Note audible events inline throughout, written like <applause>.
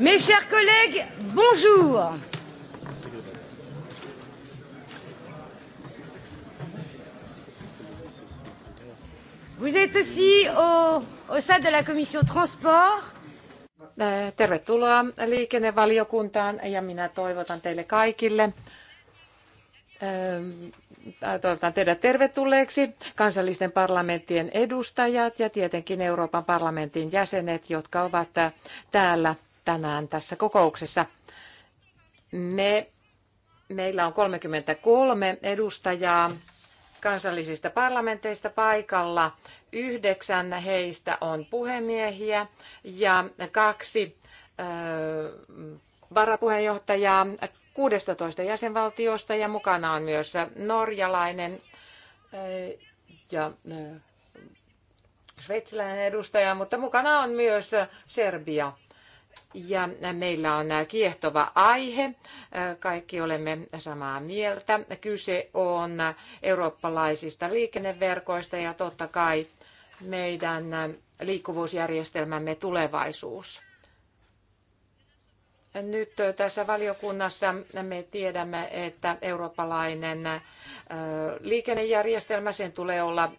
Mes chers collègues, bonjour. Vous êtes aussi au, au sein de la commission transport. Äh, tervetuloa liikennevaliokuntaan ja minä toivotan teille kaikille ähm, äh, toivotan teidät tervetulleeksi kansallisten parlamenttien edustajat ja tietenkin Euroopan parlamentin jäsenet, jotka ovat äh, täällä tänään tässä kokouksessa. Me, meillä on 33 edustajaa kansallisista parlamenteista paikalla. Yhdeksän heistä on puhemiehiä ja kaksi varapuheenjohtajaa 16 jäsenvaltiosta ja mukana on myös norjalainen ja sveitsiläinen edustaja, mutta mukana on myös Serbia ja meillä on kiehtova aihe. Kaikki olemme samaa mieltä. Kyse on eurooppalaisista liikenneverkoista ja totta kai meidän liikkuvuusjärjestelmämme tulevaisuus. Nyt tässä valiokunnassa me tiedämme, että eurooppalainen liikennejärjestelmä, sen tulee olla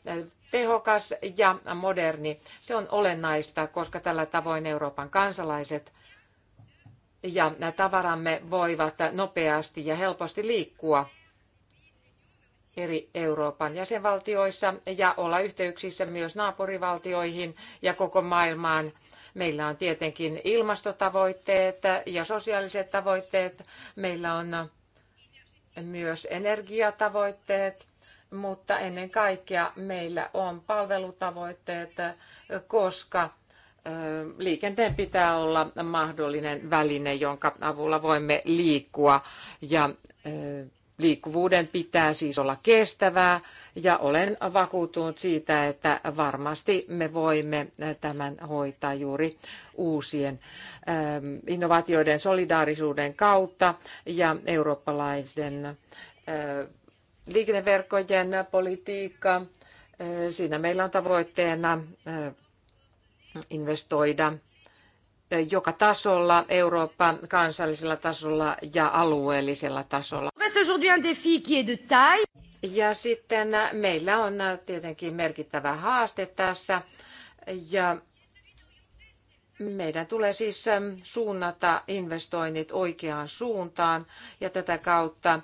tehokas ja moderni. Se on olennaista, koska tällä tavoin Euroopan kansalaiset ja tavaramme voivat nopeasti ja helposti liikkua eri Euroopan jäsenvaltioissa ja olla yhteyksissä myös naapurivaltioihin ja koko maailmaan. Meillä on tietenkin ilmastotavoitteet ja sosiaaliset tavoitteet. Meillä on myös energiatavoitteet, mutta ennen kaikkea meillä on palvelutavoitteet, koska liikenteen pitää olla mahdollinen väline, jonka avulla voimme liikkua ja liikkuvuuden pitää siis olla kestävää ja olen vakuuttunut siitä, että varmasti me voimme tämän hoitaa juuri uusien innovaatioiden solidaarisuuden kautta ja eurooppalaisen liikenneverkkojen politiikka. Siinä meillä on tavoitteena investoida joka tasolla, Eurooppa kansallisella tasolla ja alueellisella tasolla. Ja sitten meillä on tietenkin merkittävä haaste tässä ja meidän tulee siis ähm, suunnata investoinnit oikeaan suuntaan ja tätä kautta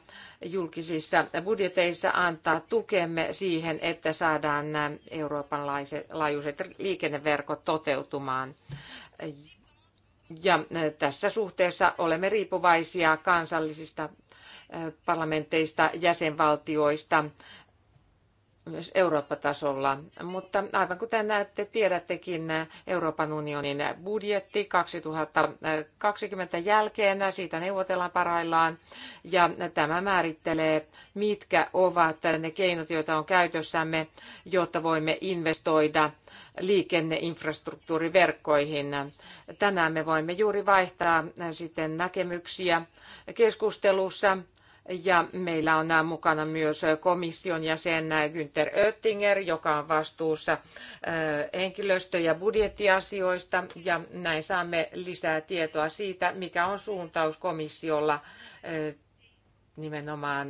julkisissa budjeteissa antaa tukemme siihen, että saadaan ähm, Euroopan laajuiset liikenneverkot toteutumaan. Ja äh, tässä suhteessa olemme riippuvaisia kansallisista äh, parlamenteista, jäsenvaltioista, myös Eurooppa-tasolla. Mutta aivan kuten tiedättekin, Euroopan unionin budjetti 2020 jälkeen, siitä neuvotellaan parhaillaan, ja tämä määrittelee, mitkä ovat ne keinot, joita on käytössämme, jotta voimme investoida liikenneinfrastruktuuriverkkoihin. Tänään me voimme juuri vaihtaa sitten näkemyksiä keskustelussa ja meillä on mukana myös komission jäsen Günther Oettinger, joka on vastuussa henkilöstö- ja budjettiasioista. Ja näin saamme lisää tietoa siitä, mikä on suuntaus komissiolla nimenomaan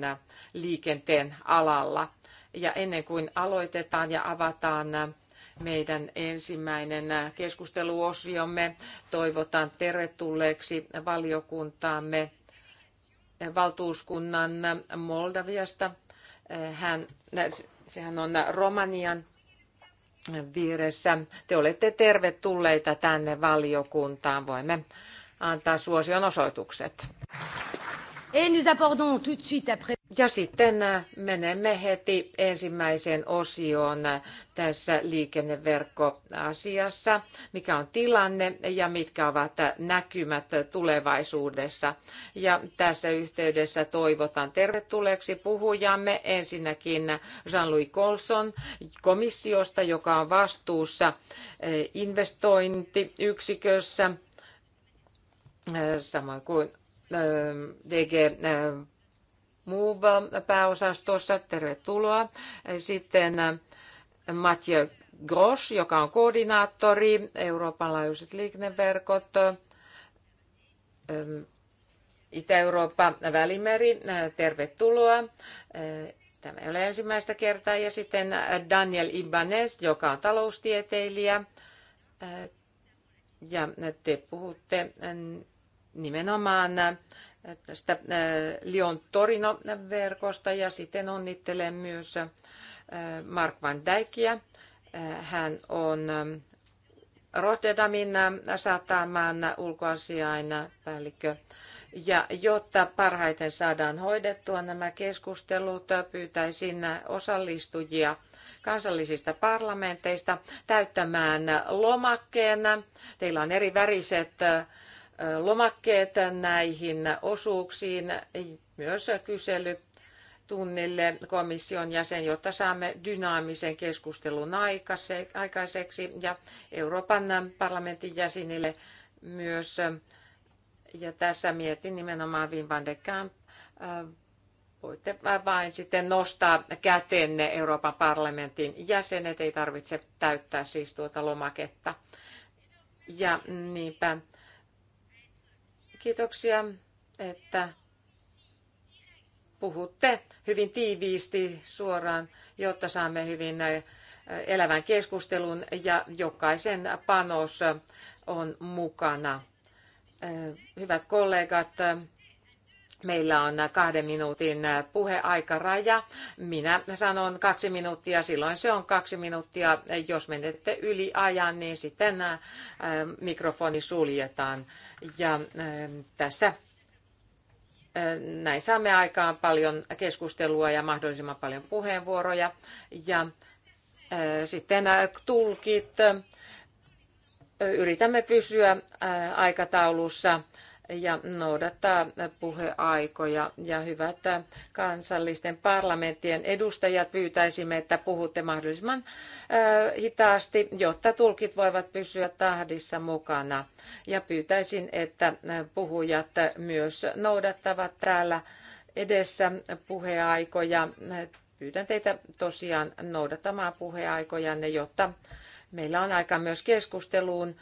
liikenteen alalla. Ja ennen kuin aloitetaan ja avataan meidän ensimmäinen keskusteluosiomme, toivotan tervetulleeksi valiokuntaamme valtuuskunnan Moldaviasta. Hän, sehän on Romanian vieressä. Te olette tervetulleita tänne valiokuntaan. Voimme antaa suosionosoitukset. osoitukset. Ja sitten äh, menemme heti ensimmäiseen osioon äh, tässä liikenneverkkoasiassa, mikä on tilanne ja mitkä ovat äh, näkymät tulevaisuudessa. Ja tässä yhteydessä toivotan tervetulleeksi puhujamme ensinnäkin Jean-Louis Colson komissiosta, joka on vastuussa investointiyksikössä samoin kuin DG Muuva pääosastossa. Tervetuloa. Sitten Mathieu Gros, joka on koordinaattori, Euroopan laajuiset liikenneverkot, Itä-Eurooppa Välimeri, tervetuloa. Tämä ei ole ensimmäistä kertaa. Ja sitten Daniel Ibanez, joka on taloustieteilijä. Ja te puhutte nimenomaan äh, tästä äh, Lyon Torino-verkosta ja sitten onnittelen myös äh, Mark van Dijkia. Hän on Rotterdamin sataman ulkoasiain päällikkö. Ja jotta parhaiten saadaan hoidettua nämä keskustelut, pyytäisin osallistujia kansallisista parlamenteista täyttämään lomakkeen. Teillä on eri väriset lomakkeet näihin osuuksiin, myös kysely tunnille komission jäsen, jotta saamme dynaamisen keskustelun aikaiseksi ja Euroopan parlamentin jäsenille myös. Ja tässä mietin nimenomaan Wim van de Kamp. Äh, voitte vain sitten nostaa kätenne Euroopan parlamentin jäsenet, ei tarvitse täyttää siis tuota lomaketta. Ja niinpä Kiitoksia, että puhutte hyvin tiiviisti suoraan, jotta saamme hyvin äh, elävän keskustelun ja jokaisen panos on mukana. Äh, hyvät kollegat, Meillä on kahden minuutin puheaikaraja. Minä sanon kaksi minuuttia, silloin se on kaksi minuuttia. Jos menette yli ajan, niin sitten mikrofoni suljetaan. Ja tässä näin saamme aikaan paljon keskustelua ja mahdollisimman paljon puheenvuoroja. Ja sitten tulkit. Yritämme pysyä aikataulussa ja noudattaa puheaikoja. Ja hyvä, että kansallisten parlamenttien edustajat pyytäisimme, että puhutte mahdollisimman hitaasti, jotta tulkit voivat pysyä tahdissa mukana. Ja pyytäisin, että puhujat myös noudattavat täällä edessä puheaikoja. Pyydän teitä tosiaan noudattamaan puheaikojanne, jotta meillä on aika myös keskusteluun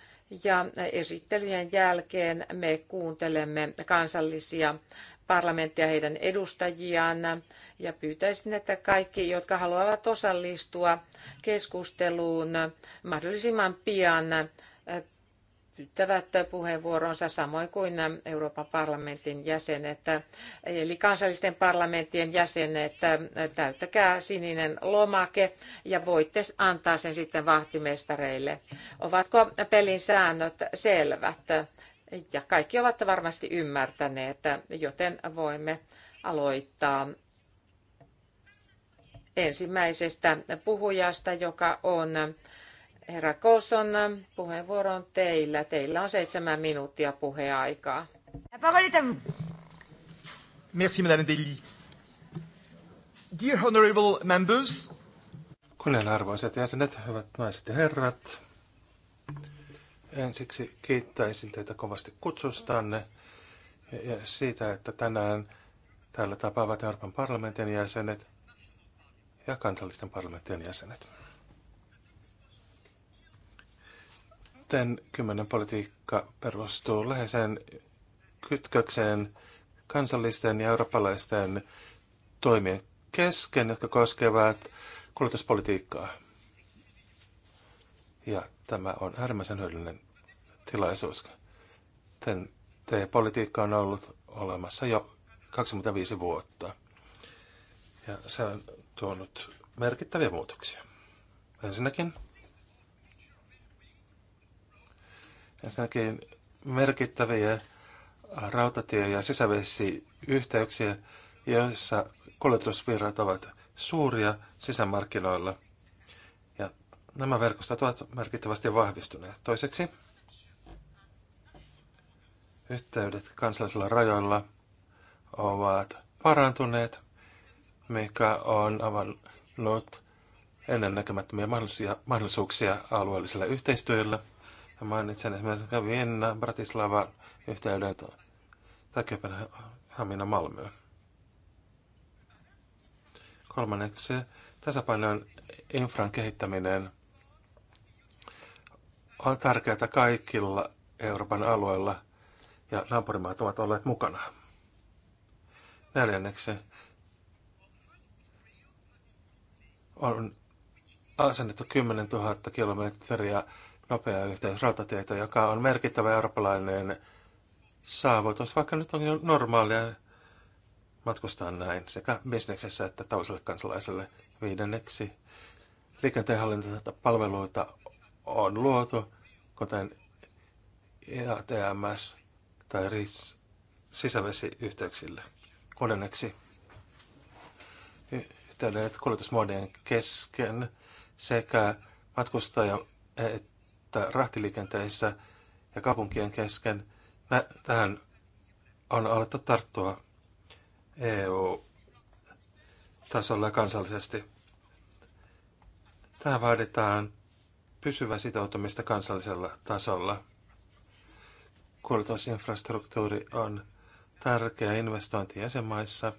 ja esittelyjen jälkeen me kuuntelemme kansallisia parlamenttia heidän edustajiaan ja pyytäisin, että kaikki, jotka haluavat osallistua keskusteluun mahdollisimman pian käyttävät puheenvuoronsa samoin kuin Euroopan parlamentin jäsenet, eli kansallisten parlamenttien jäsenet. Täyttäkää sininen lomake ja voitte antaa sen sitten vahtimestareille. Ovatko pelin säännöt selvät? Ja kaikki ovat varmasti ymmärtäneet, joten voimme aloittaa ensimmäisestä puhujasta, joka on Herra Koson, puheenvuoro on teillä. Teillä on seitsemän minuuttia puheaikaa. La Merci, Madame Deli. Dear honorable members. Kunnianarvoiset jäsenet, hyvät naiset ja herrat. Ensiksi kiittäisin teitä kovasti kutsustanne ja siitä, että tänään täällä tapaavat Euroopan parlamentin jäsenet ja kansallisten parlamentin jäsenet. Ten kymmenen politiikka perustuu läheiseen kytkökseen kansallisten ja eurooppalaisten toimien kesken, jotka koskevat kulutuspolitiikkaa. Ja tämä on äärimmäisen hyödyllinen tilaisuus. Ten T-politiikka on ollut olemassa jo 25 vuotta. Ja se on tuonut merkittäviä muutoksia. Ensinnäkin Ensinnäkin merkittäviä rautatie- ja sisävesiyhteyksiä, joissa kuljetusvirrat ovat suuria sisämarkkinoilla. Ja nämä verkostot ovat merkittävästi vahvistuneet. Toiseksi yhteydet kansallisilla rajoilla ovat parantuneet, mikä on avannut ennennäkemättömiä mahdollisuuksia alueellisella yhteistyöllä – ja mainitsen esimerkiksi Vienna, Bratislava, yhteyden tai Kööpenhamina Malmöön. Kolmanneksi tasapainon infran kehittäminen on tärkeää kaikilla Euroopan alueilla ja naapurimaat ovat olleet mukana. Neljänneksi on asennettu 10 000 kilometriä nopea yhteys rautateitä, joka on merkittävä eurooppalainen saavutus, vaikka nyt on jo normaalia matkustaa näin sekä bisneksessä että tavalliselle kansalaiselle. Viidenneksi liikenteenhallintapalveluita on luotu, kuten EATMS tai RIS sisävesiyhteyksille. Kuudenneksi yhteydet kuljetusmuodien kesken sekä matkustaja- että rahtiliikenteessä ja kaupunkien kesken tähän on alettu tarttua EU-tasolla kansallisesti. Tähän vaaditaan pysyvää sitoutumista kansallisella tasolla. Kuljetusinfrastruktuuri on tärkeä investointi jäsenmaissa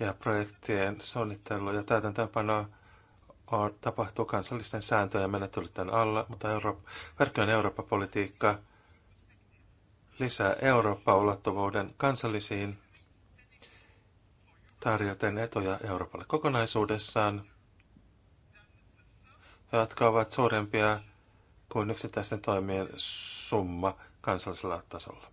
ja projektien suunnittelu ja täytäntöönpano on, tapahtuu kansallisten sääntöjen ja menettelyiden alla, mutta Euroop- verkkojen Eurooppa-politiikka lisää Eurooppa-ulottuvuuden kansallisiin tarjoten etuja Euroopalle kokonaisuudessaan, jotka ovat suurempia kuin yksittäisten toimien summa kansallisella tasolla.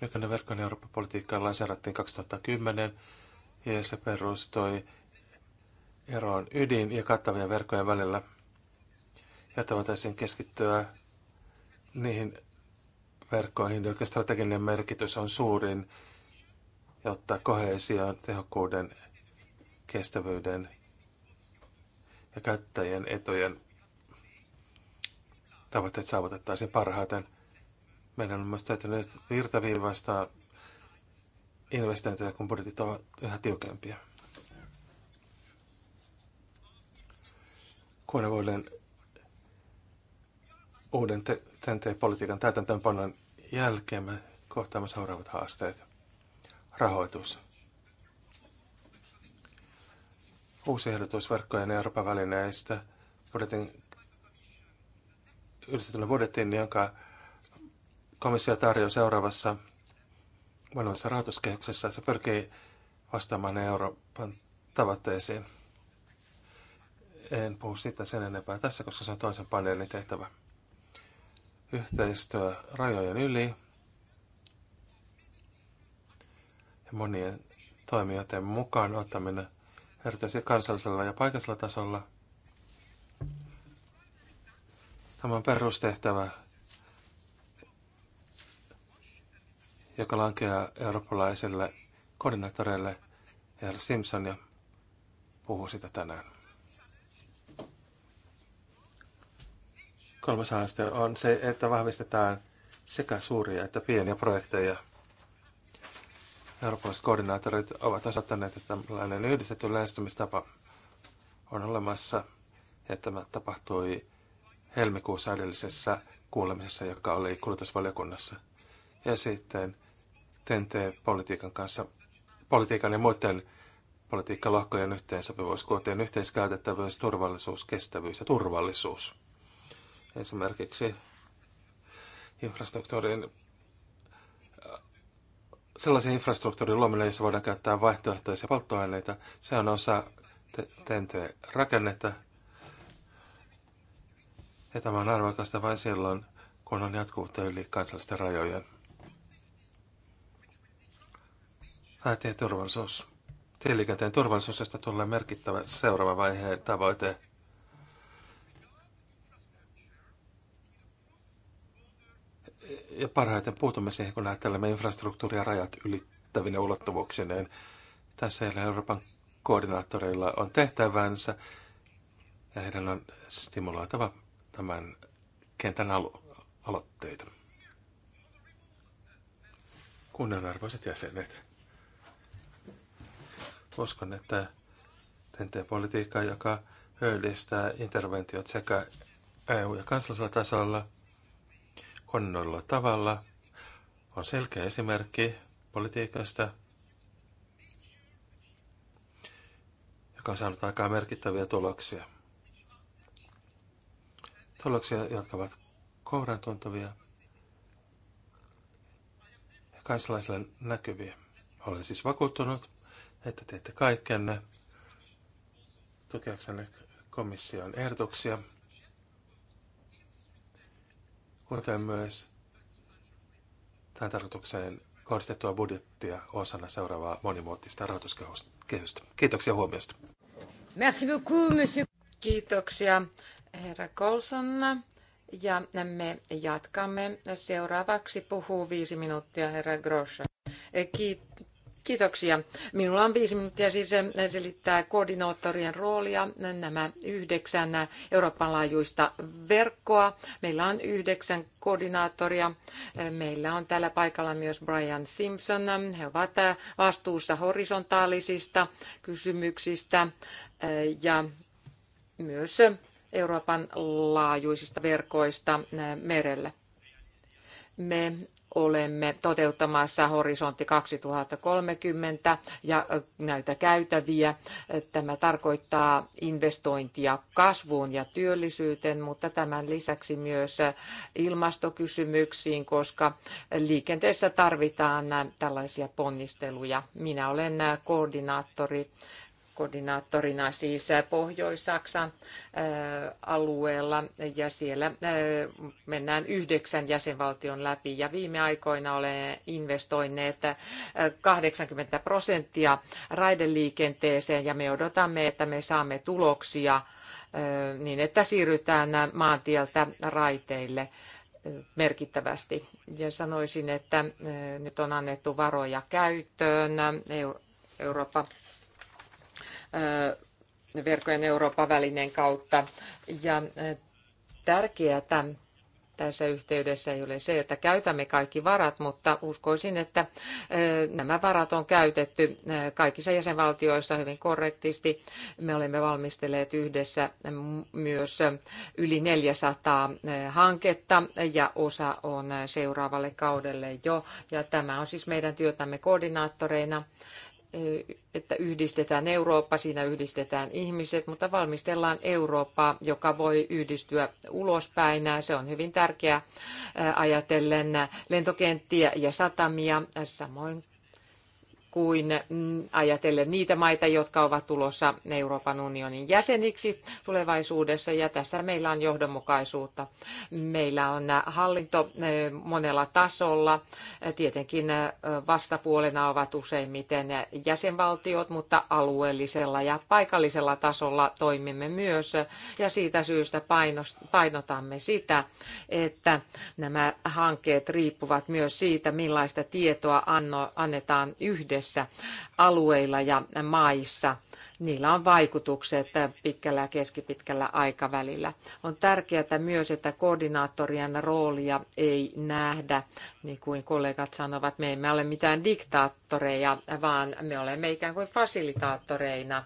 Nykyinen verkkojen Eurooppa-politiikka lanseerattiin 2010 ja se perustui eroon ydin- ja kattavien verkkojen välillä, jotta voitaisiin keskittyä niihin verkkoihin, joiden strateginen merkitys on suurin, jotta kohesion, tehokkuuden, kestävyyden ja käyttäjien etujen tavoitteet saavutettaisiin parhaiten. Meidän on myös täytynyt virtaviivaistaa investointeja, kun budjetit ovat yhä tiukempia. Kuonevuoden uuden TNT-politiikan täytäntöönpanon jälkeen me kohtaamme seuraavat haasteet. Rahoitus. Uusi ehdotus verkkojen Euroopan välineistä budjetin, yhdistetyn budjettiin, jonka komissio tarjoaa seuraavassa monessa rahoituskehyksessä se pyrkii vastaamaan Euroopan tavoitteisiin. En puhu siitä sen enempää tässä, koska se on toisen paneelin tehtävä. Yhteistyö rajojen yli ja monien toimijoiden mukaan ottaminen erityisesti kansallisella ja paikallisella tasolla. Tämä on perustehtävä joka lankeaa eurooppalaiselle koordinaattoreille Herra Simpson ja puhuu sitä tänään. Kolmas haaste on se, että vahvistetaan sekä suuria että pieniä projekteja. Eurooppalaiset koordinaattorit ovat osoittaneet, että tällainen yhdistetty lähestymistapa on olemassa. Ja tämä tapahtui helmikuussa edellisessä kuulemisessa, joka oli kulutusvaliokunnassa. Ja sitten TNT-politiikan kanssa, politiikan ja muiden politiikkalohkojen yhteensopivuus, kuten yhteiskäytettävyys, turvallisuus, kestävyys ja turvallisuus. Esimerkiksi infrastruktuurin äh, sellaisen infrastruktuurin luominen, jossa voidaan käyttää vaihtoehtoisia polttoaineita, se on osa TNT-rakennetta. Ja tämä on arvokasta vain silloin, kun on jatkuvuutta yli kansallisten rajojen. turvallisuus. Tieliikenteen turvallisuus, josta tulee merkittävä seuraava vaiheen tavoite. Ja parhaiten puutumme siihen, kun ajattelemme infrastruktuuria rajat ylittävinä ulottuvuuksineen. Tässä Euroopan koordinaattoreilla on tehtävänsä ja heidän on stimuloitava tämän kentän alu- aloitteita. Kunnianarvoiset jäsenet. Uskon, että TNT-politiikka, joka hyödistää interventiot sekä EU- ja kansallisella tasolla onnolla tavalla, on selkeä esimerkki politiikasta, joka on saanut aikaan merkittäviä tuloksia. Tuloksia, jotka ovat kourantuntuvia ja kansalaisille näkyviä. Olen siis vakuuttunut, että teette kaikkenne tukeaksenne komission ehdotuksia, kuten myös tähän tarkoitukseen kohdistettua budjettia osana seuraavaa monimuotoista rahoituskehystä. Kiitoksia huomiosta. Merci beaucoup, monsieur. Kiitoksia, herra Colson. Ja me jatkamme. Seuraavaksi puhuu viisi minuuttia herra Grosha. Kiitos Kiitoksia. Minulla on viisi minuuttia siis eh, selittää koordinaattorien roolia, nämä yhdeksän Euroopan laajuista verkkoa. Meillä on yhdeksän koordinaattoria. Eh, meillä on täällä paikalla myös Brian Simpson. He ovat eh, vastuussa horisontaalisista kysymyksistä ja myös Euroopan laajuisista verkoista merellä. Me olemme toteuttamassa horisontti 2030 ja näitä käytäviä. Tämä tarkoittaa investointia kasvuun ja työllisyyteen, mutta tämän lisäksi myös ilmastokysymyksiin, koska liikenteessä tarvitaan tällaisia ponnisteluja. Minä olen koordinaattori koordinaattorina siis Pohjois-Saksan alueella ja siellä mennään yhdeksän jäsenvaltion läpi ja viime aikoina olen investoineet 80 prosenttia raideliikenteeseen ja me odotamme, että me saamme tuloksia niin, että siirrytään maantieltä raiteille merkittävästi. Ja sanoisin, että nyt on annettu varoja käyttöön Eurooppa verkkojen Euroopan välinen kautta. Ja tärkeää tässä yhteydessä ei ole se, että käytämme kaikki varat, mutta uskoisin, että nämä varat on käytetty kaikissa jäsenvaltioissa hyvin korrektisti. Me olemme valmistelleet yhdessä myös yli 400 hanketta ja osa on seuraavalle kaudelle jo. Ja tämä on siis meidän työtämme koordinaattoreina että yhdistetään Eurooppa, siinä yhdistetään ihmiset, mutta valmistellaan Eurooppaa, joka voi yhdistyä ulospäin. Se on hyvin tärkeä ajatellen lentokenttiä ja satamia, samoin kuin ajatellen niitä maita, jotka ovat tulossa Euroopan unionin jäseniksi tulevaisuudessa. Ja tässä meillä on johdonmukaisuutta. Meillä on hallinto eh, monella tasolla. Tietenkin eh, vastapuolena ovat useimmiten jäsenvaltiot, mutta alueellisella ja paikallisella tasolla toimimme myös. Ja siitä syystä painotamme sitä, että nämä hankkeet riippuvat myös siitä, millaista tietoa annetaan yhdessä näissä alueilla ja maissa – niillä on vaikutukset pitkällä ja keskipitkällä aikavälillä. On tärkeää myös, että koordinaattorien roolia ei nähdä, niin kuin kollegat sanovat, me emme ole mitään diktaattoreja, vaan me olemme ikään kuin fasilitaattoreina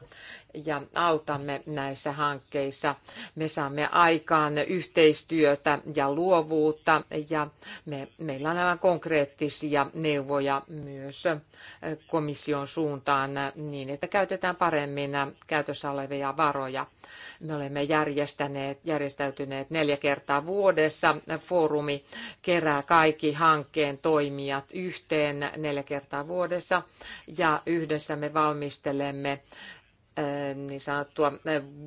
ja autamme näissä hankkeissa. Me saamme aikaan yhteistyötä ja luovuutta ja me, meillä on aivan konkreettisia neuvoja myös komission suuntaan niin, että käytetään paremmin paremmin käytössä olevia varoja. Me olemme järjestäneet, järjestäytyneet neljä kertaa vuodessa. Foorumi kerää kaikki hankkeen toimijat yhteen neljä kertaa vuodessa ja yhdessä me valmistelemme niin sanottua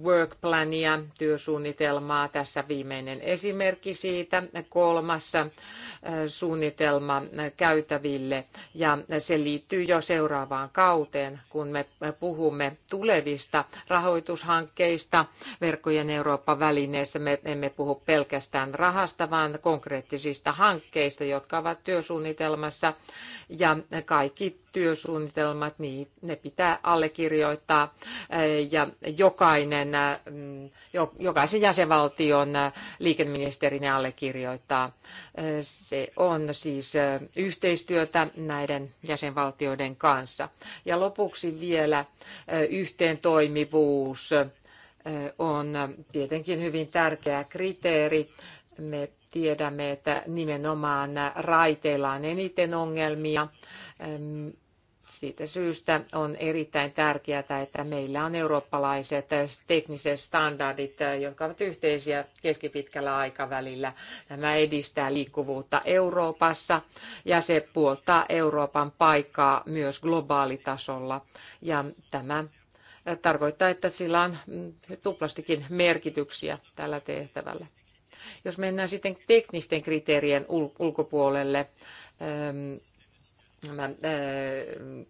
work plania, työsuunnitelmaa. Tässä viimeinen esimerkki siitä, kolmas suunnitelma käytäville ja se liittyy jo seuraavaan kauteen, kun me puhumme tulevista rahoitushankkeista verkkojen Euroopan välineessä. Me emme puhu pelkästään rahasta, vaan konkreettisista hankkeista, jotka ovat työsuunnitelmassa ja kaikki työsuunnitelmat, niin ne pitää allekirjoittaa ja jokainen, mm, jokaisen jäsenvaltion liikenneministeri ne allekirjoittaa. Se on siis yhteistyötä näiden jäsenvaltioiden kanssa. Ja lopuksi vielä eh, yhteen toimivuus eh, on tietenkin hyvin tärkeä kriteeri. Me tiedämme, että nimenomaan raiteilla on eniten ongelmia. Siitä syystä on erittäin tärkeää, että meillä on eurooppalaiset tekniset standardit, jotka ovat yhteisiä keskipitkällä aikavälillä. Tämä edistää liikkuvuutta Euroopassa ja se puoltaa Euroopan paikkaa myös globaalitasolla. Ja tämä tarkoittaa, että sillä on tuplastikin merkityksiä tällä tehtävällä. Jos mennään sitten teknisten kriteerien ulkopuolelle, ähm, nämä äh,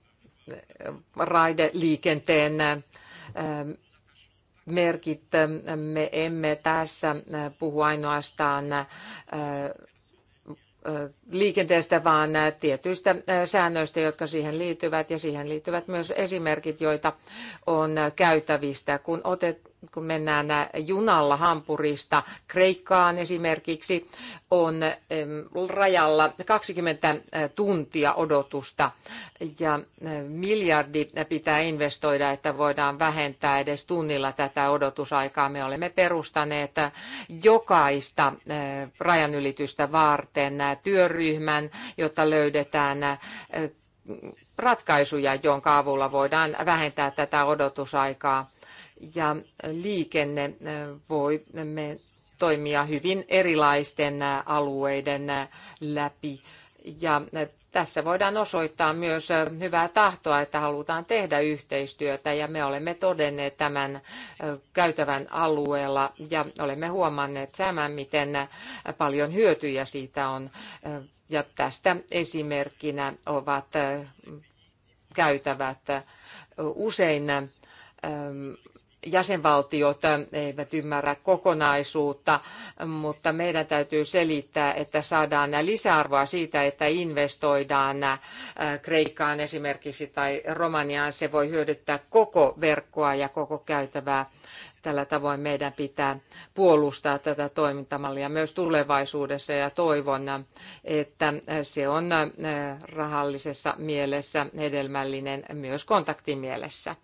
raideliikenteen ähm, merkit, me emme tässä äh, puhu ainoastaan äh, liikenteestä, vaan tietyistä säännöistä, jotka siihen liittyvät, ja siihen liittyvät myös esimerkit, joita on käytävistä. Kun otet, kun mennään junalla Hampurista Kreikkaan esimerkiksi, on rajalla 20 tuntia odotusta ja miljardi pitää investoida, että voidaan vähentää edes tunnilla tätä odotusaikaa. Me olemme perustaneet jokaista rajanylitystä varten työryhmän, jotta löydetään ratkaisuja, jonka avulla voidaan vähentää tätä odotusaikaa ja liikenne voi toimia hyvin erilaisten alueiden läpi. Ja tässä voidaan osoittaa myös hyvää tahtoa, että halutaan tehdä yhteistyötä ja me olemme todenneet tämän käytävän alueella ja olemme huomanneet tämän, miten paljon hyötyjä siitä on. Ja tästä esimerkkinä ovat käytävät usein jäsenvaltiot eivät ymmärrä kokonaisuutta, mutta meidän täytyy selittää, että saadaan lisäarvoa siitä, että investoidaan Kreikkaan esimerkiksi tai Romaniaan. Se voi hyödyttää koko verkkoa ja koko käytävää. Tällä tavoin meidän pitää puolustaa tätä toimintamallia myös tulevaisuudessa ja toivon, että se on rahallisessa mielessä hedelmällinen myös kontaktimielessä.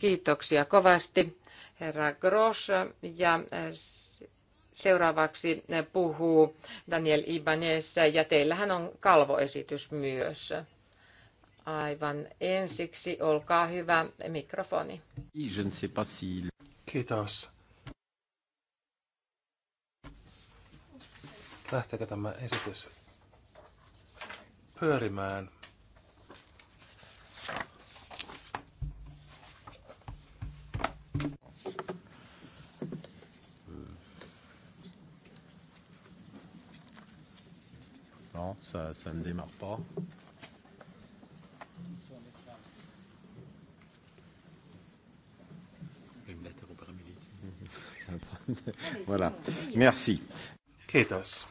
Kiitoksia kovasti, herra Gross. Ja eh, seuraavaksi eh, puhuu Daniel Ibanez, ja teillähän on kalvoesitys myös. Aivan ensiksi, olkaa hyvä, mikrofoni. Kiitos. Lähteekö tämä esitys pyörimään? Non, ça, ça ne démarre pas. <laughs> voilà. Merci. Kiitos.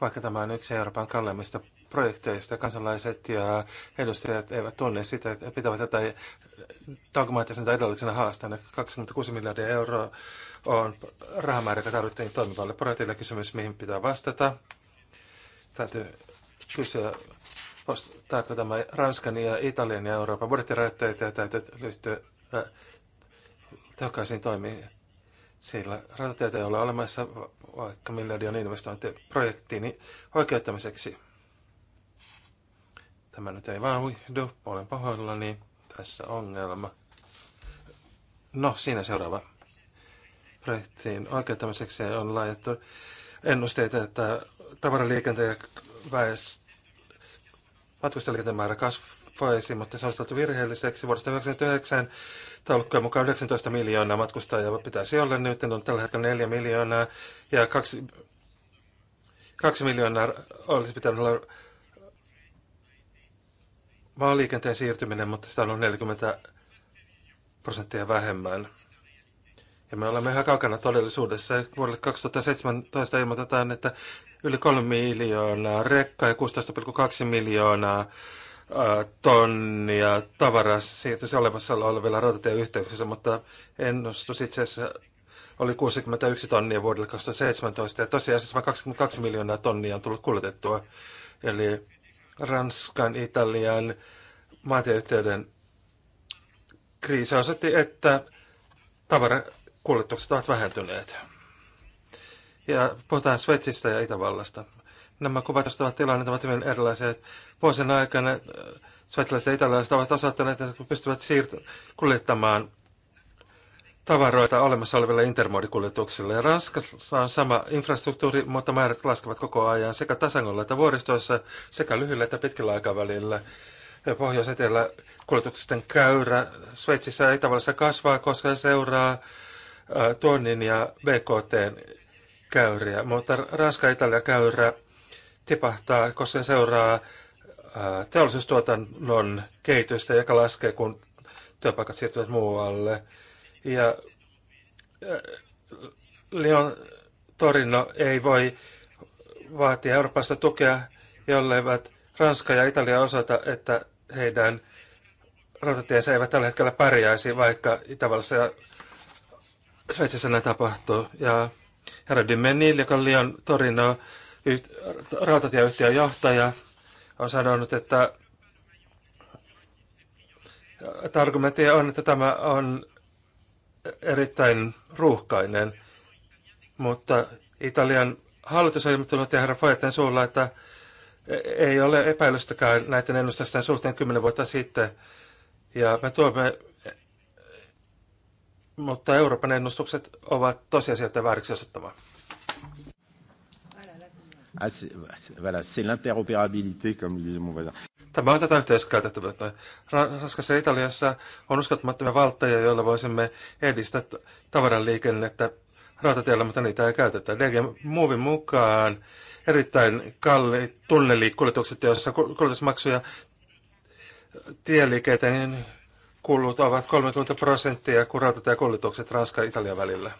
Vaikka tämä on yksi Euroopan kalleimmista projekteista, kansalaiset ja edustajat eivät tunne sitä, että pitävät tätä dogmaattisena tai edellisenä haasteena. 26 miljardia euroa on rahamäärä, joka tarvittiin toimivalle projektille. Kysymys, mihin pitää vastata. Täytyy kysyä, vastaako tämä Ranskan ja Italian ja Euroopan budjettirajoitteita ja täytyy ryhtyä äh, tehokkaisiin toimiin. Sillä rautateitä ei ole olemassa vaikka miljardion investointiprojektiin niin oikeuttamiseksi. Tämä nyt ei vaan uihdu, olen pahoillani. Tässä ongelma. No, siinä seuraava. Projektiin oikeuttamiseksi on laajattu ennusteita, että tavaraliikenteen ja matkustajaliikenteen määrä kasvaisi, mutta se on saatu virheelliseksi. Vuodesta 1999 taulukkojen mukaan 19 miljoonaa matkustajaa pitäisi olla. Nyt on tällä hetkellä 4 miljoonaa ja 2, 2 miljoonaa olisi pitänyt olla maaliikenteen siirtyminen, mutta sitä on ollut 40 prosenttia vähemmän. Ja me olemme ihan kaukana todellisuudessa. Vuodelle 2017 ilmoitetaan, että yli 3 miljoonaa rekkaa ja 16,2 miljoonaa tonnia tavaraa siirtyisi olemassa olevilla rautatieyhteyksissä, mutta ennustus itse asiassa oli 61 tonnia vuodelle 2017 ja tosiasiassa vain 22 miljoonaa tonnia on tullut kuljetettua. Eli Ranskan, Italian maantieyhteyden kriisi osoitti, että tavarakuljetukset ovat vähentyneet. Ja puhutaan Sveitsistä ja Itävallasta. Nämä kuvatustavat tilanteet ovat hyvin erilaisia. Vuosien aikana äh, sveitsiläiset ja italialaiset ovat osoittaneet, että pystyvät siirt- kuljettamaan tavaroita olemassa oleville intermoodikuljetuksille. Ranskassa on sama infrastruktuuri, mutta määrät laskevat koko ajan sekä tasangolla että vuoristoissa, sekä lyhyellä että pitkällä aikavälillä. Pohjois-etelä kuljetusten käyrä Sveitsissä ja Itävallassa kasvaa, koska se seuraa äh, tuonnin ja BKTn käyriä, mutta Ranska-Italia-käyrä tipahtaa, koska se seuraa teollisuustuotannon kehitystä, joka laskee, kun työpaikat siirtyvät muualle. Ja Lyon Torino ei voi vaatia Euroopasta tukea, jolleivät Ranska ja Italia osoita, että heidän rautatiensä eivät tällä hetkellä pärjäisi, vaikka Itävallassa ja Sveitsissä näin tapahtuu. Ja Herra Dymenil, joka on Lion Torino rautatieyhtiön johtaja, on sanonut, että, että argumentti on, että tämä on erittäin ruuhkainen, mutta Italian hallitus on ilmoittanut ja herra Fajetten suulla, että ei ole epäilystäkään näiden ennustusten suhteen kymmenen vuotta sitten. Ja me tuomme mutta Euroopan ennustukset ovat tosiasioita vääriksi osoittamaa. Ah, Tämä on tätä yhteiskäytettävyyttä. Ranskassa ja Italiassa on uskottomattomia valtteja, joilla voisimme edistää liikennettä rautatiellä, mutta niitä ei käytetä. DG Movin mukaan erittäin kalliit tunnelikuljetukset, joissa kuljetusmaksuja tieliikenteen kulut ovat 30 prosenttia, kun rautatiekuljetukset Ranska-Italian välillä.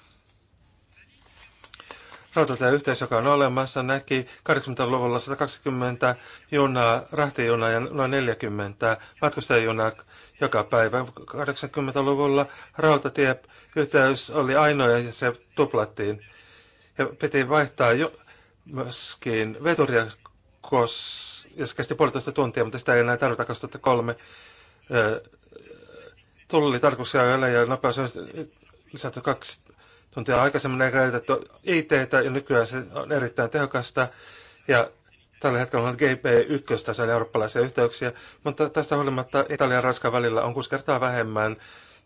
Rautatieyhteys, joka on olemassa, näki 80-luvulla 120 junaa, rahtijunaa ja noin 40 matkustajajunaa joka päivä. 80-luvulla rautatieyhteys oli ainoa ja se tuplattiin. Ja piti vaihtaa jo, myöskin veturia, koska se kesti puolitoista tuntia, mutta sitä ei enää tarvita 2003 tullitarkuksia yöllä ja nopeus on lisätty kaksi tuntia aikaisemmin ei käytetty it ja nykyään se on erittäin tehokasta. Ja tällä hetkellä on GP1-tason eurooppalaisia yhteyksiä, mutta tästä huolimatta Italian ja Ranskan välillä on kuusi kertaa vähemmän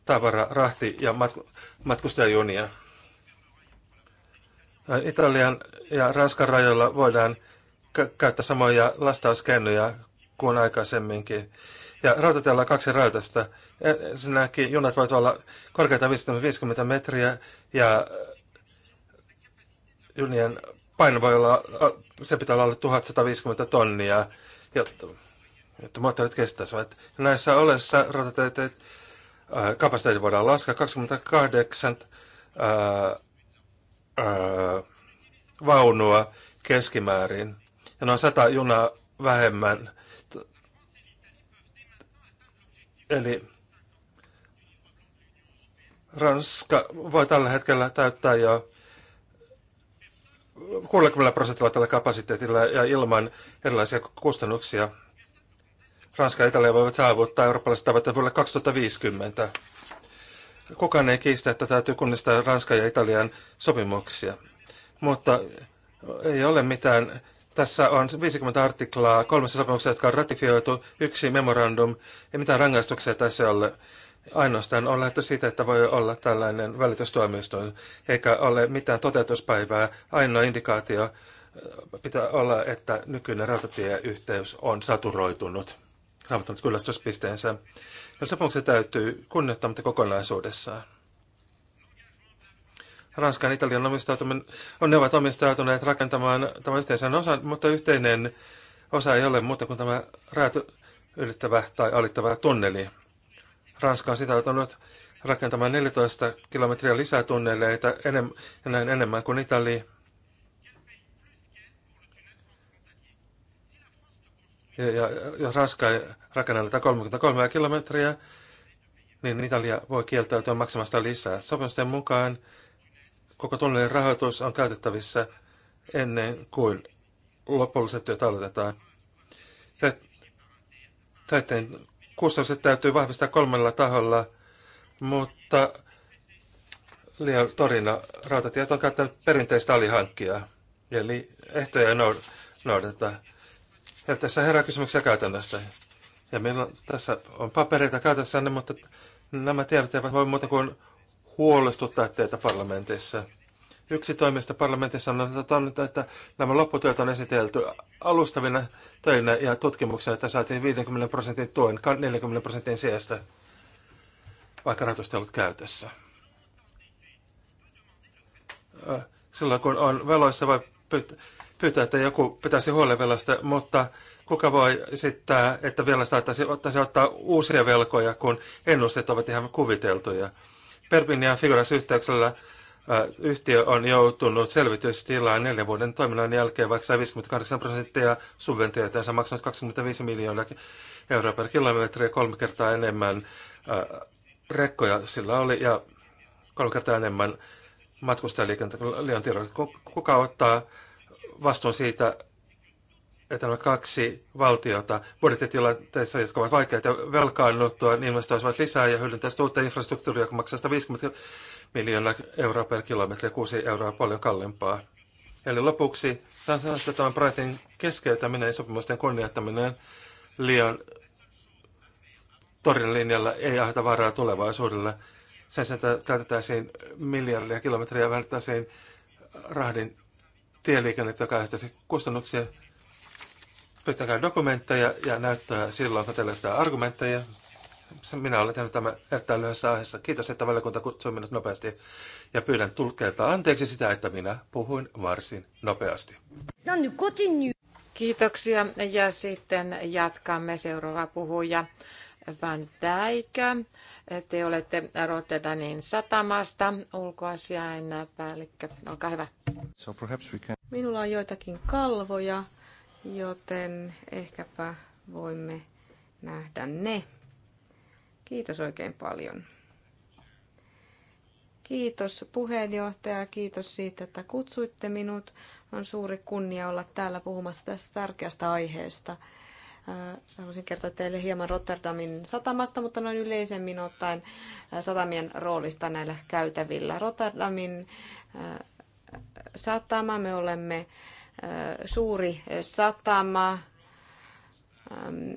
tavara, rahti ja matku- matkustajajunia. Italian ja Ranskan rajoilla voidaan käyttää samoja lastauskennoja kuin aikaisemminkin. Ja rautatiellä on kaksi rautasta, Ensinnäkin junat voivat olla korkeita 50 metriä ja junien paino voi olla, se pitää olla 1150 tonnia, jotta, jotta moottorit kestäisivät. Näissä olessa rotateiden äh, kapasiteetti voidaan laskea 28 ää, ää, vaunua keskimäärin ja noin 100 junaa vähemmän. Eli Ranska voi tällä hetkellä täyttää jo 60 prosentilla tällä kapasiteetilla ja ilman erilaisia kustannuksia. Ranska ja Italia voivat saavuttaa eurooppalaiset tavoitteet vuodelle 2050. Kukaan ei kiistä, että täytyy kunnistaa Ranska ja Italian sopimuksia. Mutta ei ole mitään. Tässä on 50 artiklaa kolmessa sopimuksessa, jotka on ratifioitu, yksi memorandum ei mitään rangaistuksia tässä ole. Ainoastaan on lähtö siitä, että voi olla tällainen välitystoimisto, eikä ole mitään toteutuspäivää. Ainoa indikaatio äh, pitää olla, että nykyinen rautatieyhteys on saturoitunut, saavuttanut kyllästyspisteensä. Ja sopimuksen täytyy kunnioittaa mutta kokonaisuudessaan. Ranskan ja Italian omistautuminen, on, ne ovat omistautuneet rakentamaan tämän yhteisen osan, mutta yhteinen osa ei ole muuta kuin tämä rajat ylittävä tai alittava tunneli. Ranska on sitoutunut rakentamaan 14 kilometriä lisää tunneleita enem, näin enemmän kuin Italia. Ja, ja jos Ranska rakenna 33 kilometriä, niin Italia voi kieltäytyä maksamasta lisää. Sopimusten mukaan koko tunnelin rahoitus on käytettävissä ennen kuin lopulliset työt aloitetaan. Täytteen kustannukset täytyy vahvistaa kolmella taholla, mutta liian torina rautatiet on käyttänyt perinteistä alihankkia, eli ehtoja ei noudata. Ja tässä herää kysymyksiä käytännössä. Ja meillä on, tässä on papereita käytössä, mutta nämä tiedot eivät voi muuta kuin huolestuttaa teitä parlamentissa. Yksi toimista parlamentissa on sanonut, että nämä lopputyöt on esitelty alustavina töinä ja tutkimuksena, että saatiin 50 prosentin tuen 40 prosentin sijasta, vaikka rahoitusta ei ollut käytössä. Silloin kun on veloissa, voi pyytää, että joku pitäisi huolen velasta, mutta kuka voi esittää, että vielä saattaisi ottaa uusia velkoja, kun ennusteet ovat ihan kuviteltuja. Perpinian Figuras yhteyksellä yhtiö on joutunut selvitystilaan neljän vuoden toiminnan jälkeen, vaikka 58 prosenttia subventioita ja maksanut 25 miljoonaa euroa per kilometri kolme kertaa enemmän rekkoja sillä oli ja kolme kertaa enemmän matkustajaliikenteen leontiedon. Kuka ottaa vastuun siitä, että nämä kaksi valtiota budjettitilanteessa, jotka ovat vaikeita velkaannuttua, niin investoisivat lisää ja hyödyntäisivät uutta infrastruktuuria, joka maksaa 150 miljoona euroa per kilometri ja 6 euroa paljon kalliimpaa. Eli lopuksi tämän sanottu, että Brightin keskeytäminen ja sopimusten kunnioittaminen liian torin linjalla ei aiheuta vaaraa tulevaisuudelle. Sen sijaan, että käytettäisiin miljardia kilometriä ja vähennettäisiin rahdin tieliikennettä, joka aiheuttaisi kustannuksia. Pyytäkää dokumentteja ja näyttää silloin, kun teillä sitä argumentteja minä olen tehnyt tämä erittäin lyhyessä aiheessa. Kiitos, että valiokunta kutsui minut nopeasti ja pyydän tulkkeelta anteeksi sitä, että minä puhuin varsin nopeasti. No, Kiitoksia ja sitten jatkamme seuraava puhuja Van Dijk. Te olette Rotterdamin satamasta ulkoasiain päällikkö. Olkaa hyvä. So can... Minulla on joitakin kalvoja, joten ehkäpä voimme nähdä ne. Kiitos oikein paljon. Kiitos puheenjohtaja, kiitos siitä, että kutsuitte minut. On suuri kunnia olla täällä puhumassa tästä tärkeästä aiheesta. Äh, haluaisin kertoa teille hieman Rotterdamin satamasta, mutta noin yleisemmin ottaen äh, satamien roolista näillä käytävillä. Rotterdamin äh, satama, me olemme suuri satama ähm,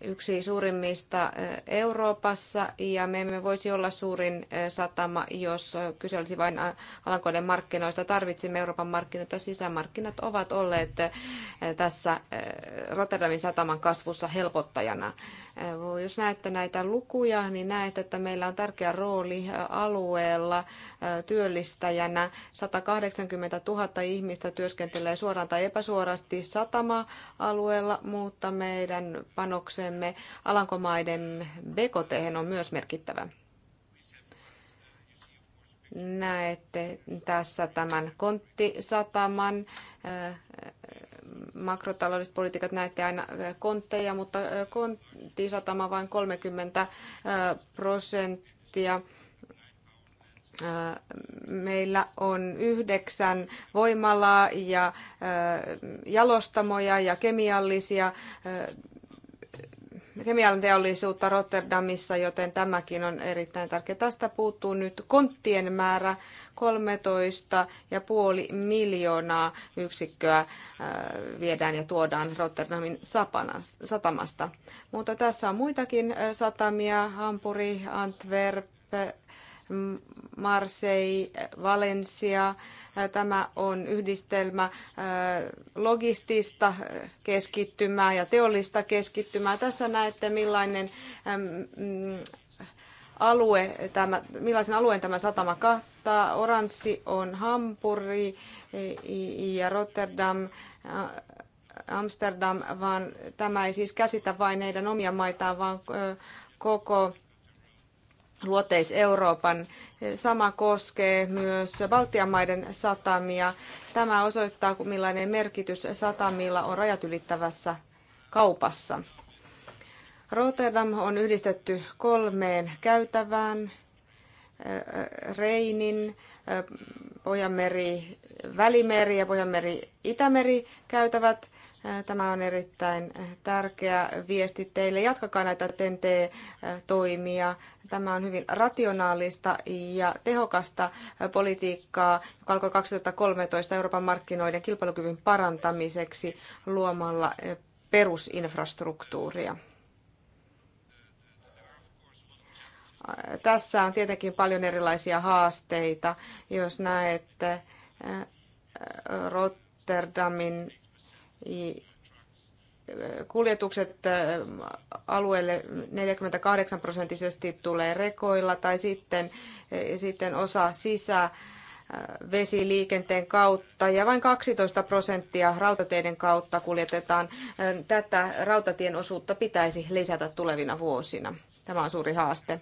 yksi suurimmista Euroopassa ja me emme voisi olla suurin satama, jos kyse olisi vain alankoiden markkinoista. Tarvitsimme Euroopan markkinoita. Sisämarkkinat ovat olleet tässä Rotterdamin sataman kasvussa helpottajana. Jos näette näitä lukuja, niin näette, että meillä on tärkeä rooli alueella työllistäjänä. 180 000 ihmistä työskentelee suoraan tai epäsuorasti satama-alueella, mutta meidän panoksemme Alankomaiden BKT on myös merkittävä näette tässä tämän konttisataman makrotaloudelliset politiikat näette aina kontteja, mutta konttisatama vain 30 prosenttia. Meillä on yhdeksän voimalaa ja jalostamoja ja kemiallisia kemian teollisuutta Rotterdamissa, joten tämäkin on erittäin tärkeä. Tästä puuttuu nyt konttien määrä 13,5 miljoonaa yksikköä äh, viedään ja tuodaan Rotterdamin satamasta. Mutta tässä on muitakin äh, satamia, Hampuri, Antwerp, Marseille, Valencia. Tämä on yhdistelmä logistista keskittymää ja teollista keskittymää. Tässä näette millainen mm, alue, tämä, millaisen alueen tämä satama kattaa. Oranssi on Hampuri ja Rotterdam, Amsterdam, vaan tämä ei siis käsitä vain heidän omia maitaan, vaan koko luoteis Euroopan. Sama koskee myös Baltian maiden satamia. Tämä osoittaa, millainen merkitys satamilla on rajat ylittävässä kaupassa. Rotterdam on yhdistetty kolmeen käytävään, Reinin, Pohjanmeri, Välimeri ja Pohjanmeri, Itämeri käytävät. Tämä on erittäin tärkeä viesti teille. Jatkakaa näitä TEN-T-toimia. Tämä on hyvin rationaalista ja tehokasta politiikkaa, joka alkoi 2013 Euroopan markkinoiden kilpailukyvyn parantamiseksi luomalla perusinfrastruktuuria. Tässä on tietenkin paljon erilaisia haasteita. Jos näette Rotterdamin kuljetukset alueelle 48 prosenttisesti tulee rekoilla tai sitten, sitten osa sisä vesiliikenteen kautta ja vain 12 prosenttia rautateiden kautta kuljetetaan. Tätä rautatien osuutta pitäisi lisätä tulevina vuosina. Tämä on suuri haaste.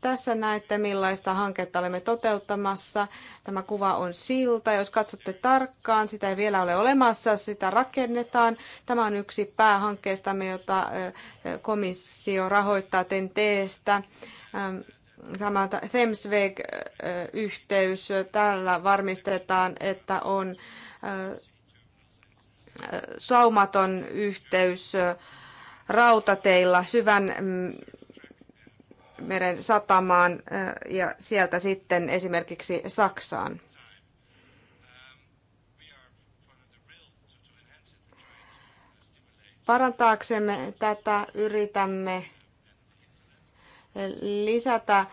Tässä näette, millaista hanketta olemme toteuttamassa. Tämä kuva on silta. Jos katsotte tarkkaan, sitä ei vielä ole olemassa, sitä rakennetaan. Tämä on yksi päähankkeistamme, jota komissio rahoittaa TEN-teestä tämä Thamesweg-yhteys, tällä varmistetaan, että on saumaton yhteys rautateilla syvän meren satamaan ja sieltä sitten esimerkiksi Saksaan. Parantaaksemme tätä yritämme lisätä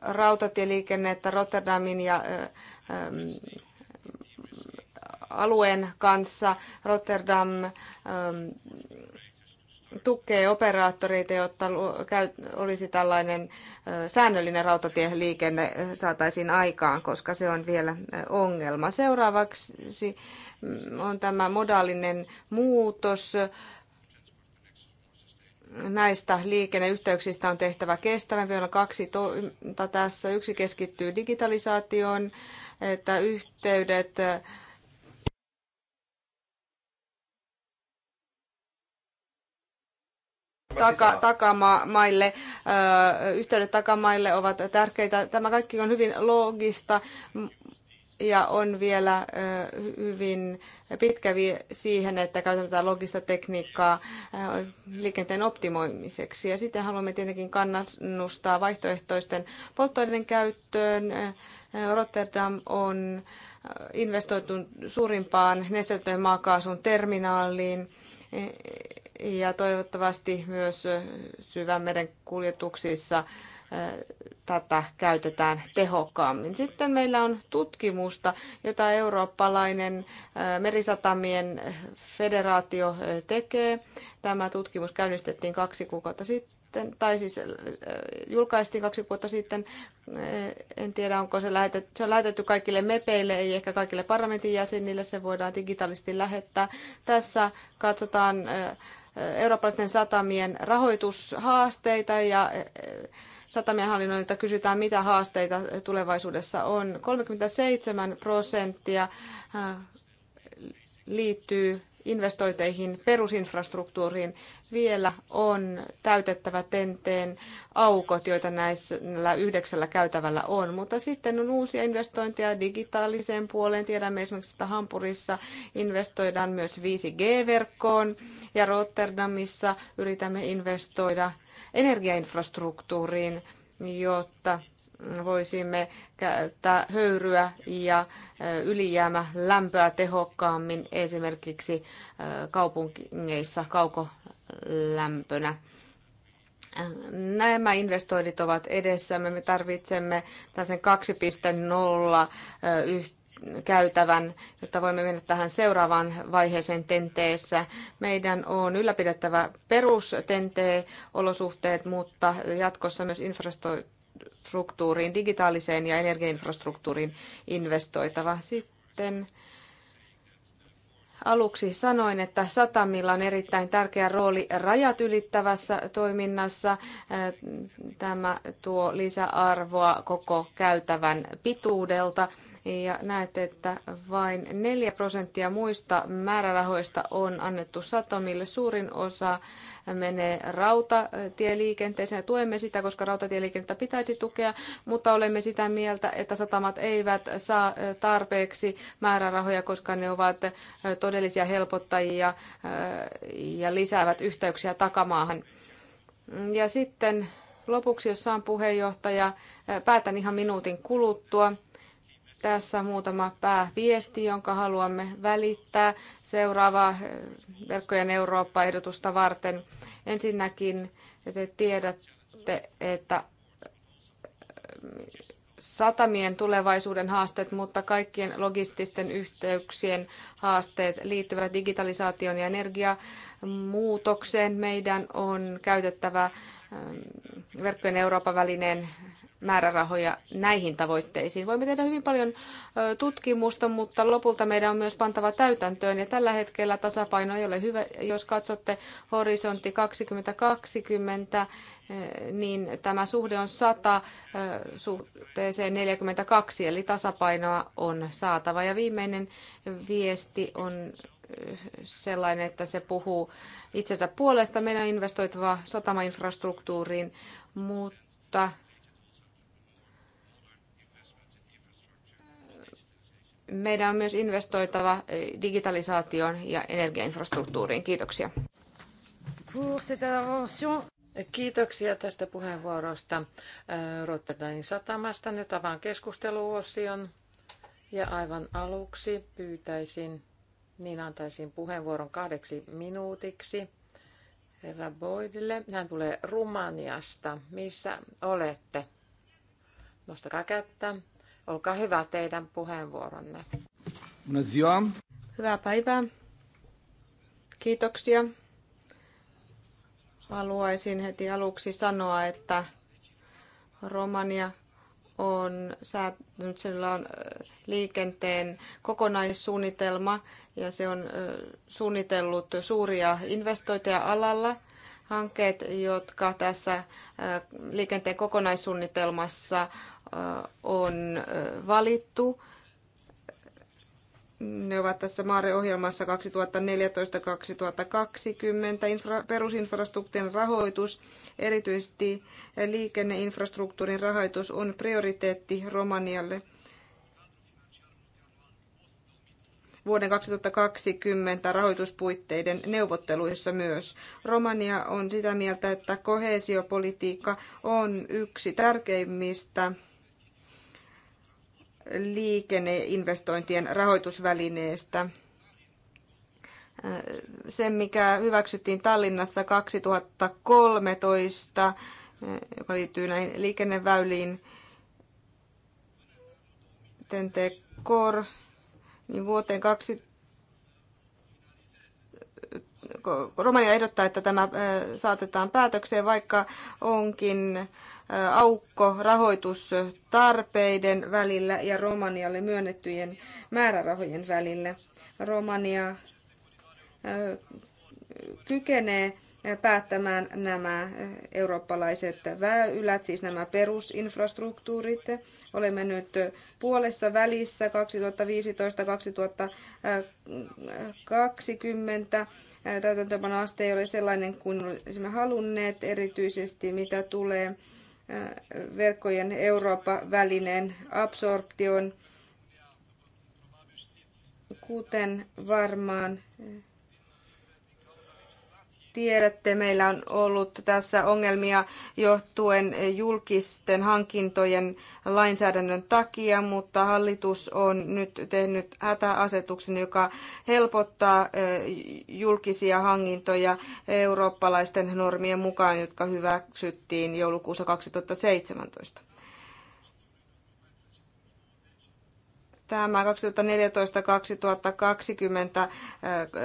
rautatieliikennettä Rotterdamin ja alueen kanssa. Rotterdam tukee operaattoreita, jotta olisi tällainen säännöllinen rautatieliikenne saataisiin aikaan, koska se on vielä ongelma. Seuraavaksi mm, on tämä modaalinen muutos. Näistä liikenneyhteyksistä on tehtävä kestävän. Vielä kaksi tässä. Yksi keskittyy digitalisaatioon, että yhteydet taka, takamaille, yhteydet takamaille ovat tärkeitä. Tämä kaikki on hyvin loogista ja on vielä hyvin pitkä siihen, että käytämme tätä logista tekniikkaa liikenteen optimoimiseksi. Ja sitten haluamme tietenkin kannustaa vaihtoehtoisten polttoaineiden käyttöön. Rotterdam on investoitu suurimpaan nestetyön maakaasun terminaaliin e, ja toivottavasti myös syvämeren kuljetuksissa tätä käytetään tehokkaammin. Sitten meillä on tutkimusta, jota eurooppalainen merisatamien federaatio tekee. Tämä tutkimus käynnistettiin kaksi kuukautta sitten, tai siis julkaistiin kaksi vuotta sitten. En tiedä, onko se lähetetty, se on lähetetty kaikille mepeille, ei ehkä kaikille parlamentin jäsenille, se voidaan digitaalisesti lähettää. Tässä katsotaan eurooppalaisten satamien rahoitushaasteita ja e, satamien hallinnoilta kysytään, mitä haasteita tulevaisuudessa on. 37 prosenttia liittyy investointeihin, perusinfrastruktuuriin. Vielä on täytettävä tenteen aukot, joita näillä yhdeksällä käytävällä on, mutta sitten on uusia investointeja digitaaliseen puoleen. Tiedämme esimerkiksi, että Hampurissa investoidaan myös 5G-verkkoon ja Rotterdamissa yritämme investoida energiainfrastruktuuriin, jotta voisimme käyttää höyryä ja ylijäämä lämpöä tehokkaammin esimerkiksi kaupungeissa kaukolämpönä. Nämä investoinnit ovat edessä Me tarvitsemme tällaisen 2.0 käytävän, jotta voimme mennä tähän seuraavaan vaiheeseen tenteessä. Meidän on ylläpidettävä perustenteen olosuhteet, mutta jatkossa myös infrastruktuuri infrastruktuuriin, digitaaliseen ja energiainfrastruktuuriin investoitava. Sitten aluksi sanoin, että satamilla on erittäin tärkeä rooli rajat ylittävässä toiminnassa. Tämä tuo lisäarvoa koko käytävän pituudelta. Ja näette, että vain 4 prosenttia muista määrärahoista on annettu satomille. Suurin osa menee rautatieliikenteeseen. Tuemme sitä, koska rautatieliikennettä pitäisi tukea, mutta olemme sitä mieltä, että satamat eivät saa tarpeeksi määrärahoja, koska ne ovat todellisia helpottajia ja lisäävät yhteyksiä takamaahan. Ja sitten lopuksi, jos saan puheenjohtaja, päätän ihan minuutin kuluttua. Tässä muutama pääviesti, jonka haluamme välittää seuraava eh, verkkojen Eurooppa-ehdotusta varten. Ensinnäkin te tiedätte, että eh, satamien tulevaisuuden haasteet, mutta kaikkien logististen yhteyksien haasteet liittyvät digitalisaation ja energiamuutokseen. Meidän on käytettävä eh, verkkojen Euroopan välineen määrärahoja näihin tavoitteisiin. Voimme tehdä hyvin paljon tutkimusta, mutta lopulta meidän on myös pantava täytäntöön. Ja tällä hetkellä tasapaino ei ole hyvä. Jos katsotte horisontti 2020, niin tämä suhde on 100 suhteeseen 42, eli tasapainoa on saatava. Ja viimeinen viesti on sellainen, että se puhuu itsensä puolesta. Meidän on investoitava satamainfrastruktuuriin, mutta meidän on myös investoitava eh, digitalisaatioon ja energiainfrastruktuuriin. Kiitoksia. Kiitoksia tästä puheenvuorosta eh, Rotterdamin satamasta. Nyt avaan keskusteluosion. Ja aivan aluksi pyytäisin, niin antaisin puheenvuoron kahdeksi minuutiksi herra Boydille. Hän tulee Rumaniasta. Missä olette? Nostakaa kättä. Olkaa hyvä teidän puheenvuoronne. Hyvää päivää. Kiitoksia. Haluaisin heti aluksi sanoa, että Romania on säätänyt, sillä on liikenteen kokonaissuunnitelma ja se on suunnitellut suuria investointeja alalla. Hankkeet, jotka tässä liikenteen kokonaissuunnitelmassa Äh, on äh, valittu. Ne ovat tässä Maare-ohjelmassa 2014-2020 perusinfrastruktuurin rahoitus, erityisesti liikenneinfrastruktuurin rahoitus on prioriteetti Romanialle. vuoden 2020 rahoituspuitteiden neuvotteluissa myös. Romania on sitä mieltä, että kohesiopolitiikka on yksi tärkeimmistä liikenneinvestointien rahoitusvälineestä. Se, mikä hyväksyttiin Tallinnassa 2013, joka liittyy näihin liikenneväyliin, TNT kor niin vuoteen 2013 Romania ehdottaa, että tämä saatetaan päätökseen, vaikka onkin aukko rahoitustarpeiden välillä ja Romanialle myönnettyjen määrärahojen välillä. Romania kykenee päättämään nämä eurooppalaiset väylät, siis nämä perusinfrastruktuurit. Olemme nyt puolessa välissä 2015-2020 aste ei ole sellainen kuin olisimme halunneet, erityisesti mitä tulee verkkojen Eurooppa-välineen absorptioon. Kuten varmaan tiedätte, meillä on ollut tässä ongelmia johtuen julkisten hankintojen lainsäädännön takia, mutta hallitus on nyt tehnyt hätäasetuksen, joka helpottaa julkisia hankintoja eurooppalaisten normien mukaan, jotka hyväksyttiin joulukuussa 2017. tämä 2014-2020 äh,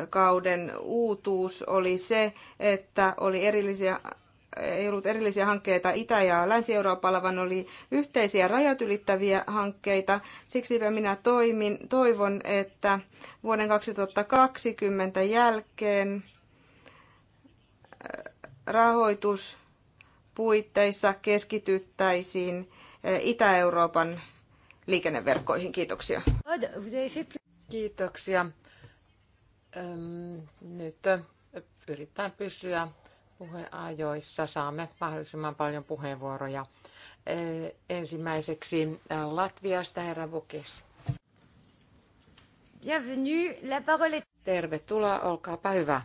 kauden uutuus oli se, että oli erillisiä ei ollut erillisiä hankkeita Itä- ja Länsi-Euroopalla, vaan oli yhteisiä rajat ylittäviä hankkeita. Siksi minä toimin, toivon, että vuoden 2020 jälkeen äh, rahoituspuitteissa keskityttäisiin äh, Itä-Euroopan liikenneverkkoihin. Kiitoksia. Kiitoksia. Nyt yritetään pysyä puheajoissa. Saamme mahdollisimman paljon puheenvuoroja. E, ensimmäiseksi Latviasta herra Vukis. Bienvenue, la parole est... Tervetuloa, olkaapa hyvä. Äh,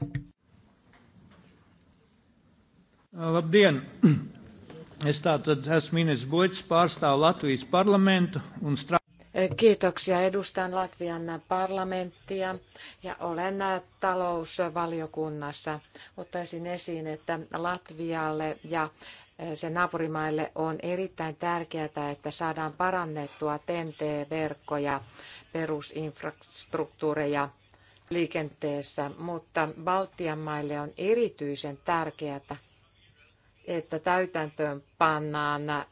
Labdien! Es tātad esmu Ines Boits, pārstāvu Latvijas parlamentu un strādāju. Kiitoksia. Edustan Latvian parlamenttia ja olen talousvaliokunnassa. Ottaisin esiin, että Latvialle ja eh, sen naapurimaille on erittäin tärkeää, että saadaan parannettua TNT-verkkoja, perusinfrastruktuureja liikenteessä, mutta Baltian maille on erityisen tärkeää että täytäntöön pannaan äh,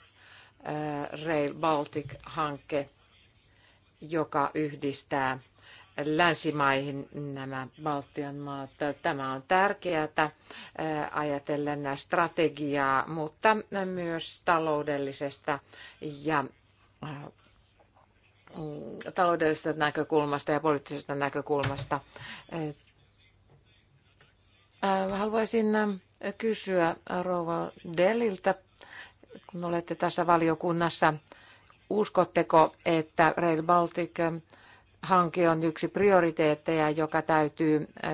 Rail Baltic-hanke, joka yhdistää länsimaihin nämä Baltian maat. Tämä on tärkeää äh, ajatellen strategiaa, mutta myös taloudellisesta ja äh, taloudellisesta näkökulmasta ja poliittisesta näkökulmasta. Äh, haluaisin äh, kysyä Rouva Deliltä, kun olette tässä valiokunnassa, uskotteko, että Rail Baltic-hanke on yksi prioriteetteja, joka täytyy äh,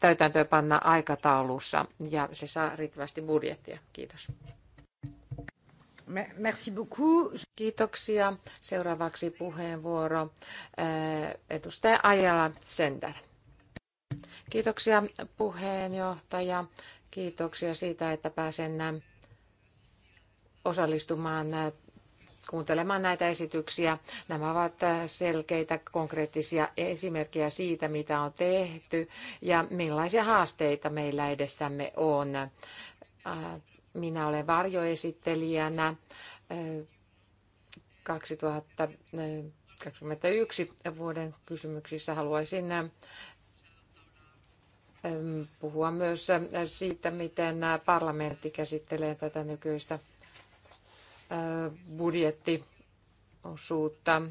täytäntöön panna aikataulussa ja se saa riittävästi budjettia. Kiitos. Merci beaucoup. Kiitoksia. Seuraavaksi puheenvuoro edustaja Ajala Sender. Kiitoksia puheenjohtaja. Kiitoksia siitä, että pääsen osallistumaan kuuntelemaan näitä esityksiä. Nämä ovat selkeitä, konkreettisia esimerkkejä siitä, mitä on tehty ja millaisia haasteita meillä edessämme on. Minä olen varjoesittelijänä 2021 vuoden kysymyksissä. Haluaisin puhua myös siitä, miten parlamentti käsittelee tätä nykyistä budjettiosuutta.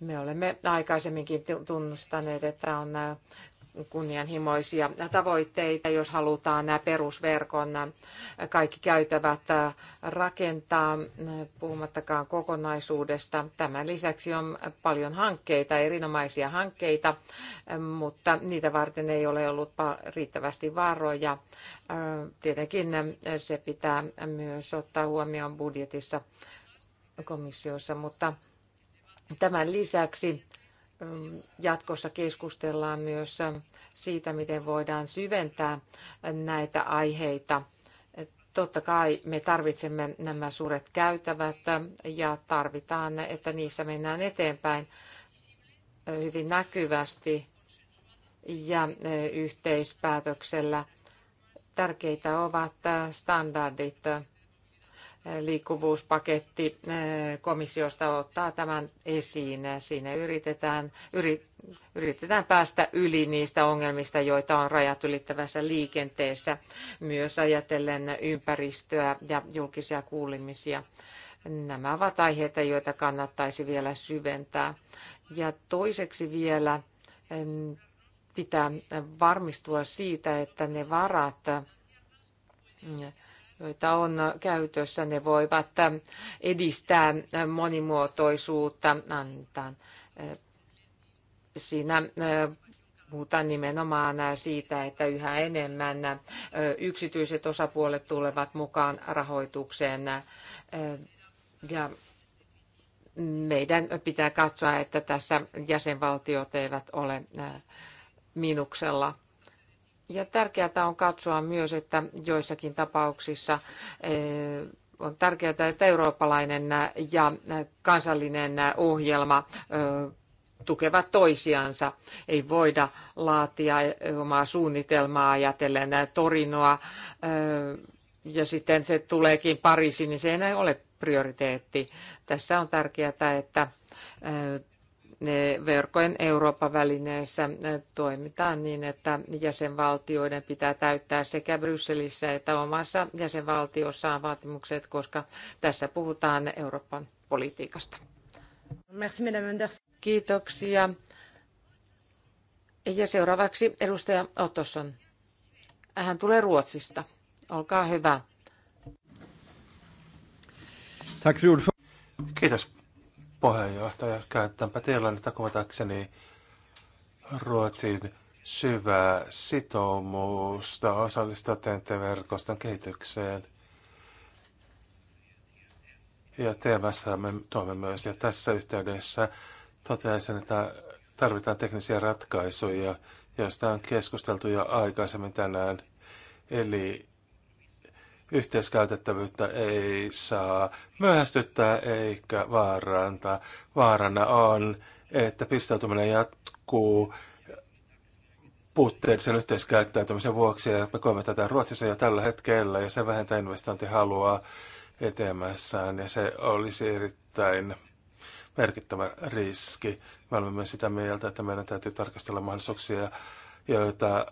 Me olemme aikaisemminkin tunnustaneet, että on kunnianhimoisia tavoitteita, jos halutaan nämä perusverkon kaikki käytävät rakentaa, puhumattakaan kokonaisuudesta. Tämän lisäksi on paljon hankkeita, erinomaisia hankkeita, mutta niitä varten ei ole ollut riittävästi varoja. Tietenkin se pitää myös ottaa huomioon budjetissa komissiossa, mutta tämän lisäksi jatkossa keskustellaan myös siitä, miten voidaan syventää näitä aiheita. Totta kai me tarvitsemme nämä suuret käytävät ja tarvitaan, että niissä mennään eteenpäin hyvin näkyvästi ja yhteispäätöksellä. Tärkeitä ovat standardit liikkuvuuspaketti eh, komissiosta ottaa tämän esiin. Siinä yritetään, yritetään päästä yli niistä ongelmista, joita on rajat ylittävässä liikenteessä, myös ajatellen ympäristöä ja julkisia kuulemisia. Nämä ovat aiheita, joita kannattaisi vielä syventää. Ja toiseksi vielä pitää varmistua siitä, että ne varat, joita on käytössä, ne voivat edistää monimuotoisuutta, antaa eh, siinä eh, puhutaan nimenomaan siitä, että yhä enemmän eh, yksityiset osapuolet tulevat mukaan rahoitukseen ja meidän pitää katsoa, että tässä jäsenvaltiot eivät ole minuksella. Ja tärkeää on katsoa myös, että joissakin tapauksissa eh, on tärkeää, että eurooppalainen ja kansallinen ohjelma eh, tukevat toisiansa. Ei voida laatia eh, omaa suunnitelmaa ajatellen torinoa ja sitten se tuleekin Pariisiin, niin se ei enää ole prioriteetti. Tässä on tärkeää, että verkkojen Euroopan välineessä toimitaan niin, että jäsenvaltioiden pitää täyttää sekä Brysselissä että omassa jäsenvaltiossaan vaatimukset, koska tässä puhutaan Euroopan politiikasta. Merci, Kiitoksia. Ja seuraavaksi edustaja Ottosson. Hän tulee Ruotsista. Olkaa hyvä. Tack för Kiitos puheenjohtaja. Käytänpä tilannetta kuvatakseni Ruotsin syvää sitoumusta osallistua TNT-verkoston kehitykseen. Ja teemässä me tuomme myös, ja tässä yhteydessä toteaisin, että tarvitaan teknisiä ratkaisuja, joista on keskusteltu jo aikaisemmin tänään. Eli yhteiskäytettävyyttä ei saa myöhästyttää eikä vaarantaa. Vaarana on, että pisteytyminen jatkuu puutteellisen yhteiskäyttäytymisen vuoksi, ja me koemme tätä Ruotsissa jo tällä hetkellä, ja se vähentää investointihalua etemässään, ja se olisi erittäin merkittävä riski. Me olemme sitä mieltä, että meidän täytyy tarkastella mahdollisuuksia, joita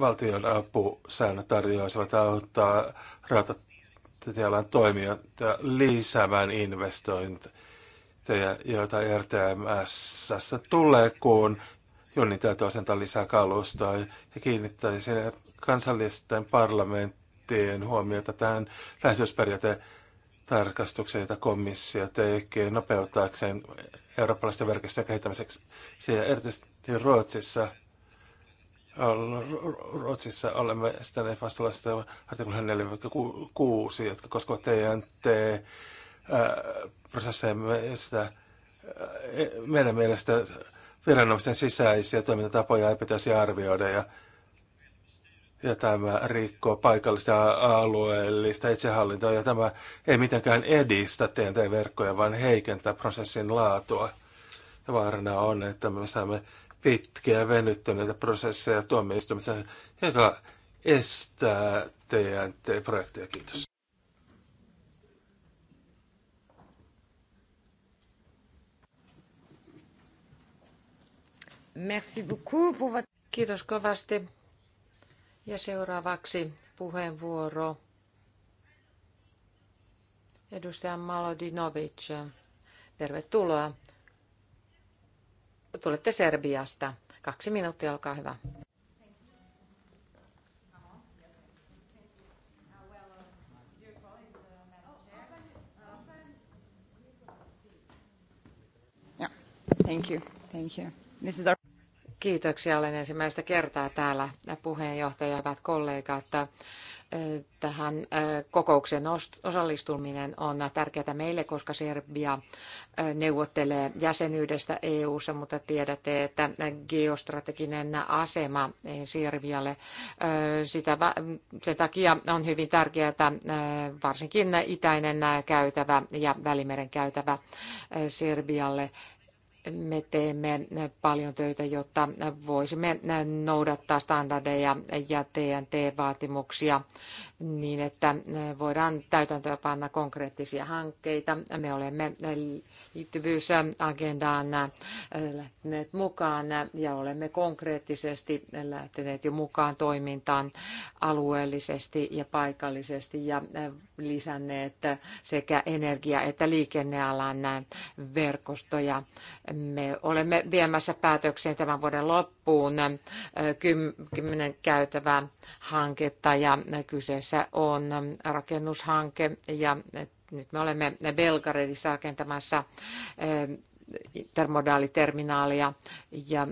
valtion apusäännöt tarjoaisivat auttaa rautatiealan toimijoita lisäämään investointeja, joita RTMS tulee, kun Jonni täytyy asentaa lisää kalustoa ja kiinnittäisi kansallisten parlamenttien huomiota tähän lähetysperiaatetarkastukseen, jota komissio tekee nopeuttaakseen eurooppalaisten verkostojen kehittämiseksi. Siellä erityisesti Ruotsissa Ruotsissa olemme esittäneet vastalaista artikla 46, jotka koskevat TNT-prosesseja sitä meidän mielestä viranomaisten sisäisiä toimintatapoja ei pitäisi arvioida ja, ja tämä rikkoo paikallista ja alueellista itsehallintoa ja tämä ei mitenkään edistä TNT-verkkoja, vaan heikentää prosessin laatua. Ja vaarana on, että me saamme pitkiä venyttäneitä prosesseja tuomioistuimessa, joka estää teidän projekteja. Kiitos. Merci beaucoup pour votre... Kiitos kovasti. Ja seuraavaksi puheenvuoro edustaja Malodinovic. Tervetuloa tulette Serbiasta. Kaksi minuuttia, olkaa hyvä. Thank you. Thank you. This is our... Kiitoksia. Olen ensimmäistä kertaa täällä puheenjohtaja, hyvät kollegat tähän kokoukseen osallistuminen on tärkeää meille, koska Serbia neuvottelee jäsenyydestä EU-ssa, mutta tiedätte, että geostrateginen asema Serbialle sitä, sen takia on hyvin tärkeää, varsinkin itäinen käytävä ja Välimeren käytävä Serbialle me teemme paljon töitä, jotta voisimme noudattaa standardeja ja TNT-vaatimuksia niin, että voidaan täytäntöön panna konkreettisia hankkeita. Me olemme liittyvyysagendaan lähteneet mukaan ja olemme konkreettisesti lähteneet jo mukaan toimintaan alueellisesti ja paikallisesti ja lisänneet sekä energia- että liikennealan verkostoja. Me olemme viemässä päätökseen tämän vuoden loppuun kymmenen käytävää hanketta ja kyseessä on rakennushanke ja nyt me olemme Belgradissa rakentamassa termodaaliterminaalia ja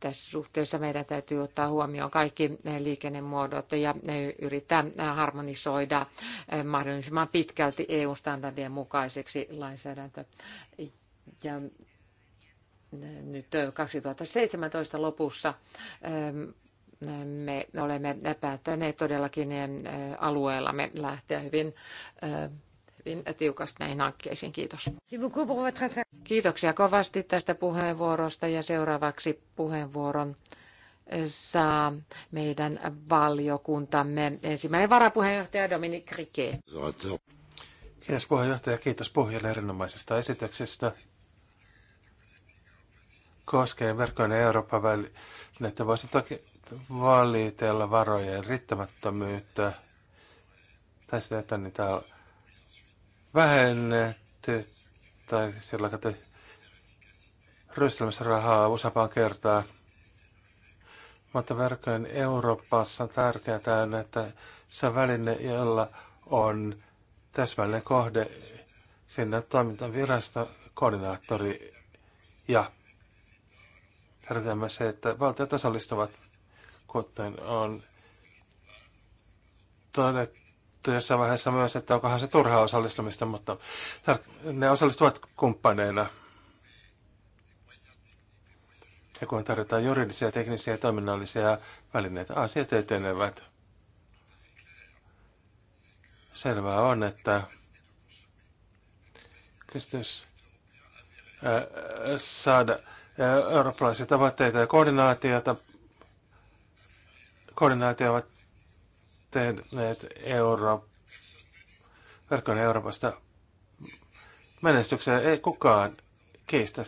tässä suhteessa meidän täytyy ottaa huomioon kaikki liikennemuodot ja yrittää harmonisoida eh, mahdollisimman pitkälti EU-standardien mukaiseksi lainsäädäntö. Ja eh, nyt 2017 eh, lopussa me olemme päättäneet todellakin alueellamme lähteä hyvin hyvin tiukasti näihin hankkeisiin. Kiitos. Kiitoksia kovasti tästä puheenvuorosta ja seuraavaksi puheenvuoron eh, saa meidän valiokuntamme ensimmäinen varapuheenjohtaja Dominic Riquet. Kiitos puheenjohtaja, kiitos puhujalle erinomaisesta esityksestä. Koskee verkkojen Euroopan että voisi toki valitella varojen riittämättömyyttä tai sitä, että niitä vähennetty tai sillä katsoi ryöstelmässä rahaa useampaan kertaa. Mutta verkkojen Euroopassa on tärkeää, että se väline, jolla on täsmällinen kohde sinne toimintavirasto, koordinaattori ja tärkeää se, että valtiot osallistuvat, kuten on todettu puhuttu jossain vaiheessa myös, että onkohan se turhaa osallistumista, mutta ne osallistuvat kumppaneina. Ja kun tarjotaan juridisia, teknisiä ja toiminnallisia välineitä, asiat etenevät. Selvää on, että kysymys saada eurooppalaisia tavoitteita ja koordinaatiota. Koordinaatio ovat tehneet Euro, verkon Euroopasta menestyksen. Ei kukaan kiistä,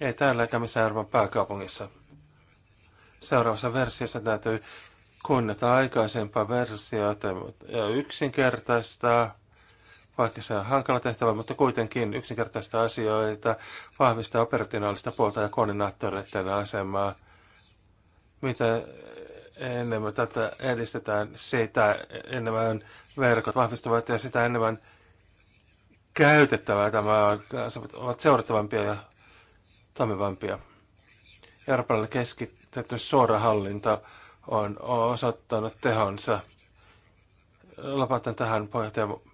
ei täällä eikä missään Euroopan pääkaupungissa. Seuraavassa versiossa täytyy kunnata aikaisempaa versiota ja yksinkertaistaa, vaikka se on hankala tehtävä, mutta kuitenkin yksinkertaista asioita, vahvistaa operationaalista puolta ja koordinaattoreiden asemaa, mitä enemmän tätä edistetään, sitä enemmän verkot vahvistuvat ja sitä enemmän käytettävää tämä on, ovat seurattavampia ja toimivampia. Euroopan keskitetty suora hallinta on osoittanut tehonsa. Lopetan tähän ja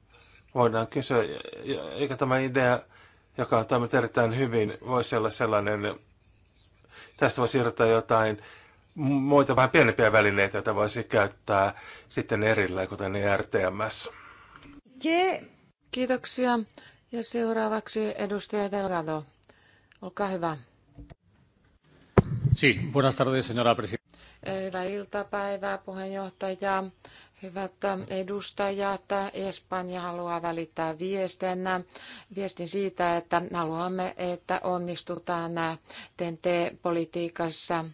Voidaan kysyä, eikö tämä idea, joka on toiminut erittäin hyvin, voisi olla sellainen, tästä voi siirtää jotain muita vähän pienempiä välineitä, joita voisi käyttää sitten erillään, kuten RTMS. Yeah. Kiitoksia. Ja seuraavaksi edustaja Delgado. Olkaa hyvä. Sí, buenas tardes, señora presidenta. Eh, hyvää iltapäivää, puheenjohtaja. Hyvät eh, edustajat, eh, Espanja haluaa välittää viestin, viestin siitä, että haluamme, että onnistutaan TNT-politiikassa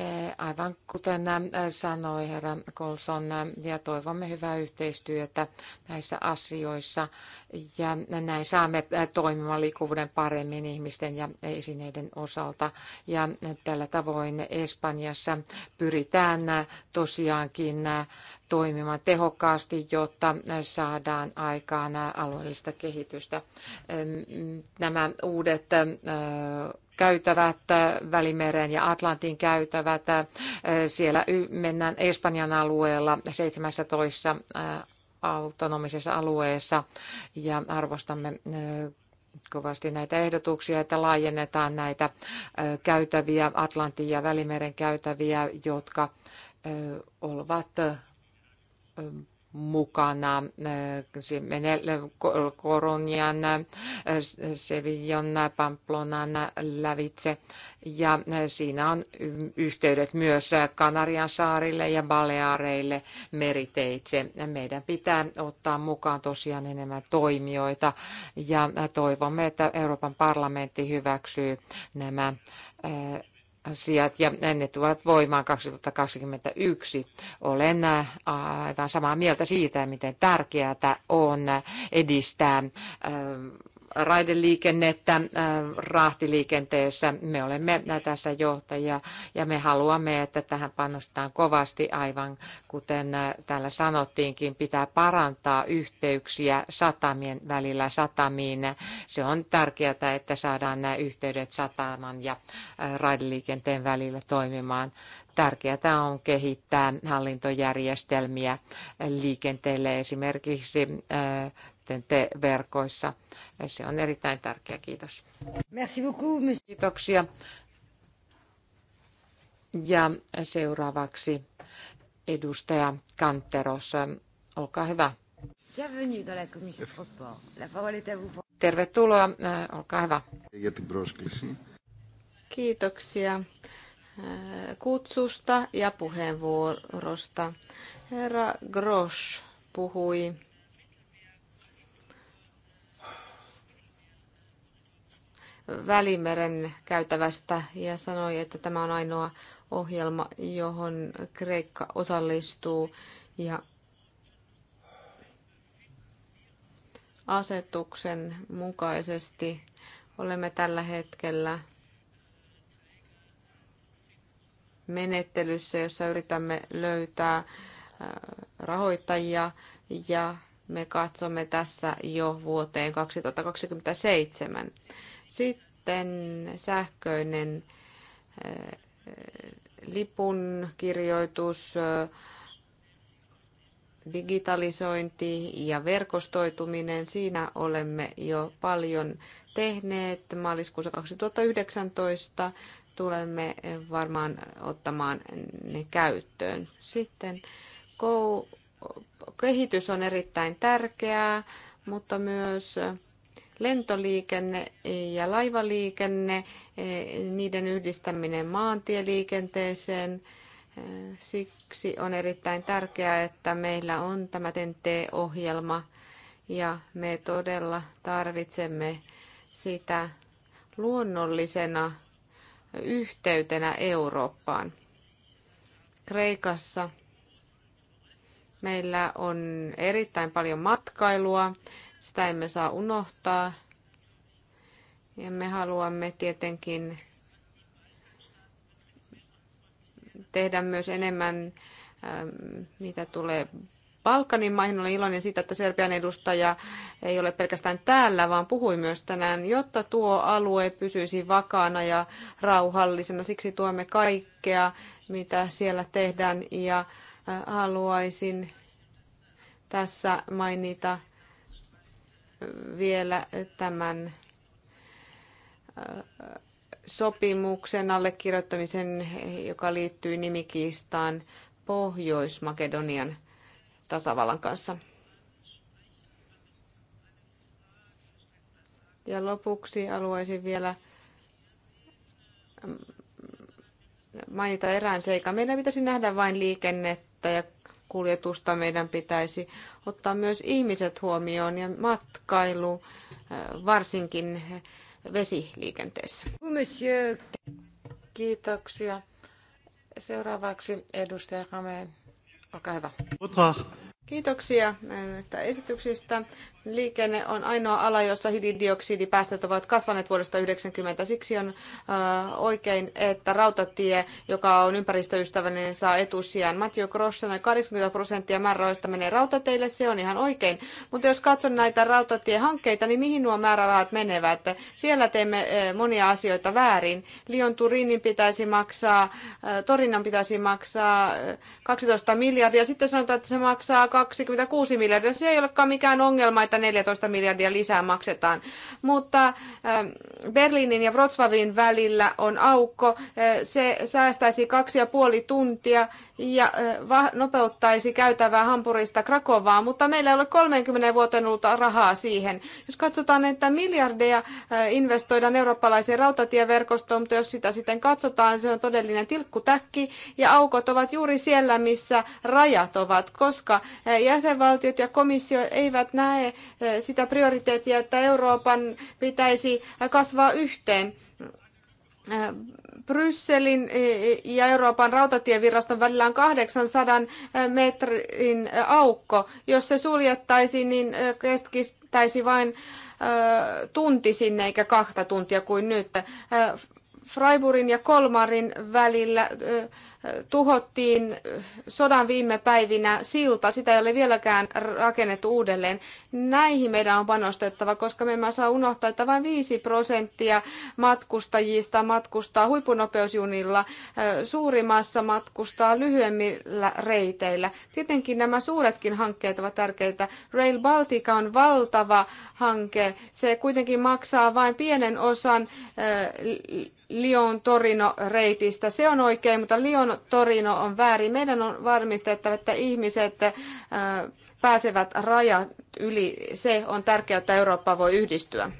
Eh, aivan kuten eh, sanoi herra Colson, eh, ja toivomme hyvää yhteistyötä näissä asioissa ja näin saamme toimimaan liikkuvuuden paremmin ihmisten ja esineiden osalta. Ja tällä tavoin Espanjassa pyritään tosiaankin toimimaan tehokkaasti, jotta saadaan aikaan alueellista kehitystä. Mm, nämä uudet käytävät, äh, Välimeren ja Atlantin käytävät. Äh, siellä mennään Espanjan alueella 17 äh, autonomisessa alueessa ja arvostamme kovasti näitä ehdotuksia, että laajennetaan näitä käytäviä, Atlantin ja Välimeren käytäviä, jotka ovat mukana. Se menee Koronian, Sevillan, Pamplonan lävitse. Ja siinä on yhteydet myös Kanarian saarille ja Baleareille meriteitse. Meidän pitää ottaa mukaan tosiaan enemmän toimijoita ja toivomme, että Euroopan parlamentti hyväksyy nämä eh, asiat ja ne tulevat voimaan 2021. Olen äh, aivan samaa mieltä siitä, miten tärkeää on edistää äh, raideliikennettä äh, rahtiliikenteessä. Me olemme äh, tässä johtajia ja me haluamme, että tähän panostetaan kovasti, aivan kuten äh, täällä sanottiinkin, pitää parantaa yhteyksiä satamien välillä satamiin. Se on tärkeää, että saadaan nämä yhteydet sataman ja raideliikenteen välillä toimimaan. Tärkeää on kehittää hallintojärjestelmiä liikenteelle esimerkiksi sitten te-verkoissa. Se on erittäin tärkeä. Kiitos. Merci beaucoup, monsieur. Kiitoksia. Ja seuraavaksi edustaja Kanteros. Olkaa hyvä. Bienvenue dans la commission transport. La parole est à vous. Tervetuloa, olkaa hyvä. Kiitoksia kutsusta ja puheenvuorosta. Herra Grosch puhui Välimeren käytävästä ja sanoi, että tämä on ainoa ohjelma, johon Kreikka osallistuu ja asetuksen mukaisesti olemme tällä hetkellä menettelyssä, jossa yritämme löytää äh, rahoittajia ja me katsomme tässä jo vuoteen 2027. Sitten sähköinen eh, lipun kirjoitus, eh, digitalisointi ja verkostoituminen, siinä olemme jo paljon tehneet. Maaliskuussa 2019 tulemme varmaan ottamaan ne käyttöön. Sitten kehitys on erittäin tärkeää, mutta myös lentoliikenne ja laivaliikenne, e, niiden yhdistäminen maantieliikenteeseen. E, siksi on erittäin tärkeää, että meillä on tämä TEN-T-ohjelma ja me todella tarvitsemme sitä luonnollisena yhteytenä Eurooppaan. Kreikassa meillä on erittäin paljon matkailua sitä emme saa unohtaa. Ja me haluamme tietenkin tehdä myös enemmän, ähm, mitä tulee Balkanin maihin. Olen iloinen siitä, että Serbian edustaja ei ole pelkästään täällä, vaan puhui myös tänään, jotta tuo alue pysyisi vakaana ja rauhallisena. Siksi tuemme kaikkea, mitä siellä tehdään. Ja äh, haluaisin tässä mainita vielä tämän äh, sopimuksen allekirjoittamisen, joka liittyy nimikiistaan Pohjois-Makedonian tasavallan kanssa. Ja lopuksi haluaisin vielä mm, mainita erään seikan. Meidän pitäisi nähdä vain liikennettä ja kuljetusta meidän pitäisi ottaa myös ihmiset huomioon ja matkailu, varsinkin vesiliikenteessä. Kiitoksia. Seuraavaksi edustaja Hame. Olkaa hyvä. Kiitoksia näistä esityksistä. Liikenne on ainoa ala, jossa hiilidioksidipäästöt ovat kasvaneet vuodesta 1990. Siksi on oikein, että rautatie, joka on ympäristöystävällinen, saa etusijan. Matthew Gross sanoi, 80 prosenttia määrärahoista menee rautateille, se on ihan oikein. Mutta jos katson näitä rautatiehankkeita, niin mihin nuo määrärahat menevät? Siellä teemme monia asioita väärin. Lion Turinin pitäisi maksaa, Torinan pitäisi maksaa 12 miljardia. Sitten sanotaan, että se maksaa 26 miljardia. Se ei olekaan mikään ongelma, että 14 miljardia lisää maksetaan. Mutta ähm, Berliinin ja Wrocławin välillä on aukko. Äh, se säästäisi kaksi ja puoli tuntia ja nopeuttaisi käytävää Hampurista Krakovaan, mutta meillä ei ole 30 vuoteen ollut rahaa siihen. Jos katsotaan, että miljardeja investoidaan eurooppalaiseen rautatieverkostoon, mutta jos sitä sitten katsotaan, se on todellinen tilkkutäkki ja aukot ovat juuri siellä, missä rajat ovat, koska jäsenvaltiot ja komissio eivät näe sitä prioriteettia, että Euroopan pitäisi kasvaa yhteen Brysselin e, e, ja Euroopan rautatieviraston välillä on 800 e, metrin aukko. Jos se suljettaisiin, niin kestäisi vain tunti sinne eikä kahta tuntia kuin nyt. Freiburgin ja Kolmarin välillä tuhottiin sodan viime päivinä silta, sitä ei ole vieläkään rakennettu uudelleen. Näihin meidän on panostettava, koska me emme saa unohtaa, että vain 5 prosenttia matkustajista matkustaa huippunopeusjunilla, suurimassa matkustaa lyhyemmillä reiteillä. Tietenkin nämä suuretkin hankkeet ovat tärkeitä. Rail Baltica on valtava hanke, se kuitenkin maksaa vain pienen osan Lion Torino reitistä. Se on oikein, mutta Lion Torino on väärin. Meidän on varmistettava, että ihmiset äh, pääsevät rajat yli. Se on tärkeää, että Eurooppa voi yhdistyä.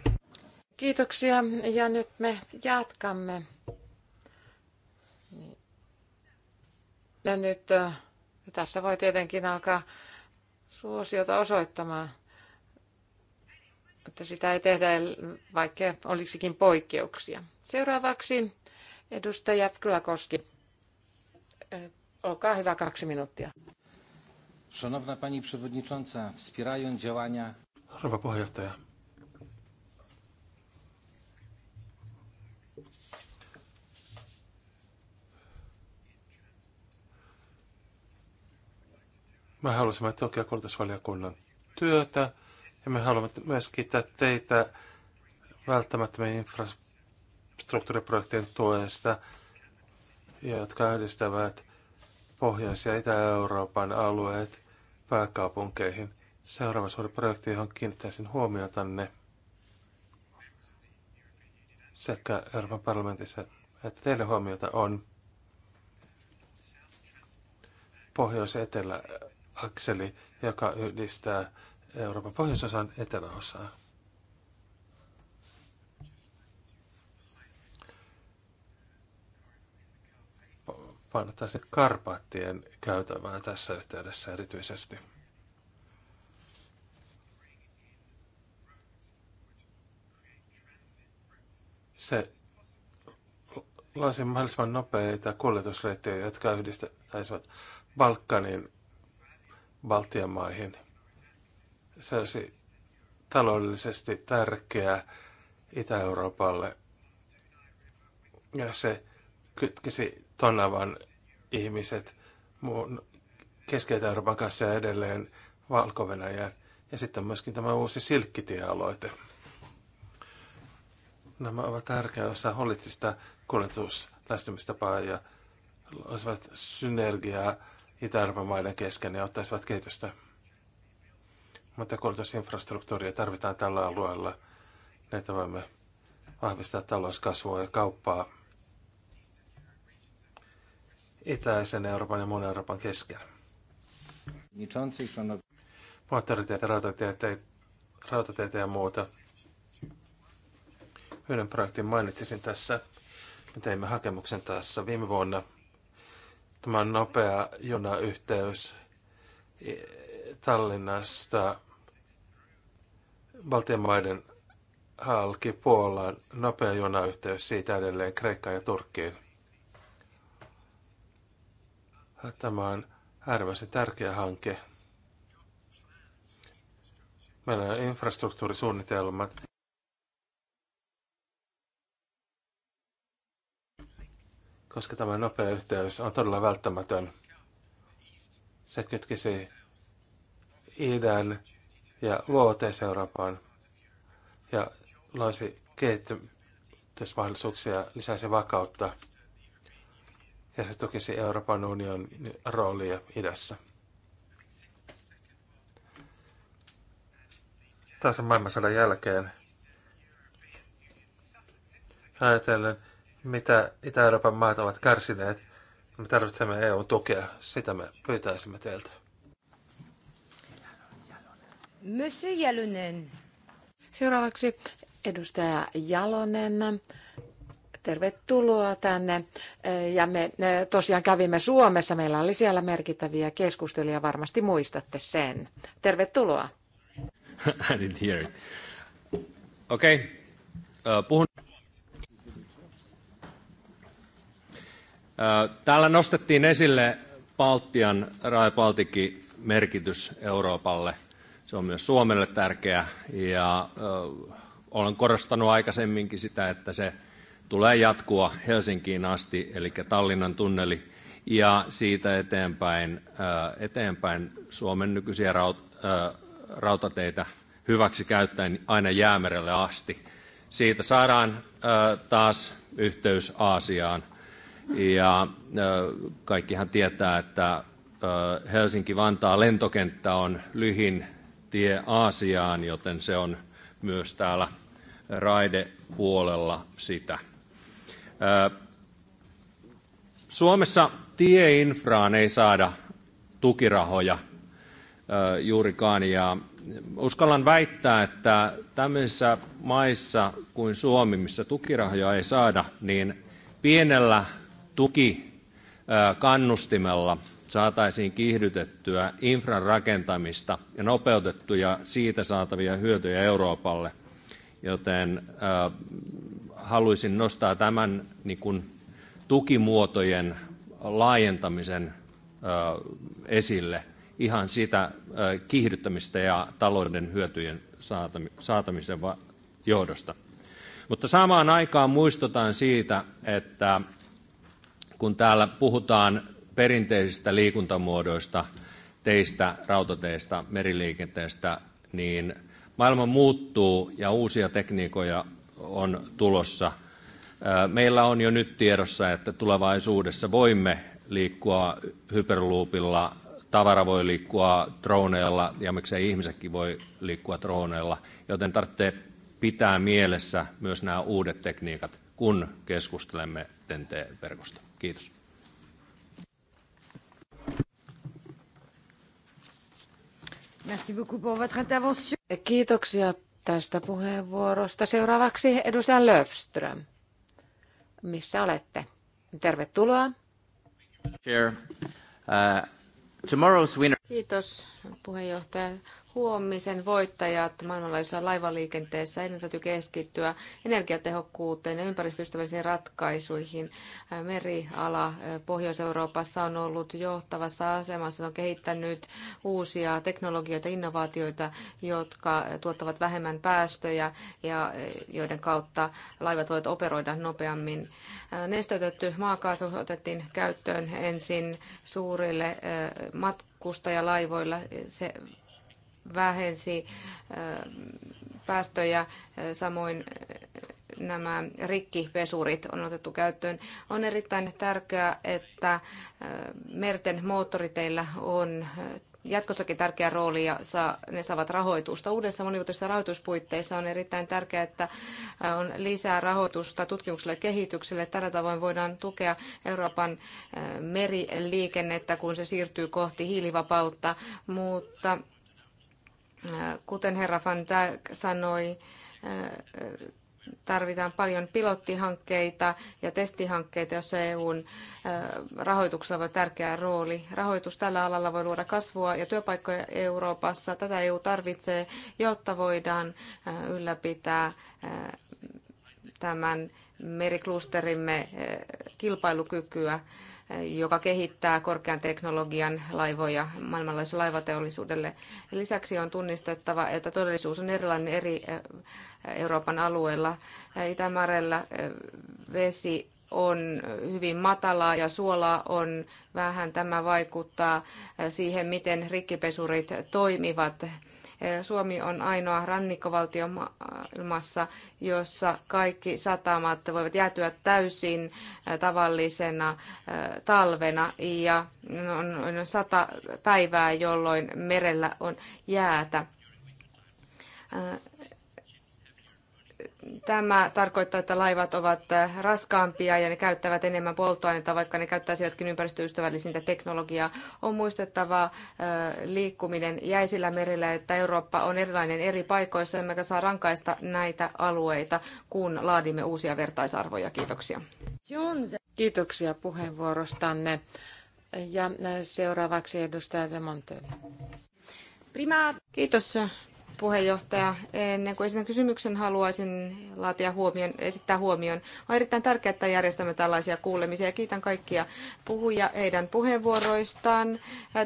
Kiitoksia ja nyt me jatkamme. Ja nyt äh, tässä voi tietenkin alkaa suosiota osoittamaan, että sitä ei tehdä, vaikka olisikin poikkeuksia. Seuraavaksi edustaja Kyläkoski. Olkaa hyvä, kaksi minuuttia. Szanowna pani przewodnicząca, wspierając działania... Rouva puheenjohtaja. Me halusimme tukea koulutusvaliokunnan työtä ja me haluamme myös kiittää teitä välttämättömien infrastruktuurien infrastruktuuriprojektien tuesta, jotka yhdistävät Pohjois- ja Itä-Euroopan alueet pääkaupunkeihin. Seuraava suuri projekti, johon kiinnittäisin ne sekä Euroopan parlamentissa että teille huomiota on pohjois-etelä-akseli, joka yhdistää Euroopan pohjoisosan eteläosaa. sen Karpaattien käytävää tässä yhteydessä erityisesti. Se loisi mahdollisimman nopeita kuljetusreittejä, jotka yhdistäisivät Balkanin Baltian maihin. Se olisi taloudellisesti tärkeä Itä-Euroopalle ja se kytkisi Tonavan ihmiset muun Keski-Euroopan kanssa ja edelleen valko Ja sitten myöskin tämä uusi silkkitiealoite. Nämä ovat tärkeä osa holitsista kuljetuslähtymistapaa ja olisivat synergiaa Itä-Euroopan maiden kesken ja ottaisivat kehitystä. Mutta kuljetusinfrastruktuuria tarvitaan tällä alueella. Näitä niin voimme vahvistaa talouskasvua ja kauppaa itäisen Euroopan ja muun Euroopan kesken. Moottoriteitä, rautateitä, rautateitä ja muuta. Yhden projektin mainitsisin tässä. Me teimme hakemuksen tässä viime vuonna. Tämä on nopea junayhteys e- Tallinnasta Baltian maiden halki Puolaan. Nopea junayhteys siitä edelleen Kreikkaan ja Turkkiin Tämä on äärimmäisen tärkeä hanke. Meillä on infrastruktuurisuunnitelmat. Koska tämä nopea yhteys on todella välttämätön. Se kytkisi idän ja luoteis Euroopan ja loisi kehittymismahdollisuuksia, lisäisi vakautta ja se tukisi Euroopan unionin roolia idässä. Taas maailmansodan jälkeen ajatellen, mitä Itä-Euroopan maat ovat kärsineet, me tarvitsemme EU-tukea. Sitä me pyytäisimme teiltä. Monsieur Jalonen. Seuraavaksi edustaja Jalonen Tervetuloa tänne. Eh, ja me eh, tosiaan kävimme Suomessa. Meillä oli siellä merkittäviä keskusteluja. Varmasti muistatte sen. Tervetuloa. <laughs> I didn't hear it. Okei. Okay. Uh, puhun. Uh, täällä nostettiin esille Baltian, Raja Baltikin merkitys Euroopalle. Se on myös Suomelle tärkeä ja olen korostanut aikaisemminkin sitä, että se – tulee jatkua helsinkiin asti eli tallinnan tunneli ja siitä eteenpäin, äh, eteenpäin Suomen nykyisiä äh, rautateitä hyväksi käyttäen aina jäämerelle asti. Siitä saadaan äh, taas yhteys Aasiaan. Ja kaikkihan tietää, että Helsinki-Vantaa lentokenttä on lyhin tie Aasiaan, joten se on myös täällä raidepuolella sitä. Suomessa tieinfraan ei saada tukirahoja juurikaan ja uskallan väittää, että tämmöisissä maissa kuin Suomi, missä tukirahoja ei saada, niin pienellä tukikannustimella saataisiin kiihdytettyä infran rakentamista ja nopeutettuja siitä saatavia hyötyjä Euroopalle, joten haluaisin nostaa tämän niin kuin tukimuotojen laajentamisen esille ihan sitä kiihdyttämistä ja talouden hyötyjen saatamisen johdosta. Mutta samaan aikaan muistutan siitä, että kun täällä puhutaan perinteisistä liikuntamuodoista, teistä, rautateista, meriliikenteestä, niin maailma muuttuu ja uusia tekniikoja on tulossa. Meillä on jo nyt tiedossa, että tulevaisuudessa voimme liikkua hyperluupilla, tavara voi liikkua droneilla ja miksei ihmisetkin voi liikkua droneilla, joten tarvitsee pitää mielessä myös nämä uudet tekniikat, kun keskustelemme tnt verkosta Kiitos. Kiitoksia tästä puheenvuorosta. Seuraavaksi edustaja Löfström. Missä olette? Tervetuloa. Uh, Kiitos puheenjohtaja huomisen voittajat maailmanlaajuisessa laivaliikenteessä, Ennen täytyy keskittyä energiatehokkuuteen ja ympäristöystävällisiin ratkaisuihin. Meriala Pohjois-Euroopassa on ollut johtavassa asemassa, on kehittänyt uusia teknologioita, innovaatioita, jotka tuottavat vähemmän päästöjä ja joiden kautta laivat voivat operoida nopeammin. Nesteytetty maakaasu otettiin käyttöön ensin suurille matkustajalaivoilla. Se vähensi päästöjä, samoin nämä rikkipesurit on otettu käyttöön. On erittäin tärkeää, että merten moottoriteillä on jatkossakin tärkeä rooli ja saa, ne saavat rahoitusta. Uudessa monivuotisessa rahoituspuitteissa on erittäin tärkeää, että on lisää rahoitusta tutkimukselle ja kehitykselle. Tällä tavoin voidaan tukea Euroopan meriliikennettä, kun se siirtyy kohti hiilivapautta, mutta Kuten herra Van Dijk sanoi, tarvitaan paljon pilottihankkeita ja testihankkeita, joissa EUn rahoituksella voi tärkeä rooli. Rahoitus tällä alalla voi luoda kasvua ja työpaikkoja Euroopassa. Tätä EU tarvitsee, jotta voidaan ylläpitää tämän meriklusterimme kilpailukykyä joka kehittää korkean teknologian laivoja maailmanlaisen laivateollisuudelle. Lisäksi on tunnistettava, että todellisuus on erilainen eri Euroopan alueilla. Itämerellä vesi on hyvin matalaa ja suolaa on vähän. Tämä vaikuttaa siihen, miten rikkipesurit toimivat Suomi on ainoa rannikkovaltio maailmassa, jossa kaikki satamat voivat jäätyä täysin tavallisena talvena ja on noin sata päivää, jolloin merellä on jäätä Tämä tarkoittaa, että laivat ovat eh, raskaampia ja ne käyttävät enemmän polttoainetta, vaikka ne käyttäisivätkin ympäristöystävällisintä teknologiaa. On muistettava eh, liikkuminen jäisillä merillä, että Eurooppa on erilainen eri paikoissa, emmekä saa rankaista näitä alueita, kun laadimme uusia vertaisarvoja. Kiitoksia. Kiitoksia puheenvuorostanne. Ja eh, seuraavaksi edustaja Demonte. Prima. Kiitos puheenjohtaja. Ennen kuin esitän kysymyksen, haluaisin laatia huomion, esittää huomion. On erittäin tärkeää, että järjestämme tällaisia kuulemisia. Kiitän kaikkia puhuja heidän puheenvuoroistaan.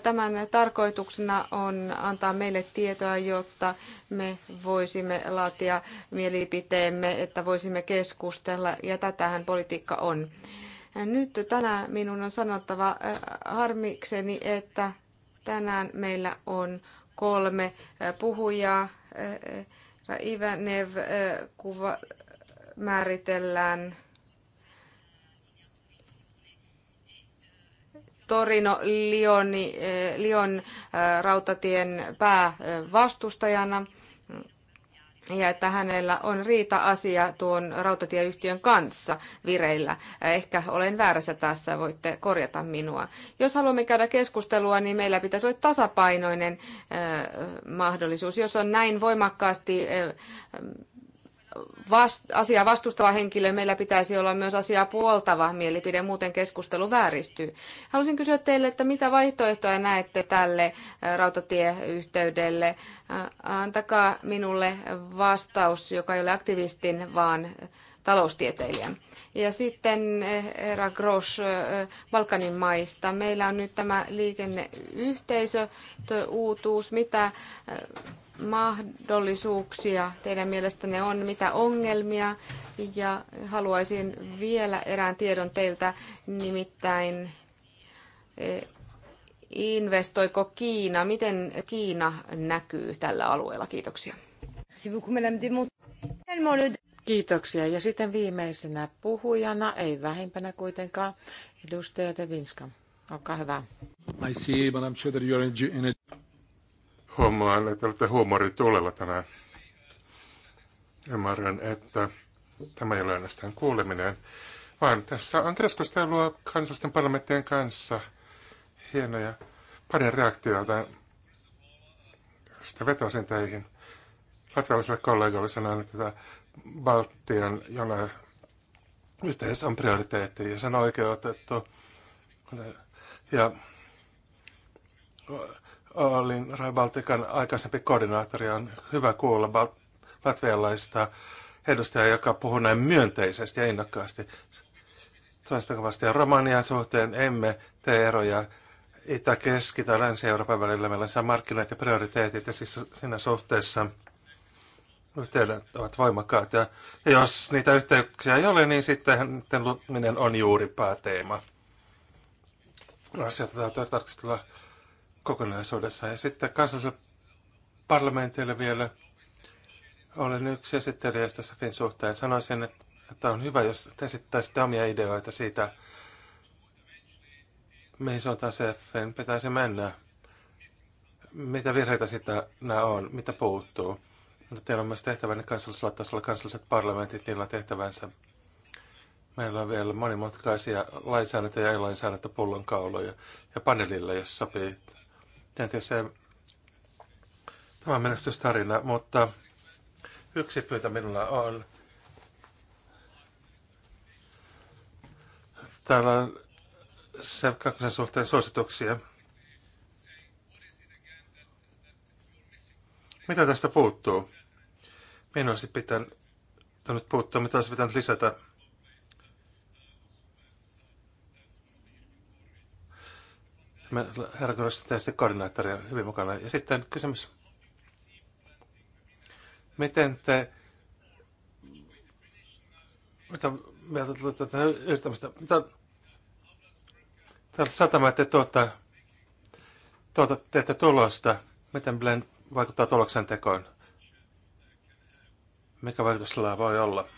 Tämän tarkoituksena on antaa meille tietoa, jotta me voisimme laatia mielipiteemme, että voisimme keskustella, ja tätähän politiikka on. Nyt tänään minun on sanottava eh, harmikseni, että tänään meillä on kolme puhujaa. Ivanev kuva määritellään Torino Lion, Lion rautatien päävastustajana ja että hänellä on riita-asia tuon rautatieyhtiön kanssa vireillä. Ehkä olen väärässä tässä, voitte korjata minua. Jos haluamme käydä keskustelua, niin meillä pitäisi olla tasapainoinen äh, mahdollisuus. Jos on näin voimakkaasti äh, vast, asiaa vastustava henkilö, meillä pitäisi olla myös asiaa puoltava mielipide, muuten keskustelu vääristyy. Haluaisin kysyä teille, että mitä vaihtoehtoja näette tälle rautatieyhteydelle? Antakaa minulle vastaus, joka ei ole aktivistin, vaan taloustieteilijän. Ja sitten herra Gros Balkanin maista. Meillä on nyt tämä liikenneyhteisö, uutuus. Mitä mahdollisuuksia teidän mielestänne on, mitä ongelmia ja haluaisin vielä erään tiedon teiltä, nimittäin e, investoiko Kiina, miten Kiina näkyy tällä alueella? Kiitoksia. Kiitoksia. Ja sitten viimeisenä puhujana, ei vähimpänä kuitenkaan, edustaja Devinska. Olkaa hyvä. I see, Madam Chair, you're in Huomaan, että olette huumorituulella tänään. Ymmärrän, että tämä ei ole ainoastaan kuuleminen, vaan tässä on keskustelua kansallisten parlamenttien kanssa. Hienoja pari reaktiota. Sitten vetosin teihin. Latvialaiselle kollegalle sanoin, että tämä Baltian jona yhteys on prioriteetti ja se on oikeutettu. Ja Olin Rai Baltikan aikaisempi koordinaattori. On hyvä kuulla latvialaista edustajaa, joka puhuu näin myönteisesti ja innokkaasti. Toistakavasti Romanian suhteen emme tee eroja Itä-, Keski- tai Länsi-Euroopan välillä. Meillä on markkinat ja prioriteetit ja siis siinä suhteessa yhteydet ovat voimakkaat. Ja, ja jos niitä yhteyksiä ei ole, niin sitten niiden on juuri pääteema. Asiat täytyy tarkastella kokonaisuudessaan. Ja sitten kansalliselle parlamentille vielä olen yksi esittelijä tässä FIN suhteen. Sanoisin, että, on hyvä, jos esittäisitte omia ideoita siitä, mihin suuntaan se FIN pitäisi mennä. Mitä virheitä sitä nämä on, mitä puuttuu. Mutta teillä on myös tehtävänne kansallisella tasolla, kansalliset parlamentit, niillä on tehtävänsä. Meillä on vielä monimutkaisia lainsäädäntöjä ja lainsäädäntöpullonkauloja ja paneelilla, jos sopii Täytyy se tämä on menestystarina, mutta yksi pyytä minulla on. Täällä on se kakkosen suhteen suosituksia. Mitä tästä puuttuu? Minun olisi pitänyt puuttua, mitä olisi pitänyt lisätä. Me herra tietysti koordinaattoria hyvin mukana. Ja sitten kysymys. Miten te... Mitä mieltä tulette tätä yrittämistä? Mitä täällä satama, että tuota, tuota, teette tulosta. Miten Blend vaikuttaa tuloksen tekoon? Mikä vaikutus sillä voi olla?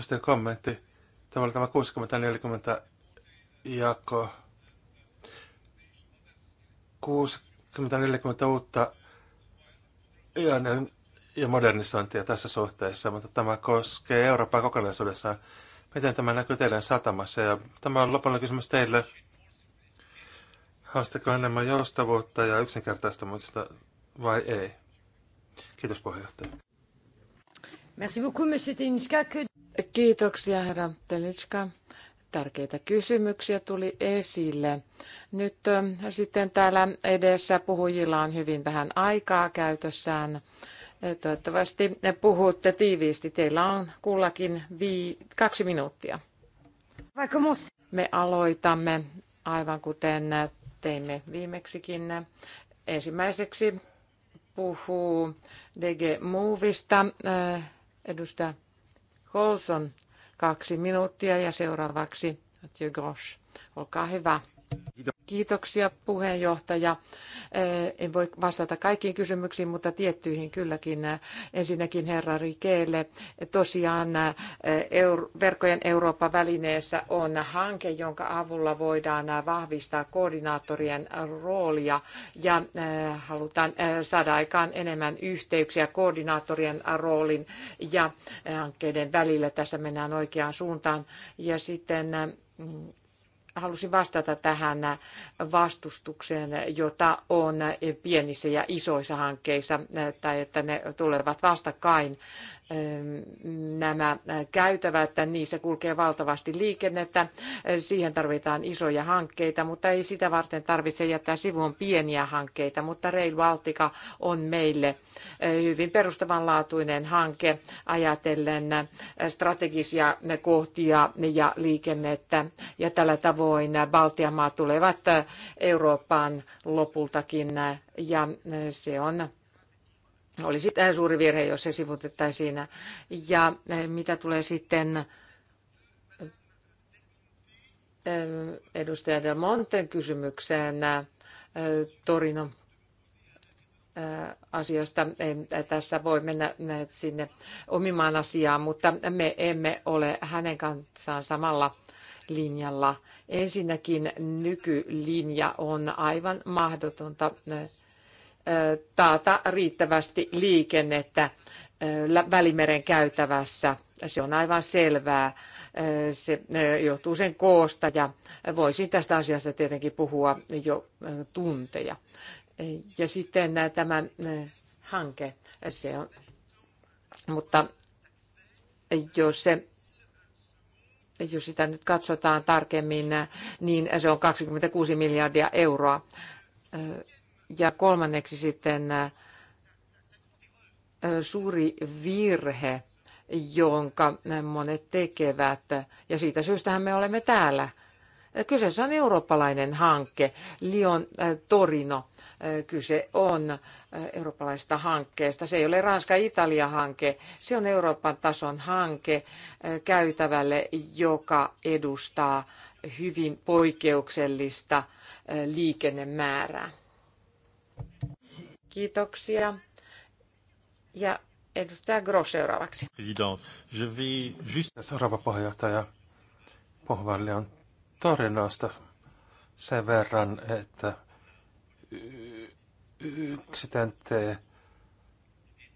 sitten kommentti. Tämä oli tämä 60-40 jako 60-40 uutta ja, ja modernisointia tässä suhteessa, mutta tämä koskee Eurooppaa kokonaisuudessaan. Miten tämä näkyy teidän satamassa? Ja tämä on lopullinen kysymys teille. Haluaisitteko enemmän joustavuutta ja yksinkertaistamista vai ei? Kiitos puheenjohtaja. Merci beaucoup, monsieur Teniska. Kiitoksia, herra Teniska. Tärkeitä kysymyksiä tuli esille. Nyt sitten täällä edessä puhujilla on hyvin vähän aikaa käytössään. E, toivottavasti puhutte tiiviisti. Teillä on kullakin vii- kaksi minuuttia. Me aloitamme aivan kuten teimme viimeksikin. Ensimmäiseksi puhuu DG Movista e, edustaja Holson. Kaksi minuuttia ja seuraavaksi Mathieu Grosch. Olkaa hyvä. Kiitoksia puheenjohtaja. Eh, en voi vastata kaikkiin kysymyksiin, mutta tiettyihin kylläkin. Ensinnäkin herra Rikeelle. Tosiaan eh, verkkojen Euroopan välineessä on hanke, jonka avulla voidaan vahvistaa koordinaattorien roolia ja eh, halutaan saada aikaan enemmän yhteyksiä koordinaattorien roolin ja hankkeiden välillä. Tässä mennään oikeaan suuntaan. Ja sitten mm, halusin vastata tähän vastustukseen, jota on pienissä ja isoissa hankkeissa, tai että ne tulevat vastakkain nämä käytävät, niissä kulkee valtavasti liikennettä. Siihen tarvitaan isoja hankkeita, mutta ei sitä varten tarvitse jättää sivuun pieniä hankkeita, mutta Rail Baltica on meille hyvin perustavanlaatuinen hanke ajatellen strategisia kohtia ja liikennettä. Ja tällä tavoin Baltian maat tulevat Eurooppaan lopultakin ja se on olisi tämä suuri virhe, jos se sivutettaisiin. Ja eh, mitä tulee sitten eh, edustaja Del Monten kysymykseen eh, Torino asiasta. Tässä voi mennä sinne omimaan asiaan, mutta me emme ole hänen kanssaan samalla linjalla. Ensinnäkin nykylinja on aivan mahdotonta taata riittävästi liikennettä Välimeren käytävässä. Se on aivan selvää. Se johtuu sen koosta ja voisin tästä asiasta tietenkin puhua jo tunteja. Ja sitten tämä hanke, se on, mutta jos se jos sitä nyt katsotaan tarkemmin, niin se on 26 miljardia euroa ja kolmanneksi sitten äh, suuri virhe, jonka monet tekevät. Ja siitä syystähän me olemme täällä. Kyseessä on eurooppalainen hanke, Lyon äh, Torino. Äh, kyse on eurooppalaisesta hankkeesta. Se ei ole Ranska-Italia-hanke, se on Euroopan tason hanke käytävälle, joka edustaa hyvin poikkeuksellista liikennemäärää. Kiitoksia. Ja edustaja Gross seuraavaksi. Seuraava puheenjohtaja Pohvalli on tarinoista sen verran, että yksi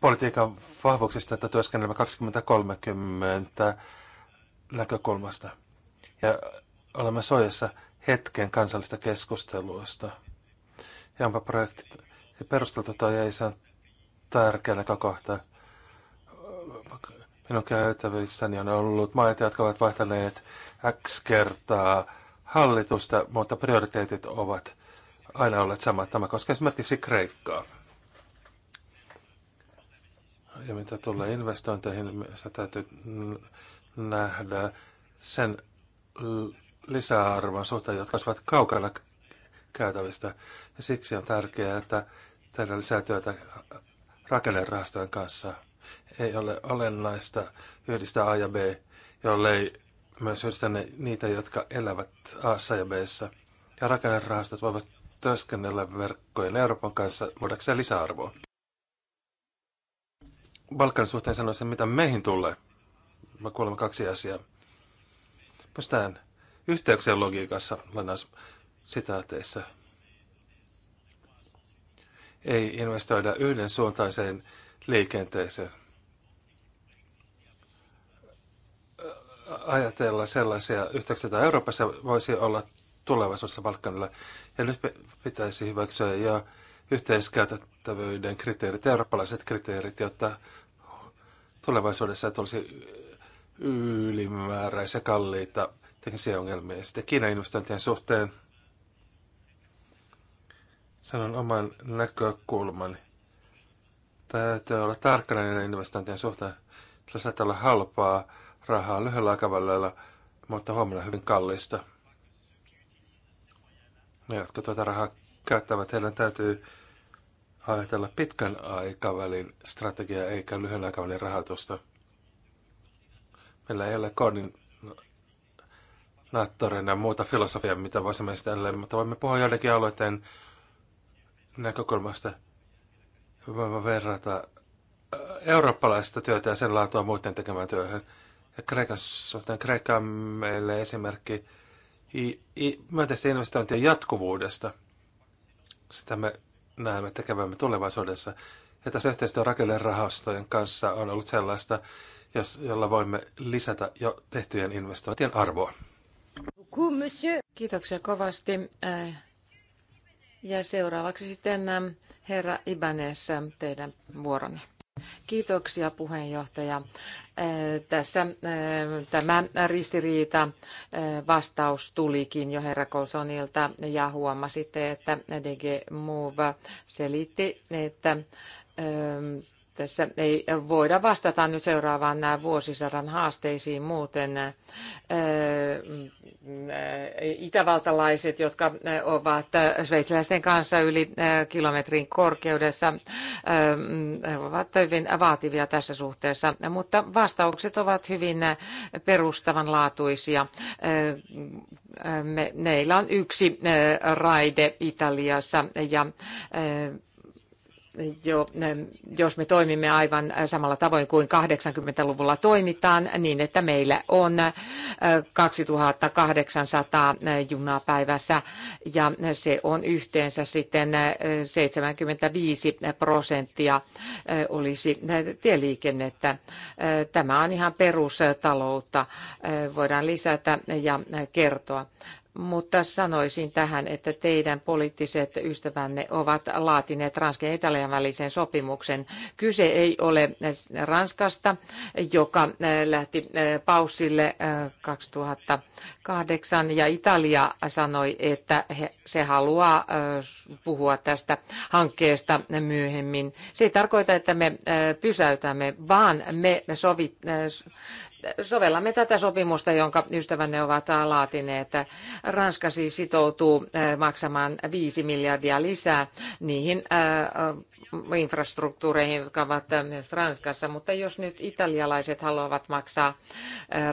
politiikan vahvuuksista, että työskennellä 2030 näkökulmasta. Ja olemme soijassa hetken kansallista keskusteluista. Ja onpa projektit ja perusteltu tai ei, se on tärkeä näkökohta. Minun käytävissäni on ollut maita, jotka ovat vaihtaneet X kertaa hallitusta, mutta prioriteetit ovat aina olleet samat. Tämä koskee esimerkiksi Kreikkaa. Ja mitä tulee investointeihin, se täytyy nähdä sen lisäarvon suhteen, jotka ovat kaukana käytävistä. Ja siksi on tärkeää, että tehdä lisää työtä rakennerahastojen kanssa. Ei ole olennaista yhdistää A ja B, jollei myös yhdistää ne, niitä, jotka elävät A ja B. Ja rakennerahastot voivat työskennellä verkkojen Euroopan kanssa luodakseen lisäarvoa. Balkanin suhteen sanoisin, mitä meihin tulee. Mä kuulemme kaksi asiaa. Pystään yhteyksien logiikassa lainaus sitaateissa – ei investoida yhden suuntaiseen liikenteeseen. Ajatella sellaisia yhteyksiä, joita Euroopassa voisi olla tulevaisuudessa Balkanilla. Ja nyt pitäisi hyväksyä jo yhteiskäytettävyyden kriteerit, eurooppalaiset kriteerit, jotta tulevaisuudessa tulisi ylimääräisiä kalliita teknisiä ongelmia. Ja sitten Kiinan investointien suhteen – sanon oman näkökulmani. Täytyy olla tarkkana niiden investointien suhteen. Sillä saattaa olla halpaa rahaa lyhyellä aikavälillä, mutta huomenna hyvin kallista. Ne, jotka tuota rahaa käyttävät, heidän täytyy ajatella pitkän aikavälin strategiaa eikä lyhyen aikavälin rahoitusta. Meillä ei ole koordinaattoreina muuta filosofiaa, mitä voisimme esitellä, mutta voimme puhua joidenkin aloitteen näkökulmasta voimme verrata äh, eurooppalaista työtä ja sen laatua muiden tekemään työhön. Ja Kreikan suhteen Kreikka on meille esimerkki I, I, myönteisten investointien jatkuvuudesta. Sitä me näemme tekevämme tulevaisuudessa. Ja tässä yhteistyö rahastojen kanssa on ollut sellaista, jos, jolla voimme lisätä jo tehtyjen investointien arvoa. Kiitoksia kovasti. Äh, ja seuraavaksi sitten ähm, herra Ibanes, ähm, teidän vuoronne. Kiitoksia puheenjohtaja. Äh, tässä äh, tämä ristiriita äh, vastaus tulikin jo herra Kolsonilta ja huomasitte, että DG Move selitti, että ähm, tässä ei voida vastata nyt seuraavaan nämä vuosisadan haasteisiin muuten. Itävaltalaiset, jotka ovat sveitsiläisten kanssa yli kilometrin korkeudessa, ovat hyvin vaativia tässä suhteessa, mutta vastaukset ovat hyvin perustavanlaatuisia. Meillä on yksi raide Italiassa ja jo, ähm, jos me toimimme aivan äh, samalla tavoin kuin 80-luvulla toimitaan, niin että meillä on 2800 äh, äh, junaa päivässä ja se on yhteensä sitten 75 prosenttia olisi tieliikennettä. Tämä on ihan perustaloutta, voidaan lisätä ja kertoa mutta sanoisin tähän, että teidän poliittiset ystävänne ovat laatineet Ranskan ja Italian välisen sopimuksen. Kyse ei ole Ranskasta, joka eh, lähti eh, paussille 2008 eh, ja Italia sanoi, että se haluaa puhua tästä hankkeesta myöhemmin. Se ei tarkoita, että me pysäytämme, vaan me sovit, sovellamme tätä sopimusta, jonka ystävänne ovat laatineet. Ranska siis sitoutuu eh, maksamaan 5 miljardia lisää niihin eh, eh, infrastruktuureihin, jotka ovat myös Ranskassa, mutta jos nyt italialaiset haluavat maksaa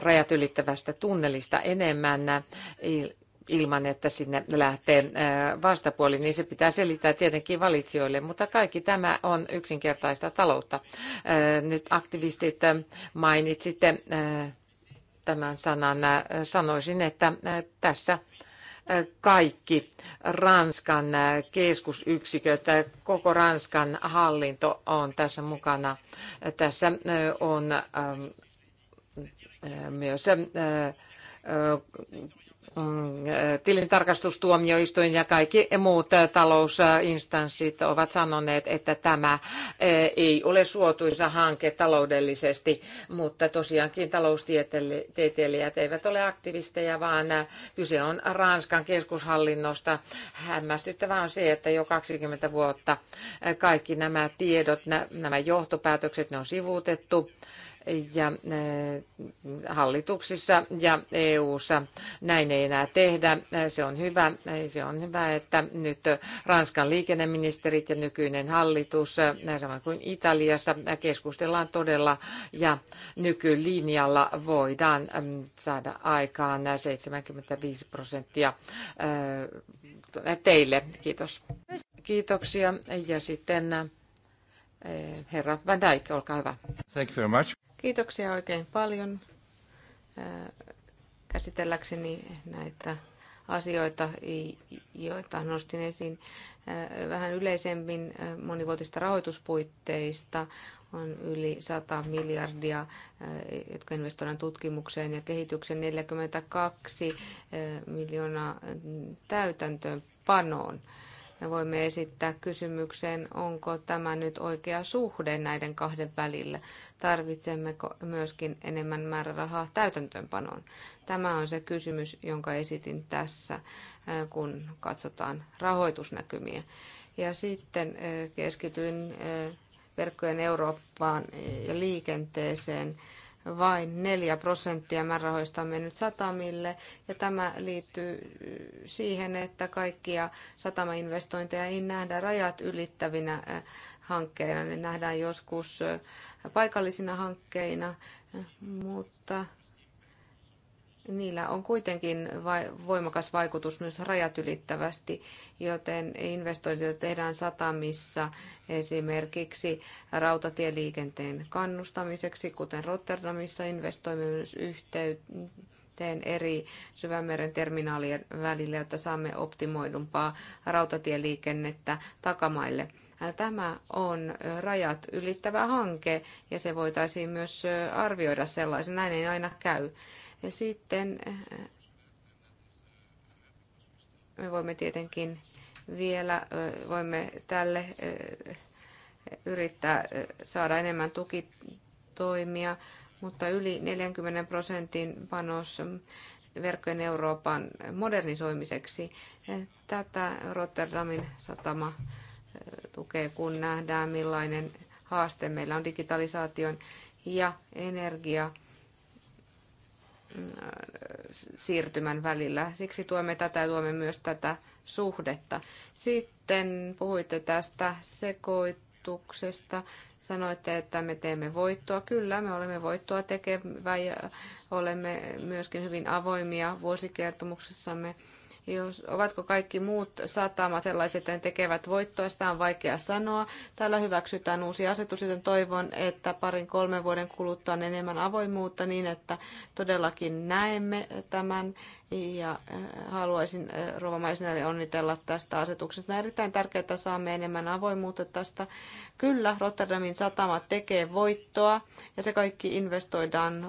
rajat ylittävästä tunnelista enemmän, ilman, että sinne lähtee vastapuoli, niin se pitää selittää tietenkin valitsijoille, mutta kaikki tämä on yksinkertaista taloutta. Nyt aktivistit mainitsitte tämän sanan. Sanoisin, että tässä kaikki Ranskan keskusyksiköt, koko Ranskan hallinto on tässä mukana. Tässä on myös Mm, eh, tilintarkastustuomioistuin ja kaikki muut eh, talousinstanssit ovat sanoneet, että tämä eh, ei ole suotuisa hanke taloudellisesti, mutta tosiaankin taloustieteilijät eivät ole aktivisteja, vaan kyse on Ranskan keskushallinnosta. Hämmästyttävää on se, että jo 20 vuotta kaikki nämä tiedot, nämä johtopäätökset, ne on sivuutettu ja eh, hallituksissa ja EU:ssa näin ei enää tehdä. Eh, se on hyvä, eh, se on hyvä että nyt Ranskan liikenneministerit ja nykyinen hallitus, samoin kuin Italiassa, keskustellaan todella ja nykylinjalla voidaan mm, saada aikaan 75 prosenttia teille. Kiitos. Kiitoksia ja sitten Herra Van Dijk, olkaa hyvä. Thank you very much. Kiitoksia oikein paljon käsitelläkseni näitä asioita, joita nostin esiin vähän yleisemmin monivuotista rahoituspuitteista. On yli 100 miljardia, jotka investoidaan tutkimukseen ja kehitykseen, 42 miljoonaa täytäntöönpanoon. panoon me voimme esittää kysymyksen, onko tämä nyt oikea suhde näiden kahden välillä. Tarvitsemmeko myöskin enemmän määrärahaa täytäntöönpanoon? Tämä on se kysymys, jonka esitin tässä, äh, kun katsotaan rahoitusnäkymiä. Ja sitten äh, keskityin äh, verkkojen Eurooppaan ja liikenteeseen vain 4 prosenttia määrärahoista on mennyt satamille, ja tämä liittyy siihen, että kaikkia satamainvestointeja ei nähdä rajat ylittävinä eh, hankkeina. Ne nähdään joskus eh, paikallisina hankkeina, eh, mutta niillä on kuitenkin voimakas vaikutus myös rajat ylittävästi, joten investointeja tehdään satamissa esimerkiksi rautatieliikenteen kannustamiseksi, kuten Rotterdamissa investoimme myös yhteyteen eri syvämeren terminaalien välille, jotta saamme optimoidumpaa rautatieliikennettä takamaille. Tämä on rajat ylittävä hanke ja se voitaisiin myös arvioida sellaisen. Näin ei aina käy. Ja sitten eh, me voimme tietenkin vielä, eh, voimme tälle eh, yrittää saada enemmän tukitoimia, mutta yli 40 prosentin panos verkkojen Euroopan modernisoimiseksi. Tätä Rotterdamin satama tukee, kun nähdään millainen haaste meillä on digitalisaation ja energia Äh, siirtymän välillä. Siksi tuemme tätä ja tuemme myös tätä suhdetta. Sitten puhuitte tästä sekoituksesta. Sanoitte, että me teemme voittoa. Kyllä, me olemme voittoa tekevä ja olemme myöskin hyvin avoimia vuosikertomuksessamme jos, ovatko kaikki muut satamat sellaiset, että ne tekevät voittoa, sitä on vaikea sanoa. Täällä hyväksytään uusi asetus, joten toivon, että parin kolmen vuoden kuluttua on enemmän avoimuutta niin, että todellakin näemme tämän. Ja äh, haluaisin äh, Rova Maisneri onnitella tästä asetuksesta. On erittäin tärkeää, että saamme enemmän avoimuutta tästä. Kyllä, Rotterdamin satama tekee voittoa ja se kaikki investoidaan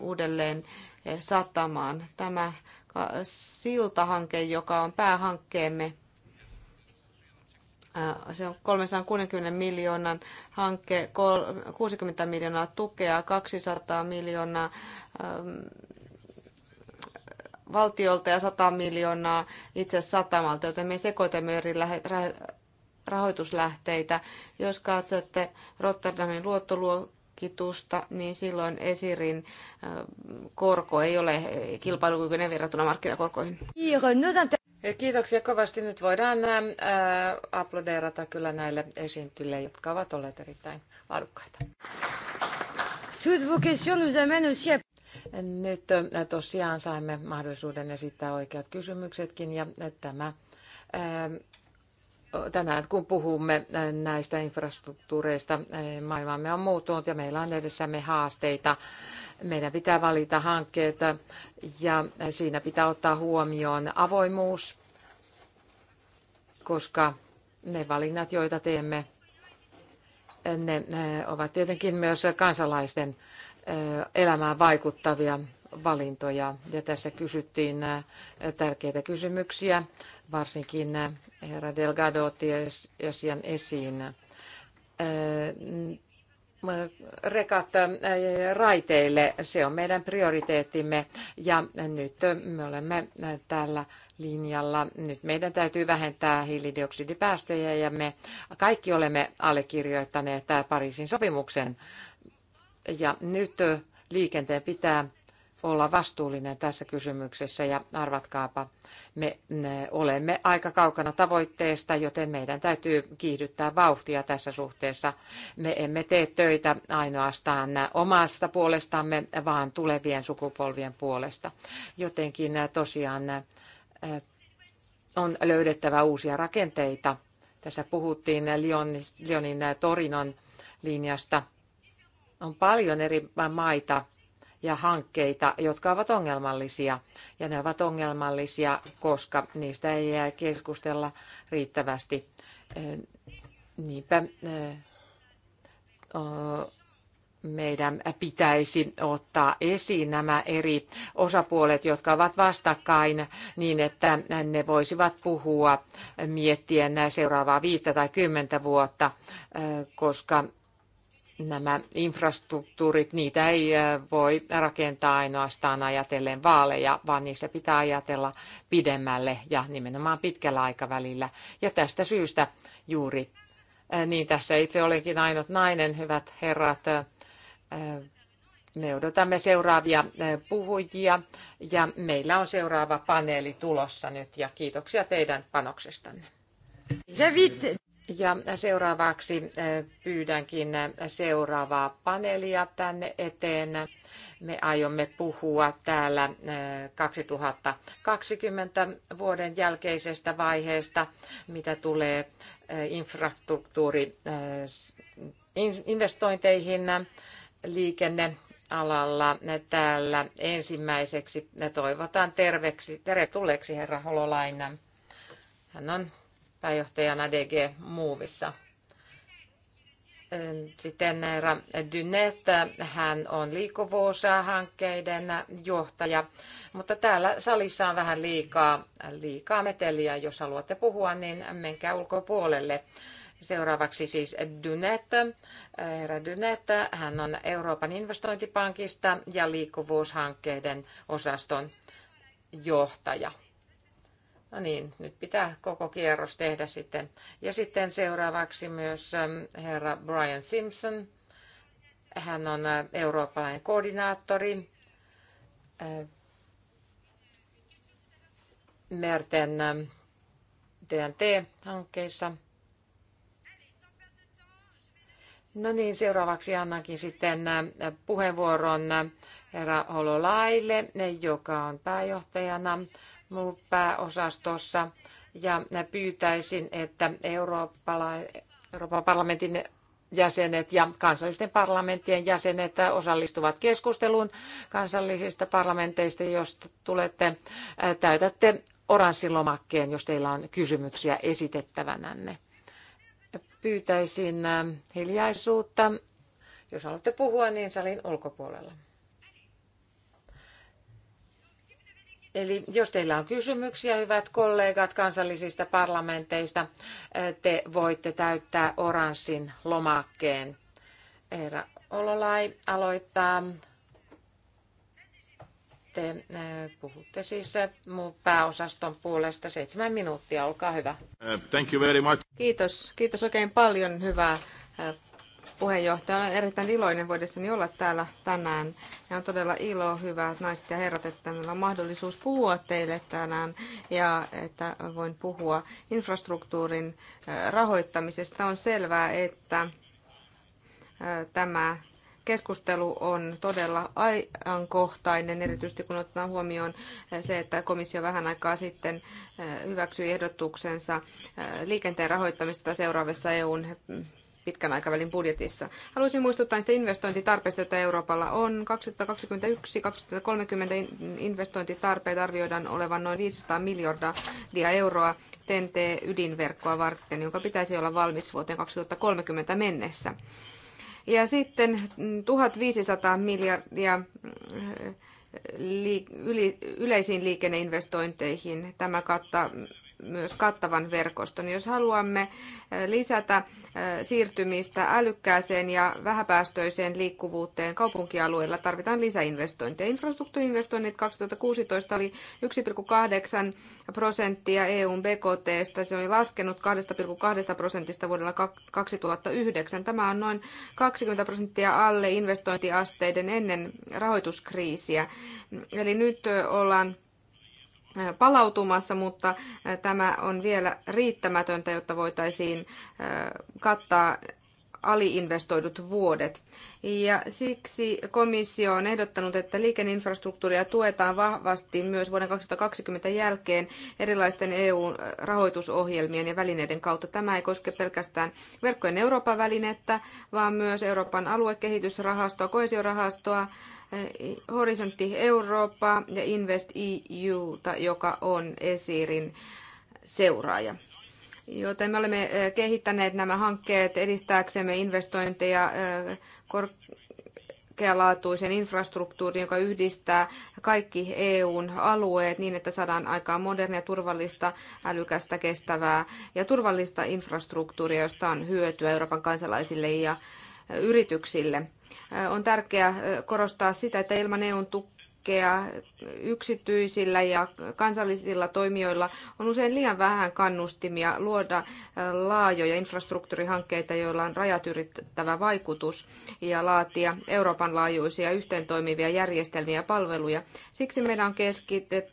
uudelleen äh, satamaan. Tämä Äh, siltahanke, joka on päähankkeemme. Äh, se on 360 miljoonan hanke, 60 miljoonaa tukea, 200 miljoonaa ähm, valtiolta ja 100 miljoonaa itse satamalta, joten me sekoitamme eri rahoituslähteitä. Jos katsotte Rotterdamin luottoluokkaa, kitusta, niin silloin Esirin korko ei ole kilpailukykyinen verrattuna markkinakorkoihin. Kiitoksia kovasti. Nyt voidaan ää, aplodeerata kyllä näille esiintyjille, jotka ovat olleet erittäin laadukkaita. Nyt tosiaan saimme mahdollisuuden esittää oikeat kysymyksetkin ja tämä ää, tänään, kun puhumme näistä infrastruktuureista, eh, maailmamme on muuttunut ja meillä on edessämme haasteita. Meidän pitää valita hankkeet ja siinä pitää ottaa huomioon avoimuus, koska ne valinnat, joita teemme, ne eh, ovat tietenkin myös kansalaisten eh, elämään vaikuttavia valintoja. Ja tässä kysyttiin tärkeitä kysymyksiä varsinkin äh, herra Delgado otti asian esiin. Äh, rekat äh, raiteille, se on meidän prioriteettimme ja nyt me olemme tällä linjalla. Nyt meidän täytyy vähentää hiilidioksidipäästöjä ja me kaikki olemme allekirjoittaneet Pariisin sopimuksen ja nyt liikenteen pitää olla vastuullinen tässä kysymyksessä ja arvatkaapa, me olemme aika kaukana tavoitteesta, joten meidän täytyy kiihdyttää vauhtia tässä suhteessa. Me emme tee töitä ainoastaan omasta puolestamme, vaan tulevien sukupolvien puolesta. Jotenkin tosiaan on löydettävä uusia rakenteita. Tässä puhuttiin Lyonin Torinon linjasta. On paljon eri maita, ja hankkeita, jotka ovat ongelmallisia. Ja ne ovat ongelmallisia, koska niistä ei jää keskustella riittävästi. Niinpä meidän pitäisi ottaa esiin nämä eri osapuolet, jotka ovat vastakkain, niin että ne voisivat puhua miettien seuraavaa viittä tai kymmentä vuotta, koska nämä infrastruktuurit, niitä ei voi rakentaa ainoastaan ajatellen vaaleja, vaan niissä pitää ajatella pidemmälle ja nimenomaan pitkällä aikavälillä. Ja tästä syystä juuri, niin tässä itse olenkin ainut nainen, hyvät herrat, me odotamme seuraavia puhujia ja meillä on seuraava paneeli tulossa nyt ja kiitoksia teidän panoksestanne. Ja seuraavaksi eh, pyydänkin eh, seuraavaa panelia, tänne eteen. Me aiomme puhua täällä 2020 eh, vuoden jälkeisestä vaiheesta, mitä tulee infrastruktuuri investointeihin liikennealalla. Täällä ensimmäiseksi toivotan terveksi, tervetulleeksi herra Hololainen. Hän on pääjohtajana DG Muovissa. Sitten Neera Dynet, hän on liikkuvuushankkeiden johtaja, mutta täällä salissa on vähän liikaa, liikaa meteliä. Jos haluatte puhua, niin menkää ulkopuolelle. Seuraavaksi siis Dynet, herra Dynet, hän on Euroopan investointipankista ja liikkuvuushankkeiden osaston johtaja. No niin, nyt pitää koko kierros tehdä sitten. Ja sitten seuraavaksi myös ähm, herra Brian Simpson. Hän on äh, eurooppalainen koordinaattori äh, merten TNT-hankkeissa. Ähm, no niin, seuraavaksi annankin sitten äh, puheenvuoron herra Hololaille, joka on pääjohtajana pääosastossa ja pyytäisin, että Euroopan parlamentin jäsenet ja kansallisten parlamenttien jäsenet osallistuvat keskusteluun kansallisista parlamenteista, jos tulette, täytätte oranssilomakkeen, jos teillä on kysymyksiä esitettävänänne. Pyytäisin hiljaisuutta. Jos haluatte puhua, niin salin ulkopuolella. Eli jos teillä on kysymyksiä, hyvät kollegat kansallisista parlamenteista, eh, te voitte täyttää oranssin lomakkeen. Eera Ololai aloittaa. Te eh, puhutte siis eh, muun pääosaston puolesta seitsemän minuuttia, olkaa hyvä. Uh, thank you very much. Kiitos, kiitos oikein paljon, hyvää puheenjohtaja. Olen erittäin iloinen voidessani olla täällä tänään. Ja on todella ilo, hyvät naiset ja herrat, että meillä on mahdollisuus puhua teille tänään ja että voin puhua infrastruktuurin rahoittamisesta. On selvää, että tämä keskustelu on todella ajankohtainen, erityisesti kun otetaan huomioon se, että komissio vähän aikaa sitten hyväksyi ehdotuksensa liikenteen rahoittamista seuraavassa EUn pitkän aikavälin budjetissa. Haluaisin muistuttaa niistä investointitarpeista, joita Euroopalla on. 2021-2030 investointitarpeet arvioidaan olevan noin 500 miljardia euroa TNT-ydinverkkoa varten, joka pitäisi olla valmis vuoteen 2030 mennessä. Ja sitten 1500 miljardia mm, yleisiin liikenneinvestointeihin. Tämä kattaa mm, myös kattavan verkoston. Jos haluamme lisätä siirtymistä älykkääseen ja vähäpäästöiseen liikkuvuuteen kaupunkialueilla, tarvitaan lisäinvestointeja. Infrastruktuurinvestoinnit 2016 oli 1,8 prosenttia EUn BKTstä. Se oli laskenut 2,2 prosentista vuodella 2009. Tämä on noin 20 prosenttia alle investointiasteiden ennen rahoituskriisiä. Eli nyt ollaan palautumassa, mutta tämä on vielä riittämätöntä, jotta voitaisiin kattaa aliinvestoidut vuodet. Ja siksi komissio on ehdottanut, että liikenneinfrastruktuuria tuetaan vahvasti myös vuoden 2020 jälkeen erilaisten EU-rahoitusohjelmien ja välineiden kautta. Tämä ei koske pelkästään verkkojen Euroopan välinettä, vaan myös Euroopan aluekehitysrahastoa, koesiorahastoa, Horisontti Eurooppa ja Invest EUta, joka on Esirin seuraaja. Joten me olemme e, kehittäneet nämä hankkeet edistääksemme investointeja e, korkealaatuisen infrastruktuurin, joka yhdistää kaikki EUn alueet niin, että saadaan aikaan modernia, turvallista, älykästä, kestävää ja turvallista infrastruktuuria, josta on hyötyä Euroopan kansalaisille ja e, yrityksille. On tärkeää korostaa sitä, että ilman EUn tukea yksityisillä ja kansallisilla toimijoilla on usein liian vähän kannustimia luoda laajoja infrastruktuurihankkeita, joilla on rajat ylittävä vaikutus ja laatia Euroopan laajuisia yhteentoimivia järjestelmiä ja palveluja. Siksi meidän on keskitetty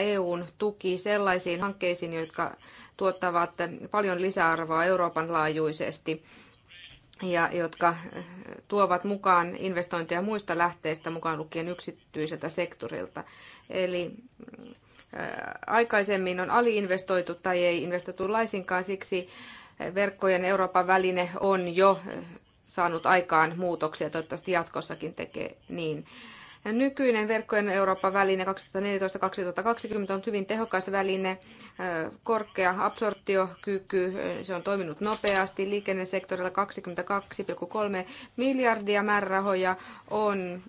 EU EUn tuki sellaisiin hankkeisiin, jotka tuottavat paljon lisäarvoa Euroopan laajuisesti ja jotka eh, tuovat mukaan investointeja muista lähteistä, mukaan lukien yksityiseltä sektorilta. Eli eh, aikaisemmin on aliinvestoitu tai ei investoitu laisinkaan, siksi eh, verkkojen Euroopan väline on jo saanut aikaan muutoksia, toivottavasti jatkossakin tekee niin. Nykyinen verkkojen Eurooppa väline 2014-2020 on hyvin tehokas väline, korkea absorptiokyky, se on toiminut nopeasti. Liikennesektorilla 22,3 miljardia määrärahoja on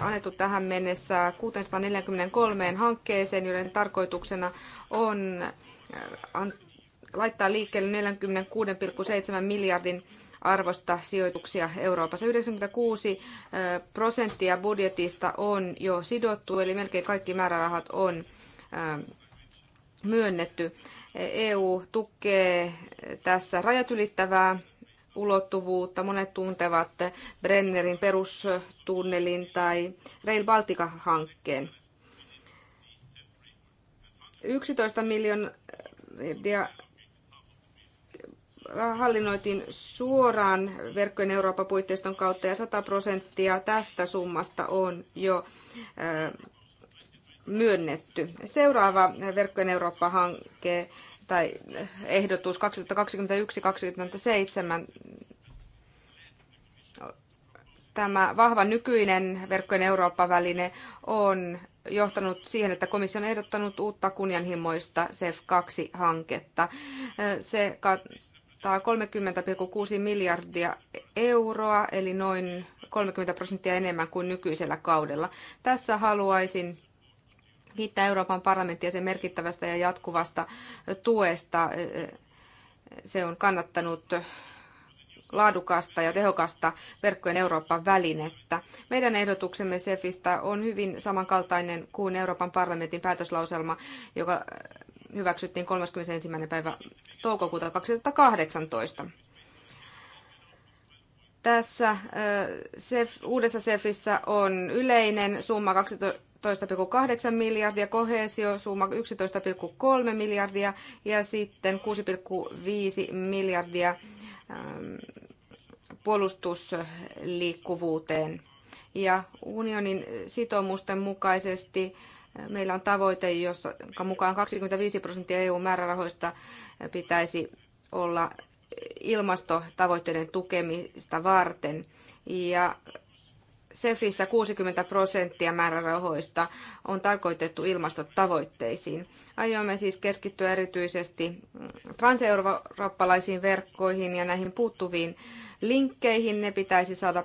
annettu tähän mennessä 643 hankkeeseen, joiden tarkoituksena on laittaa liikkeelle 46,7 miljardin arvosta sijoituksia Euroopassa. 96 prosenttia budjetista on jo sidottu, eli melkein kaikki määrärahat on myönnetty. EU e tukee tässä rajat ylittävää ulottuvuutta. Monet tuntevat Brennerin perustunnelin tai Rail Baltica-hankkeen. 11 miljoonaa hallinnoitiin suoraan verkkojen Euroopan puitteiston kautta ja 100 prosenttia tästä summasta on jo myönnetty. Seuraava verkkojen Eurooppa-hanke tai ehdotus 2021-2027 tämä vahva nykyinen verkkojen Eurooppa-väline on johtanut siihen, että komissio on ehdottanut uutta kunnianhimoista CEF2-hanketta. Se 130,6 miljardia euroa, eli noin 30 prosenttia enemmän kuin nykyisellä kaudella. Tässä haluaisin kiittää Euroopan parlamenttia sen merkittävästä ja jatkuvasta tuesta. Se on kannattanut laadukasta ja tehokasta verkkojen Euroopan välinettä. Meidän ehdotuksemme SEFistä on hyvin samankaltainen kuin Euroopan parlamentin päätöslauselma, joka hyväksyttiin 31. päivä toukokuuta 2018. Tässä SEF, uudessa SEFissä on yleinen summa 12,8 miljardia, kohesio summa 11,3 miljardia ja sitten 6,5 miljardia puolustusliikkuvuuteen. Ja unionin sitoumusten mukaisesti Meillä on tavoite, jonka mukaan 25 prosenttia EU-määrärahoista pitäisi olla ilmastotavoitteiden tukemista varten. Ja SEFissä 60 prosenttia määrärahoista on tarkoitettu ilmastotavoitteisiin. Aiomme siis keskittyä erityisesti transeurooppalaisiin verkkoihin ja näihin puuttuviin linkkeihin. Ne pitäisi saada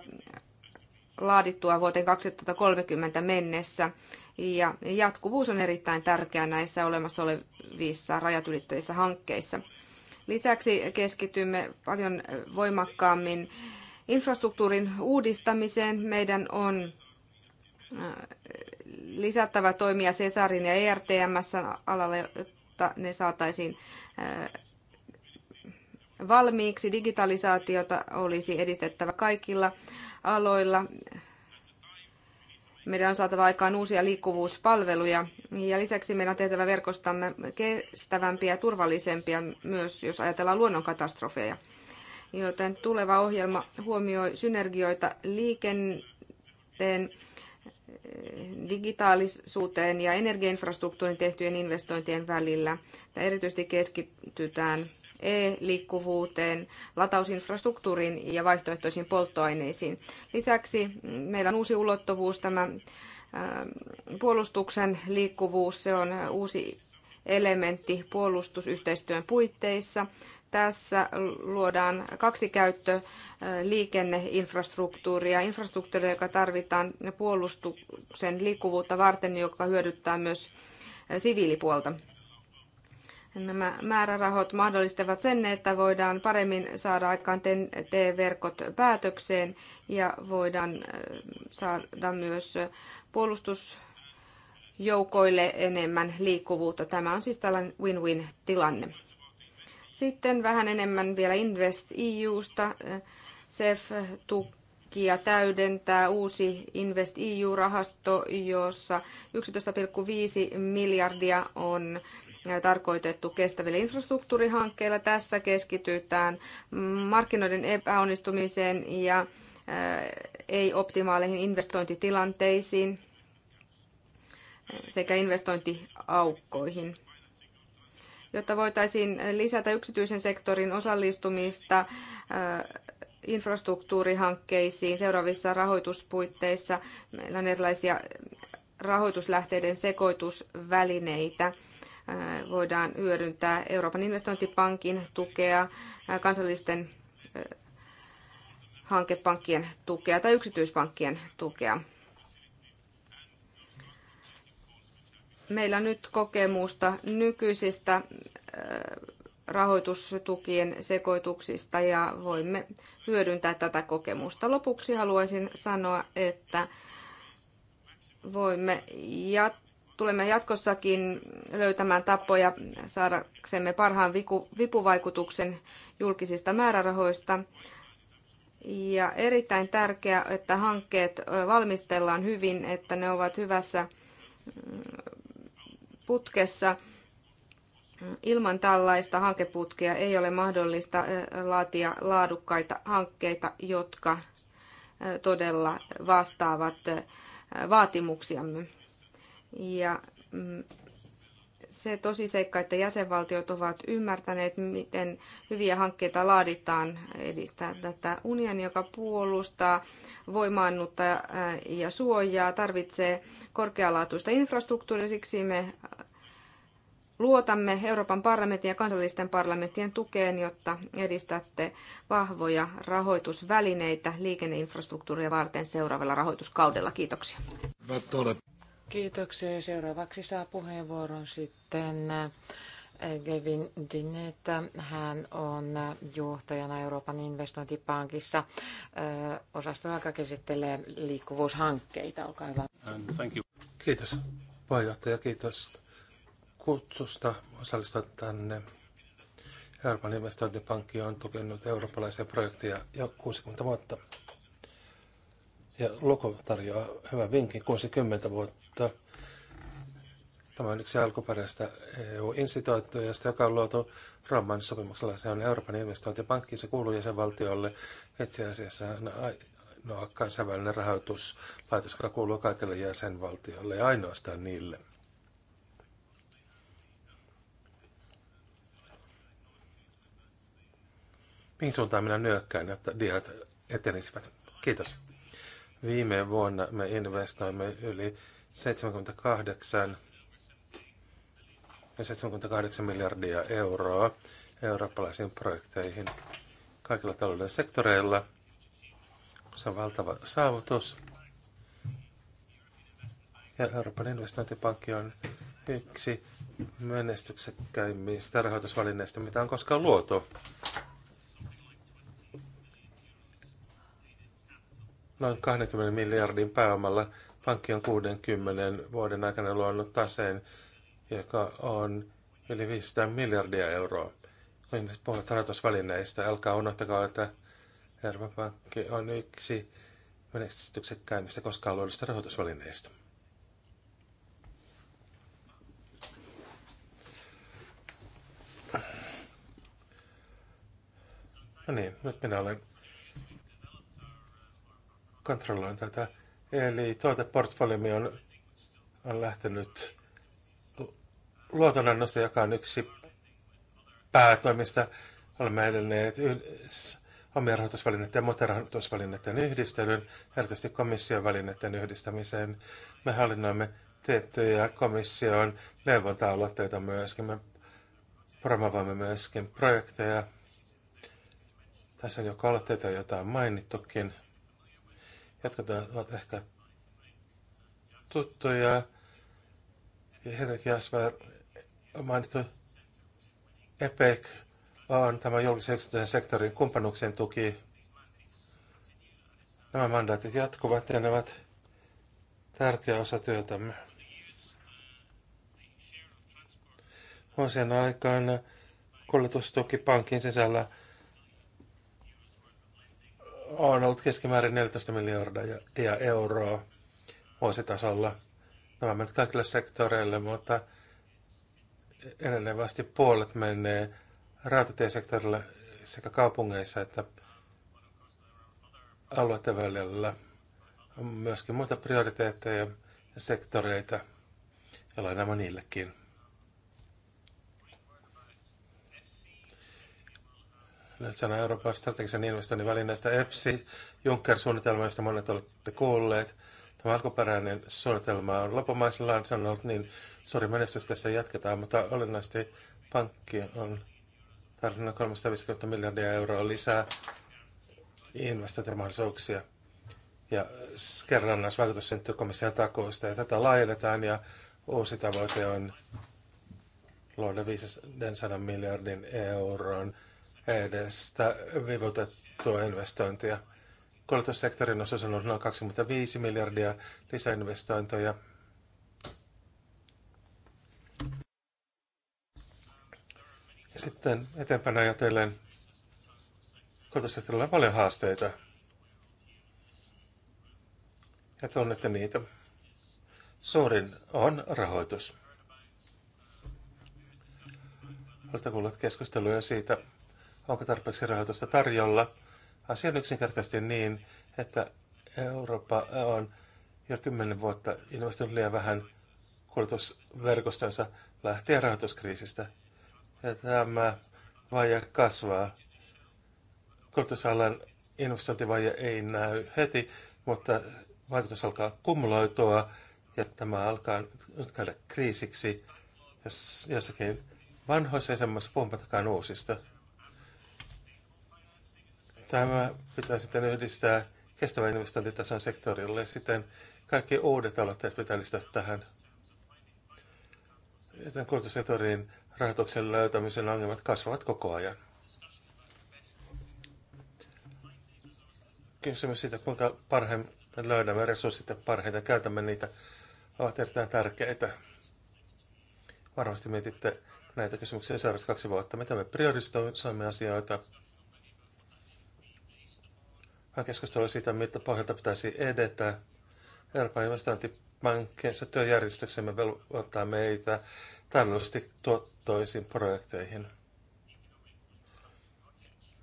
laadittua vuoteen 2030 mennessä. Ja jatkuvuus on erittäin tärkeää näissä olemassa olevissa rajat ylittävissä hankkeissa. Lisäksi keskitymme paljon voimakkaammin infrastruktuurin uudistamiseen. Meidän on lisättävä toimia Cesarin ja ERTMS-alalla, jotta ne saataisiin valmiiksi. Digitalisaatiota olisi edistettävä kaikilla aloilla meidän on saatava aikaan uusia liikkuvuuspalveluja ja lisäksi meidän on tehtävä verkostamme kestävämpiä ja turvallisempia myös, jos ajatellaan luonnonkatastrofeja. Joten tuleva ohjelma huomioi synergioita liikenteen, digitaalisuuteen ja energiainfrastruktuurin tehtyjen investointien välillä. Tämä erityisesti keskitytään e-liikkuvuuteen, latausinfrastruktuuriin ja vaihtoehtoisiin polttoaineisiin. Lisäksi meillä on uusi ulottuvuus, tämä ähm, puolustuksen liikkuvuus, se on äh, uusi elementti puolustusyhteistyön puitteissa. Tässä luodaan kaksi käyttö äh, liikenneinfrastruktuuria, infrastruktuuria, joka tarvitaan puolustuksen liikkuvuutta varten, joka hyödyttää myös äh, siviilipuolta. Nämä määrärahat mahdollistavat sen, että voidaan paremmin saada aikaan TEN-T-verkot päätökseen ja voidaan saada myös puolustusjoukoille enemmän liikkuvuutta. Tämä on siis tällainen win-win-tilanne. Sitten vähän enemmän vielä Invest EUsta. CEF tukia täydentää uusi Invest EU-rahasto, jossa 11,5 miljardia on tarkoitettu kestäville infrastruktuurihankkeille. Tässä keskitytään markkinoiden epäonnistumiseen ja äh, ei-optimaaleihin investointitilanteisiin sekä investointiaukkoihin. Jotta voitaisiin lisätä yksityisen sektorin osallistumista äh, infrastruktuurihankkeisiin seuraavissa rahoituspuitteissa, meillä on erilaisia rahoituslähteiden sekoitusvälineitä – voidaan hyödyntää Euroopan investointipankin tukea, kansallisten hankepankkien tukea tai yksityispankkien tukea. Meillä on nyt kokemusta nykyisistä rahoitustukien sekoituksista ja voimme hyödyntää tätä kokemusta. Lopuksi haluaisin sanoa, että voimme jatkaa tulemme jatkossakin löytämään tapoja saadaksemme parhaan vipuvaikutuksen julkisista määrärahoista. Ja erittäin tärkeää, että hankkeet valmistellaan hyvin, että ne ovat hyvässä mm, putkessa. Ilman tällaista hankeputkea ei ole mahdollista laatia laadukkaita hankkeita, jotka todella vastaavat vaatimuksiamme. Ja mm, se tosiseikka, että jäsenvaltiot ovat ymmärtäneet, miten hyviä hankkeita laaditaan edistää tätä unioni, joka puolustaa, voimaannutta äh, ja suojaa, tarvitsee korkealaatuista infrastruktuuria, siksi me äh, luotamme Euroopan parlamentin ja kansallisten parlamenttien tukeen, jotta edistätte vahvoja rahoitusvälineitä liikenneinfrastruktuuria varten seuraavalla rahoituskaudella. Kiitoksia. Kiitoksia. seuraavaksi saa puheenvuoron sitten äh, Gavin Dinetta. Hän on johtajana Euroopan investointipankissa. Äh, Osasto, joka käsittelee liikkuvuushankkeita. Olkaa hyvä. Kiitos puheenjohtaja. Kiitos kutsusta osallistua tänne. Euroopan investointipankki on tukenut eurooppalaisia projekteja jo 60 vuotta. Ja luku tarjoaa hyvän vinkin 60 vuotta mutta Tämä on yksi alkuperäistä EU-instituutioista, joka on luotu Rooman sopimuksella. Se on Euroopan investointipankki, se kuuluu jäsenvaltiolle. Itse asiassa on ainoa kansainvälinen rahoituslaitos, joka kuuluu kaikille jäsenvaltioille ja ainoastaan niille. mihin suuntaan minä nyökkään, että diat etenisivät. Kiitos. Viime vuonna me investoimme yli 78 ja 78 miljardia euroa eurooppalaisiin projekteihin kaikilla talouden sektoreilla. Se on valtava saavutus. Ja Euroopan investointipankki on yksi menestyksekkäimmistä rahoitusvälineistä, mitä on koskaan luotu. Noin 20 miljardin pääomalla Pankki on 60 vuoden aikana luonut taseen, joka on yli 500 miljardia euroa. Me ihmiset puhuvat rahoitusvälineistä. Älkää unohtakaa, että Euroopan pankki on yksi menestyksekkäimmistä koskaan luodusta rahoitusvälineistä. No niin, nyt minä olen kontrolloin tätä Eli tuoteportfoliomme on, on lähtenyt luotonannosta, joka on yksi päätoimista. Olemme edelleen omien rahoitusvälineiden ja muiden rahoitusvälineiden yhdistelyn, erityisesti komission välineiden yhdistämiseen. Me hallinnoimme tiettyjä komission neuvonta-aloitteita myöskin. Me promovoimme myöskin projekteja. Tässä on jo aloitteita, joita on mainittukin jotka ovat ehkä tuttuja. Ja Henrik Jasper mainittu EPEC on tämä julkisen sektorin kumppanuksen tuki. Nämä mandaatit jatkuvat ja ne ovat tärkeä osa työtämme. Vuosien aikana kuljetustuki pankin sisällä on ollut keskimäärin 14 miljardia euroa vuositasolla. Tämä menee kaikille sektoreille, mutta enenevästi puolet menee rautatiesektorille sekä kaupungeissa että alueiden välillä. On myöskin muita prioriteetteja ja sektoreita, joilla nämä niillekin. sana Euroopan strategisen investoinnin välineestä EFSI, Juncker-suunnitelma, josta monet olette kuulleet. Tämä alkuperäinen suunnitelma on lopumaisillaan sanonut, niin suuri menestys tässä jatketaan, mutta olennaisesti pankki on tarvinnut 350 miljardia euroa lisää investointimahdollisuuksia. Ja kerrannaisvaikutus syntyy komission takuusta ja tätä laajennetaan ja uusi tavoite on luoda 500 miljardin euron edestä vivutettua investointia. Koulutussektorin osuus on ollut noin 25 miljardia lisäinvestointeja. Ja sitten eteenpäin ajatellen, koulutussektorilla on paljon haasteita. Ja tunnette niitä. Suurin on rahoitus. Oletko kuullut keskusteluja siitä, Onko tarpeeksi rahoitusta tarjolla? Asia on yksinkertaisesti niin, että Eurooppa on jo kymmenen vuotta investoinut liian vähän kulutusverkostonsa lähtien rahoituskriisistä. Ja tämä vaje kasvaa. Kulutusalan investointivaje ei näy heti, mutta vaikutus alkaa kumuloitua ja tämä alkaa nyt käydä kriisiksi jos jossakin vanhoissa jäsenmaissa puhumattakaan uusista. Tämä pitää sitten yhdistää kestävän investointitason sektorille. Sitten kaikki uudet aloitteet pitää lisätä tähän. Tämän kulutussektorin rahoituksen löytämisen ongelmat kasvavat koko ajan. Kysymys siitä, kuinka parhaimmin löydämme resurssit ja parhaiten käytämme niitä, ovat erittäin tärkeitä. Varmasti mietitte näitä kysymyksiä seuraavat kaksi vuotta, mitä me priorisoimme asioita – hän keskustelua siitä, mitä pohjalta pitäisi edetä. Euroopan investointipankkinsa työjärjestyksemme velvoittaa meitä taloudellisesti tuottoisiin projekteihin.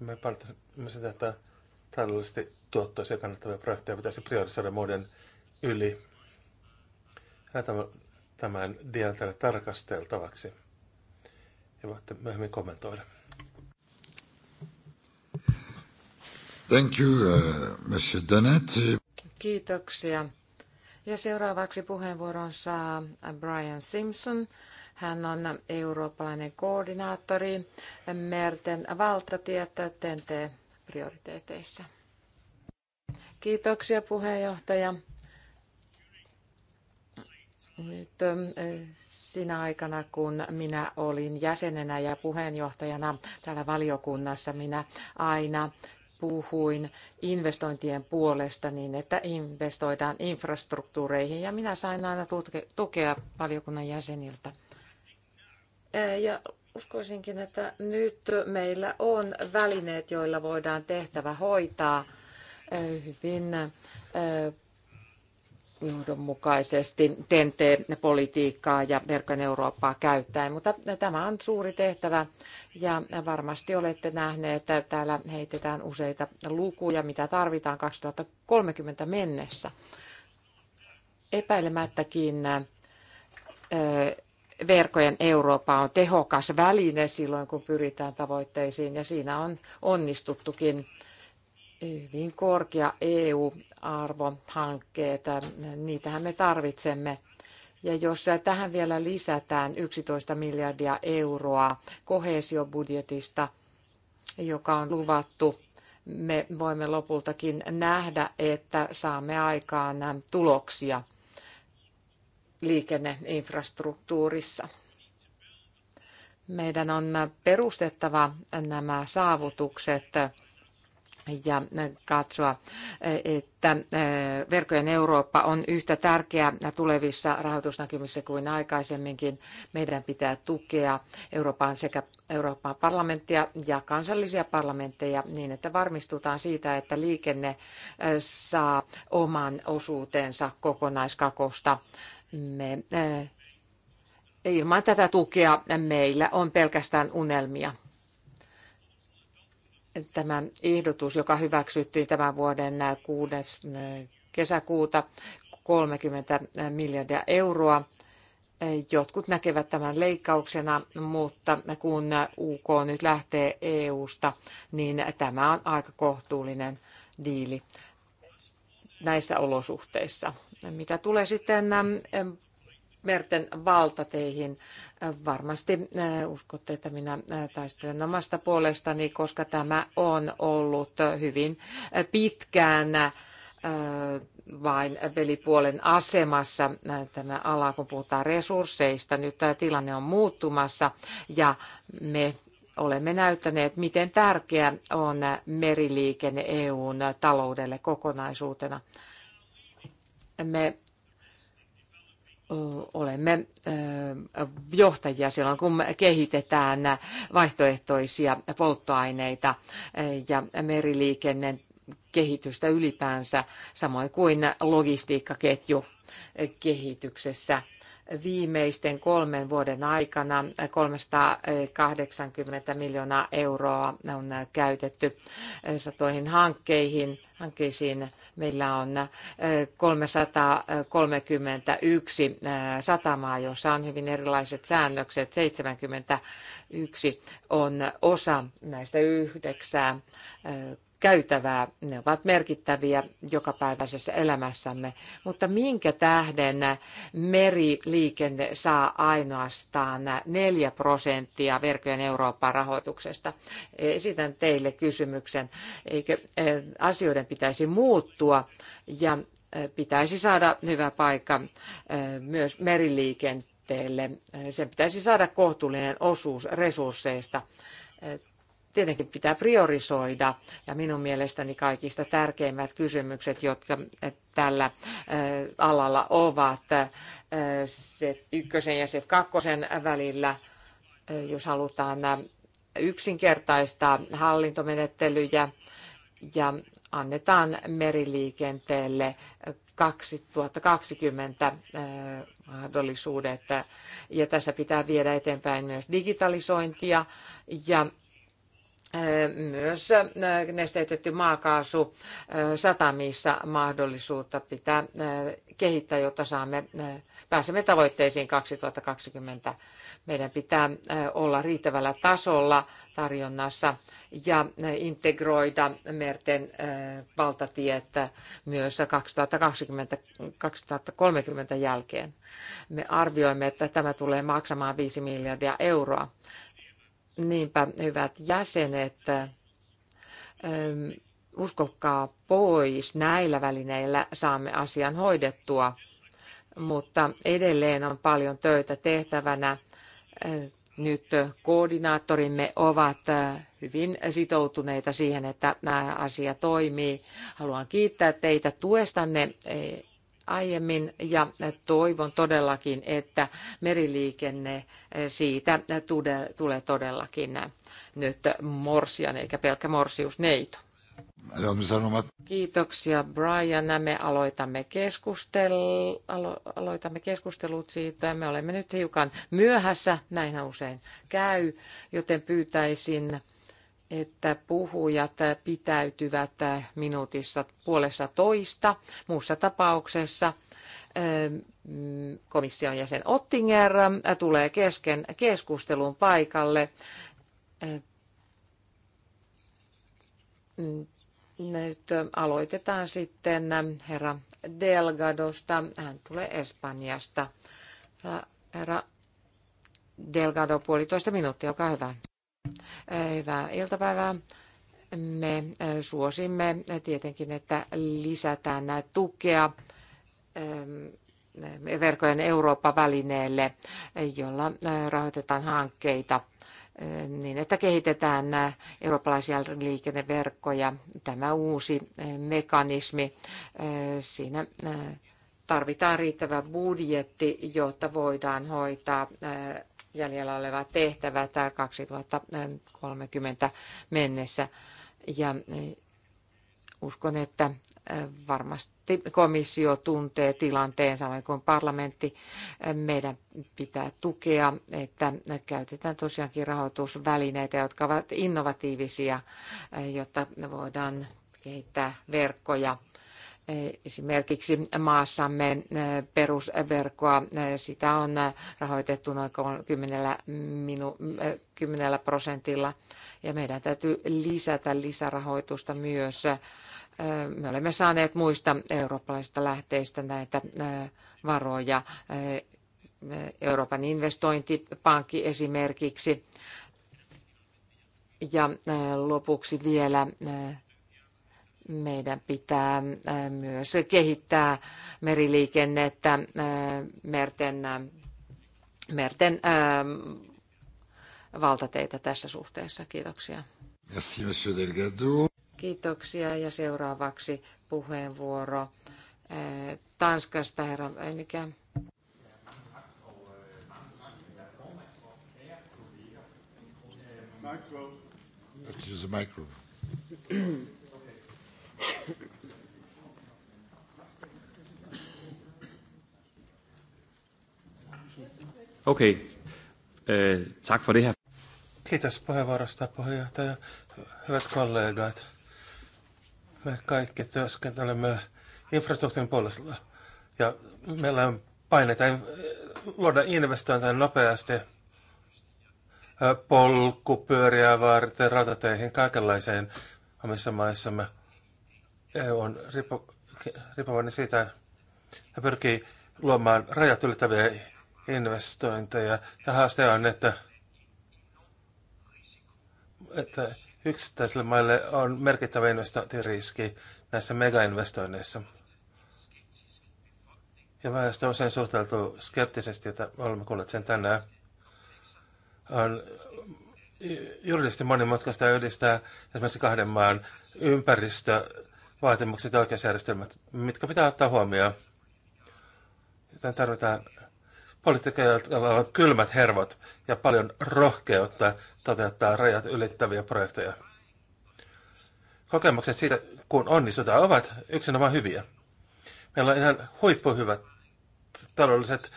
Me painotamme sitä, että taloudellisesti tuottoisia kannattavia projekteja pitäisi priorisoida muiden yli. Ja tämän dian tarkasteltavaksi. Ja voitte myöhemmin kommentoida. Thank you, uh, Monsieur Kiitoksia. Ja seuraavaksi puheenvuoron saa Brian Simpson. Hän on eurooppalainen koordinaattori merten valtatietä TNT-prioriteeteissa. Kiitoksia puheenjohtaja. Nyt äh, sinä aikana, kun minä olin jäsenenä ja puheenjohtajana täällä valiokunnassa, minä aina puhuin investointien puolesta niin, että investoidaan infrastruktuureihin ja minä sain aina tukea valiokunnan jäseniltä. Ja uskoisinkin, että nyt meillä on välineet, joilla voidaan tehtävä hoitaa hyvin johdonmukaisesti TNT-politiikkaa ja verkon Eurooppaa käyttäen, mutta tämä on suuri tehtävä ja varmasti olette nähneet, että täällä heitetään useita lukuja, mitä tarvitaan 2030 mennessä. Epäilemättäkin verkojen Eurooppa on tehokas väline silloin, kun pyritään tavoitteisiin ja siinä on onnistuttukin hyvin korkea EU-arvohankkeet. Niitähän me tarvitsemme. Ja jos tähän vielä lisätään 11 miljardia euroa kohesiobudjetista, joka on luvattu, me voimme lopultakin nähdä, että saamme aikaan tuloksia liikenneinfrastruktuurissa. Meidän on perustettava nämä saavutukset ja katsoa, että eh, verkkojen Eurooppa on yhtä tärkeä tulevissa rahoitusnäkymissä kuin aikaisemminkin. Meidän pitää tukea Euroopan sekä Euroopan parlamenttia ja kansallisia parlamentteja niin, että varmistutaan siitä, että liikenne eh, saa oman osuutensa kokonaiskakosta. Me, eh, ilman tätä tukea meillä on pelkästään unelmia tämä ehdotus, joka hyväksyttiin tämän vuoden 6. Eh, kesäkuuta, 30 miljardia euroa. Jotkut näkevät tämän leikkauksena, mutta kun UK nyt lähtee EUsta, niin tämä on aika kohtuullinen diili näissä olosuhteissa. Mitä tulee sitten eh, merten valtateihin. Varmasti uskotte, että minä taistelen omasta puolestani, koska tämä on ollut hyvin pitkään vain velipuolen asemassa tämä ala, kun puhutaan resursseista. Nyt tämä tilanne on muuttumassa ja me olemme näyttäneet, miten tärkeä on meriliikenne EUn taloudelle kokonaisuutena. Me olemme johtajia silloin, kun kehitetään vaihtoehtoisia polttoaineita ja meriliikenne kehitystä ylipäänsä, samoin kuin logistiikkaketju kehityksessä viimeisten kolmen vuoden aikana 380 miljoonaa euroa on käytetty satoihin hankkeihin. Hankkeisiin meillä on 331 äh, äh, satamaa, jossa on hyvin erilaiset säännökset. 71 on osa näistä yhdeksää äh, käytävää. Ne ovat merkittäviä jokapäiväisessä elämässämme. Mutta minkä tähden meriliikenne saa ainoastaan 4 prosenttia verkojen Euroopan rahoituksesta? Esitän teille kysymyksen. Eikö eh, asioiden pitäisi muuttua ja eh, pitäisi saada hyvä paikka eh, myös meriliikenteelle. Sen pitäisi saada kohtuullinen osuus resursseista Tietenkin pitää priorisoida ja minun mielestäni kaikista tärkeimmät kysymykset, jotka eh, tällä eh, alalla ovat eh, se ykkösen ja se kakkosen välillä, jos halutaan yksinkertaistaa hallintomenettelyjä ja annetaan meriliikenteelle 2020 mahdollisuudet. Ja tässä pitää viedä eteenpäin myös digitalisointia ja myös nesteytetty maakaasu satamissa mahdollisuutta pitää kehittää, jotta saamme, pääsemme tavoitteisiin 2020. Meidän pitää olla riittävällä tasolla tarjonnassa ja integroida merten valtatiet myös 2020, 2030 jälkeen. Me arvioimme, että tämä tulee maksamaan 5 miljardia euroa Niinpä, hyvät jäsenet, ähm, uskokaa pois, näillä välineillä saamme asian hoidettua, mutta edelleen on paljon töitä tehtävänä. Äh, nyt koordinaattorimme ovat äh, hyvin sitoutuneita siihen, että nämä äh, asia toimii. Haluan kiittää teitä tuestanne aiemmin ja toivon todellakin, että meriliikenne eh, siitä tulee todellakin eh, nyt morsian eikä pelkkä morsiusneito. Kiitoksia Brian. Me aloitamme, keskustel... Alo... aloitamme keskustelut siitä. Me olemme nyt hiukan myöhässä, näinhän usein käy, joten pyytäisin että puhujat pitäytyvät minuutissa puolessa toista. Muussa tapauksessa ähm, komission jäsen Ottinger tulee kesken keskustelun paikalle. Ähm, nyt aloitetaan sitten herra Delgadosta. Hän tulee Espanjasta. Herra Delgado, puolitoista minuuttia, olkaa hyvä. Äh, hyvää iltapäivää. Me äh, suosimme äh, tietenkin, että lisätään tukea ähm, verkojen Eurooppa-välineelle, jolla rahoitetaan hankkeita niin, että kehitetään eurooppalaisia liikenneverkkoja. Tämä uusi mekanismi, siinä tarvitaan riittävä budjetti, jotta voidaan hoitaa jäljellä olevaa tehtävää 2030 mennessä. Ja eh, uskon, että eh, varmasti komissio tuntee tilanteen samoin kuin parlamentti. Eh, meidän pitää tukea, että käytetään tosiaankin rahoitusvälineitä, jotka ovat innovatiivisia, jotta voidaan kehittää verkkoja Esimerkiksi maassamme perusverkkoa, sitä on rahoitettu noin 10, minu, 10 prosentilla ja meidän täytyy lisätä lisärahoitusta myös. Me olemme saaneet muista eurooppalaisista lähteistä näitä varoja. Euroopan investointipankki esimerkiksi. Ja lopuksi vielä meidän pitää myös kehittää meriliikennettä, merten, merten valtateitä tässä suhteessa. Kiitoksia. Merci, monsieur Delgado. Kiitoksia ja seuraavaksi puheenvuoro Tanskasta, herra Enkä. Micro. Micro. <clears throat> Okei. Øh, Tack för det här. Kiitos puheenvuorosta, puheenjohtaja. Hyvät kollegat, me kaikki työskentelemme infrastruktuurin puolesta ja meillä on paineita luoda investointeja nopeasti polkupyöriä varten, ratateihin, kaikenlaiseen omissa maissamme. EU on riippu, riippuvainen siitä, ja pyrkii luomaan rajat ylittäviä investointeja. Ja haaste on, että, että yksittäisille maille on merkittävä investointiriski näissä megainvestoinneissa. Ja väestö usein suhtautuu skeptisesti, että olemme kuulleet sen tänään. On juridisesti monimutkaista yhdistää esimerkiksi kahden maan ympäristö vaatimukset ja oikeusjärjestelmät, mitkä pitää ottaa huomioon. Joten tarvitaan poliitikkoja, jotka ovat kylmät hervot ja paljon rohkeutta toteuttaa rajat ylittäviä projekteja. Kokemukset siitä, kun onnistutaan, ovat yksinomaan hyviä. Meillä on ihan huippuhyvät taloudelliset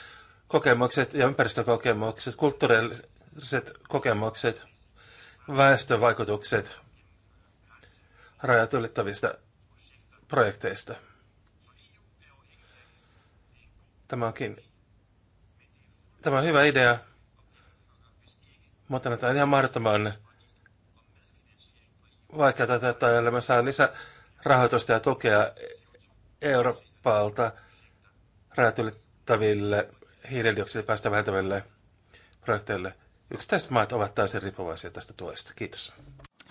kokemukset ja ympäristökokemukset, kulttuurilliset kokemukset, väestövaikutukset rajat ylittävistä projekteista. Tämä onkin tämä on hyvä idea, mutta näitä on ihan mahdottoman vaikea tätä, jolle me saa lisää rahoitusta ja tukea Euroopalta räätylittäville ylittäville päästä vähentäville projekteille. Yksittäiset maat ovat täysin riippuvaisia tästä tuesta. Kiitos.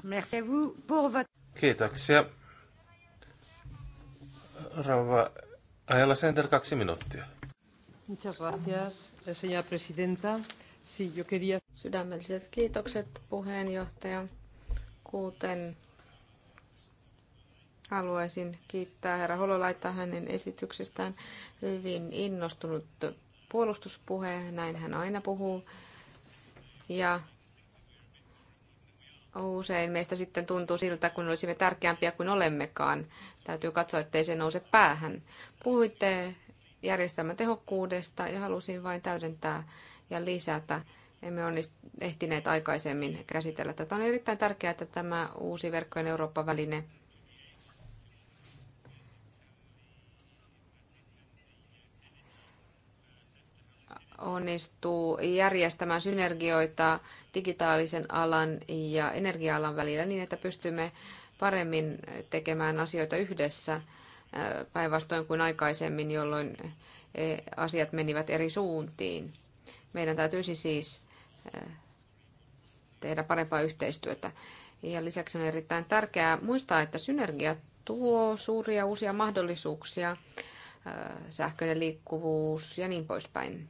Merci à vous pour votre... Kiitoksia Rauva Ajala Center, kaksi minuuttia. Muchas gracias, eh, señora presidenta. Sí, yo quería... Sydämelliset kiitokset puheenjohtaja. Kuten haluaisin kiittää herra Hololaita hänen esityksestään. Hyvin innostunut puolustuspuhe, näin hän aina puhuu. Ja Usein meistä sitten tuntuu siltä, kun olisimme tärkeämpiä kuin olemmekaan. Täytyy katsoa, ettei se nouse päähän. Puhuitte järjestelmän tehokkuudesta ja halusin vain täydentää ja lisätä. Emme ole ehtineet aikaisemmin käsitellä tätä. On erittäin tärkeää, että tämä uusi verkkojen Eurooppa-väline – onnistuu järjestämään synergioita digitaalisen alan ja energia-alan välillä niin, että pystymme paremmin tekemään asioita yhdessä äh, päinvastoin kuin aikaisemmin, jolloin e, asiat menivät eri suuntiin. Meidän täytyisi siis äh, tehdä parempaa yhteistyötä. Ja lisäksi on erittäin tärkeää muistaa, että synergia tuo suuria uusia mahdollisuuksia, äh, sähköinen liikkuvuus ja niin poispäin.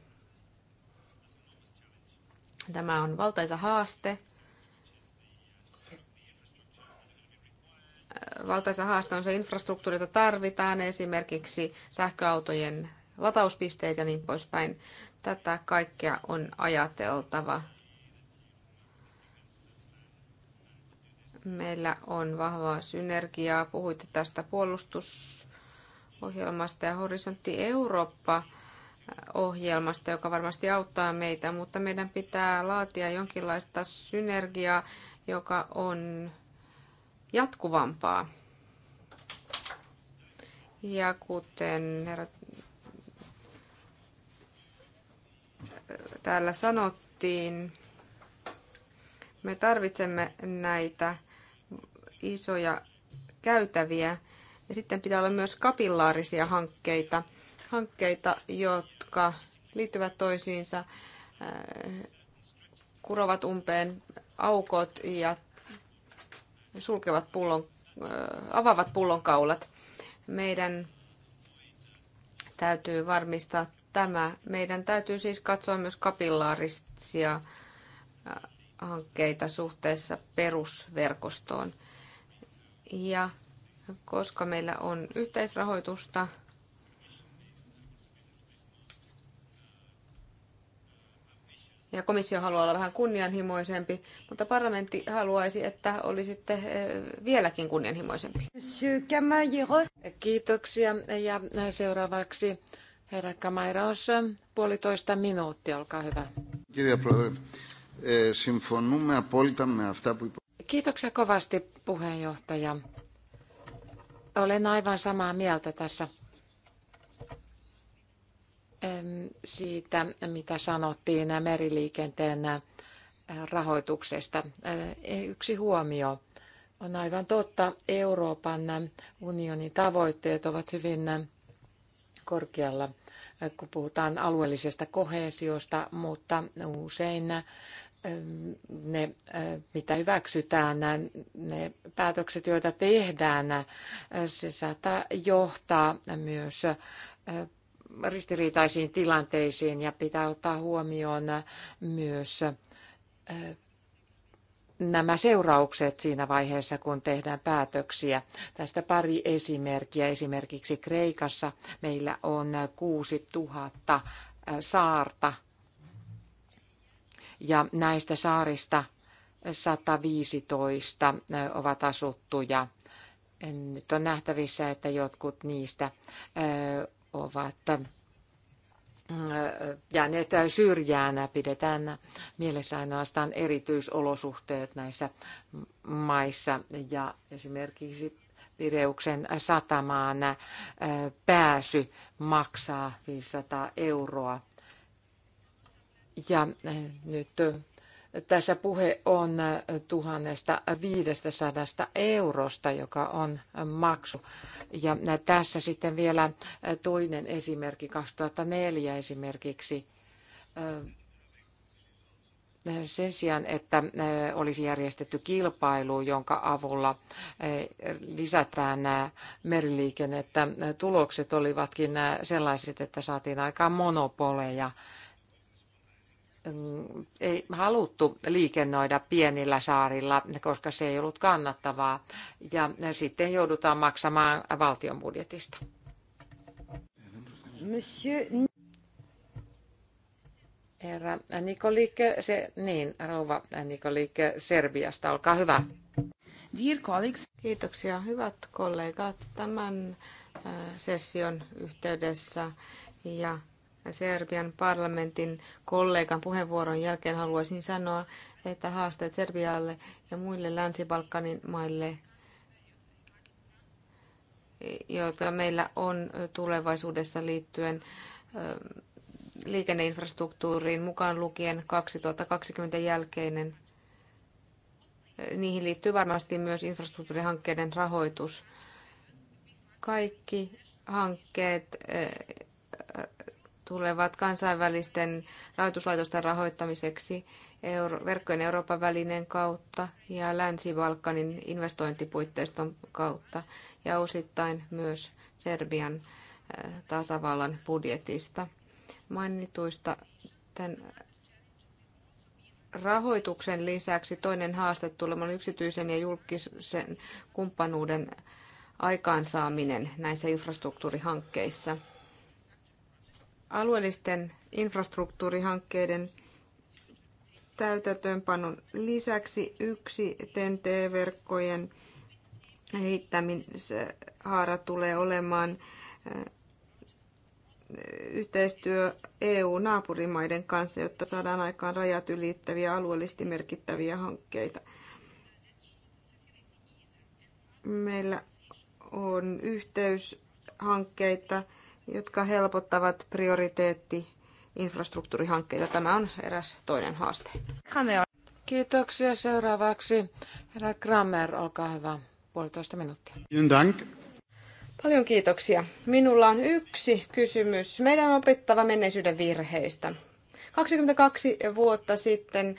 Tämä on valtaisa haaste. Valtaisa haaste on se infrastruktuuri, jota tarvitaan, esimerkiksi sähköautojen latauspisteet ja niin poispäin. Tätä kaikkea on ajateltava. Meillä on vahvaa synergiaa. Puhuitte tästä puolustusohjelmasta ja Horisontti Eurooppa – ohjelmasta, joka varmasti auttaa meitä, mutta meidän pitää laatia jonkinlaista synergiaa, joka on jatkuvampaa. Ja kuten herra täällä sanottiin, me tarvitsemme näitä isoja käytäviä. Ja sitten pitää olla myös kapillaarisia hankkeita – hankkeita, jotka liittyvät toisiinsa, äh, kurovat umpeen aukot ja sulkevat pullon, äh, avaavat pullonkaulat. Meidän täytyy varmistaa tämä. Meidän täytyy siis katsoa myös kapillaarisia äh, hankkeita suhteessa perusverkostoon. Ja koska meillä on yhteisrahoitusta, ja komissio haluaa olla vähän kunnianhimoisempi, mutta parlamentti haluaisi, että olisitte eh, vieläkin kunnianhimoisempi. Kiitoksia ja eh, seuraavaksi herra Kamairos, puolitoista minuuttia, olkaa hyvä. Kirja eh, Kiitoksia kovasti puheenjohtaja. Olen aivan samaa mieltä tässä siitä, mitä sanottiin meriliikenteen äh, rahoituksesta. Äh, eh, yksi huomio. On aivan totta, Euroopan äh, unionin tavoitteet ovat hyvin korkealla, kun puhutaan alueellisesta kohesiosta, mutta usein ne, mitä hyväksytään, ne päätökset, joita tehdään, se saattaa johtaa myös ristiriitaisiin tilanteisiin ja pitää ottaa huomioon myös nämä seuraukset siinä vaiheessa, kun tehdään päätöksiä. Tästä pari esimerkkiä. Esimerkiksi Kreikassa meillä on 6000 saarta ja näistä saarista 115 ovat asuttuja. Nyt on nähtävissä, että jotkut niistä ovat äh, jääneet syrjään. Pidetään mielessä ainoastaan erityisolosuhteet näissä maissa ja esimerkiksi Pireuksen satamaan äh, pääsy maksaa 500 euroa. Ja äh, nyt tässä puhe on 1500 eurosta, joka on maksu. Ja tässä sitten vielä toinen esimerkki, 2004 esimerkiksi. Sen sijaan, että olisi järjestetty kilpailu, jonka avulla lisätään meriliikennettä, tulokset olivatkin sellaiset, että saatiin aikaan monopoleja – Mm, ei haluttu liikennoida pienillä saarilla, koska se ei ollut kannattavaa. Ja sitten joudutaan maksamaan valtion budjetista. Monsieur... Herra Nikolik, se, niin, rouva Nikolik Serbiasta, olkaa hyvä. Dear colleagues. Kiitoksia, hyvät kollegat, tämän äh, session yhteydessä ja Serbian parlamentin kollegan puheenvuoron jälkeen haluaisin sanoa, että haasteet Serbialle ja muille Länsi-Balkanin maille, joita meillä on tulevaisuudessa liittyen liikenneinfrastruktuuriin mukaan lukien 2020 jälkeinen. Niihin liittyy varmasti myös infrastruktuurihankkeiden rahoitus. Kaikki hankkeet tulevat kansainvälisten rahoituslaitosten rahoittamiseksi Euro- verkkojen Euroopan välineen kautta ja Länsi-Balkanin investointipuitteiston kautta ja osittain myös Serbian äh, tasavallan budjetista. Mainituista tämän rahoituksen lisäksi toinen haaste tulemaan yksityisen ja julkisen kumppanuuden aikaansaaminen näissä infrastruktuurihankkeissa – Alueellisten infrastruktuurihankkeiden täytäntöönpanon lisäksi yksi TNT-verkkojen kehittämishaara tulee olemaan eh, yhteistyö EU-naapurimaiden kanssa, jotta saadaan aikaan rajat ylittäviä alueellisesti merkittäviä hankkeita. Meillä on yhteyshankkeita jotka helpottavat prioriteetti infrastruktuurihankkeita. Tämä on eräs toinen haaste. Kiitoksia. Seuraavaksi herra Grammer, olkaa hyvä. Puolitoista minuuttia. Dank. Paljon kiitoksia. Minulla on yksi kysymys. Meidän on opittava menneisyyden virheistä. 22 vuotta sitten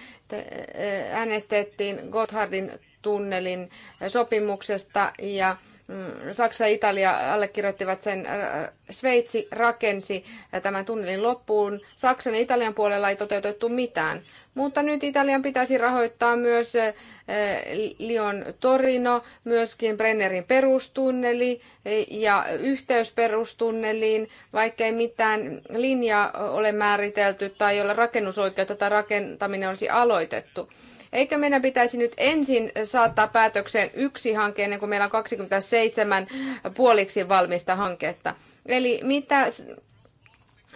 äänestettiin Gotthardin tunnelin sopimuksesta ja Mm, Saksa ja Italia allekirjoittivat sen, äh, Sveitsi rakensi äh, tämän tunnelin loppuun. Saksan ja Italian puolella ei toteutettu mitään. Mutta nyt Italian pitäisi rahoittaa myös äh, Lion Torino, myöskin Brennerin perustunneli ja yhteys perustunneliin, vaikkei mitään linjaa ole määritelty tai jolla rakennusoikeutta tai rakentaminen olisi aloitettu. Eikö meidän pitäisi nyt ensin saattaa päätökseen yksi hanke ennen kuin meillä on 27 puoliksi valmista hanketta? Eli mitä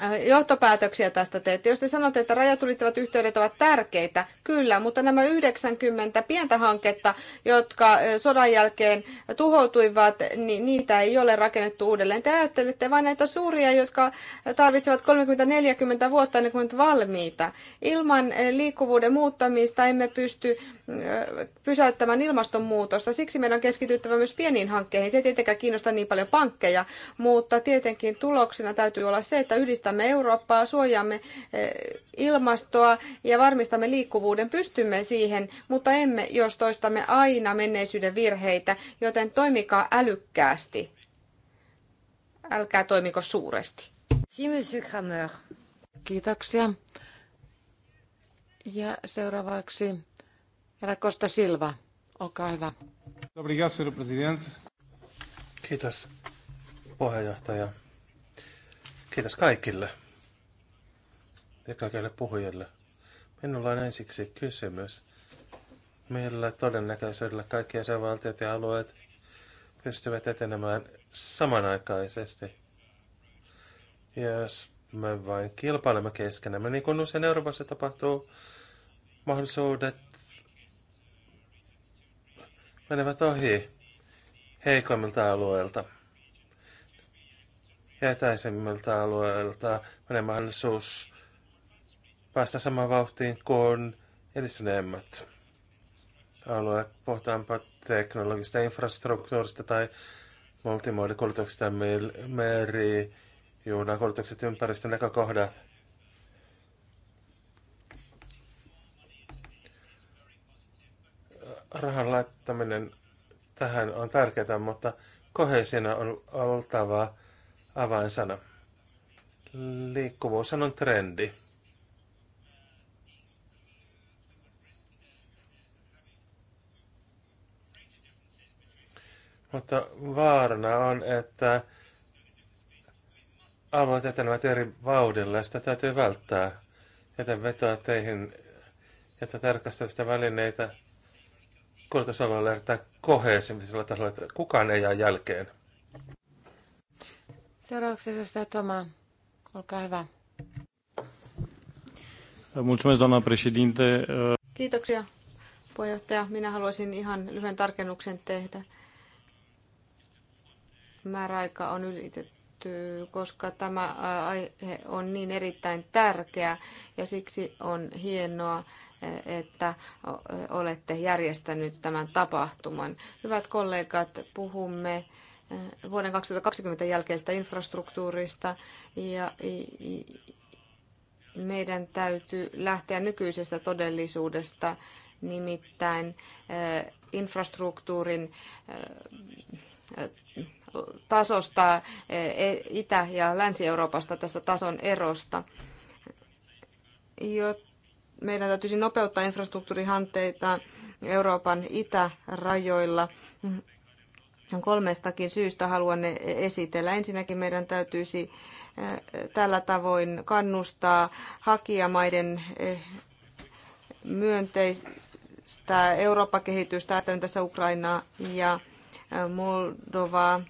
Äh, johtopäätöksiä tästä teette. Jos te sanotte, että rajat ylittävät yhteydet ovat tärkeitä, kyllä, mutta nämä 90 pientä hanketta, jotka äh, sodan jälkeen tuhoutuivat, niin niitä ei ole rakennettu uudelleen. Te ajattelette vain näitä suuria, jotka tarvitsevat 30-40 vuotta ennen kuin valmiita. Ilman äh, liikkuvuuden muuttamista emme pysty pysäyttämään ilmastonmuutosta. Siksi meidän on keskityttävä myös pieniin hankkeihin. Se ei tietenkään kiinnosta niin paljon pankkeja, mutta tietenkin tuloksena täytyy olla se, että yhdistetään puolustamme Eurooppaa, suojaamme eh, ilmastoa ja varmistamme liikkuvuuden, pystymme siihen, mutta emme, jos toistamme aina menneisyyden virheitä, joten toimikaa älykkäästi. Älkää toimiko suuresti. Kiitoksia. Ja seuraavaksi Rakosta Silva, olkaa hyvä. Kiitos, puheenjohtaja. Kiitos kaikille ja kaikille puhujille. Minulla on ensiksi kysymys. Millä todennäköisyydellä kaikki jäsenvaltiot ja alueet pystyvät etenemään samanaikaisesti? Jos me vain kilpailemme keskenämme, niin kuin usein Euroopassa tapahtuu, mahdollisuudet menevät ohi heikoimmilta alueilta ja etäisemmiltä alueilta menee mahdollisuus päästä samaan vauhtiin kuin edistyneemmät alueet. Puhutaanpa teknologisesta infrastruktuurista tai multimoodikulutuksesta, meri, juunakulutukset, ympäristön näkökohdat. Rahan laittaminen tähän on tärkeää, mutta koheisina on oltava avainsana. Liikkuvuus on trendi. Mutta vaarana on, että alueet etenevät eri vauhdilla ja sitä täytyy välttää. Joten vetoa teihin, että tarkastelisitte välineitä kulutusalueella erittäin koheesimisella tasolla, että kukaan ei jää jälkeen. Seuraavaksi edustaja Toma, olkaa hyvä. Mulțumesc, doamna președinte. Kiitoksia, puheenjohtaja. Minä haluaisin ihan lyhyen tarkennuksen tehdä. Määräaika on ylitetty, koska tämä aihe on niin erittäin tärkeä ja siksi on hienoa, että olette järjestänyt tämän tapahtuman. Hyvät kollegat, puhumme Äh, vuoden 2020 jälkeistä infrastruktuurista ja meidän täytyy lähteä nykyisestä todellisuudesta, nimittäin äh, infrastruktuurin äh, tasosta e, Itä- ja Länsi-Euroopasta, tästä tason erosta. meidän täytyisi nopeuttaa infrastruktuurihanteita Euroopan itärajoilla kolmestakin syystä haluan ne esitellä. Ensinnäkin meidän täytyisi eh, tällä tavoin kannustaa hakijamaiden eh, myönteistä Eurooppa-kehitystä, ajattelen tässä Ukrainaa ja eh, Moldovaa,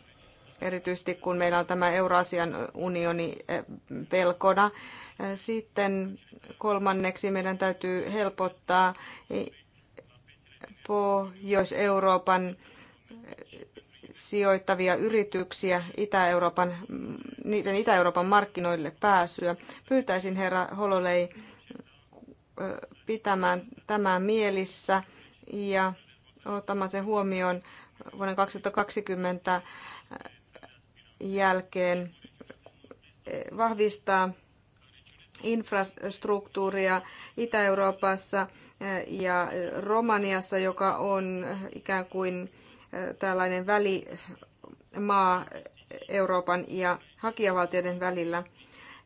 erityisesti kun meillä on tämä Euroasian unioni pelkona. Sitten kolmanneksi meidän täytyy helpottaa Pohjois-Euroopan sijoittavia yrityksiä Itä-Euroopan, niiden Itä-Euroopan markkinoille pääsyä. Pyytäisin herra Hololei pitämään tämän mielissä ja ottamaan sen huomioon vuoden 2020 jälkeen e, vahvistaa infrastruktuuria Itä-Euroopassa e, ja Romaniassa, joka on ikään kuin tällainen välimaa Euroopan ja hakijavaltioiden välillä.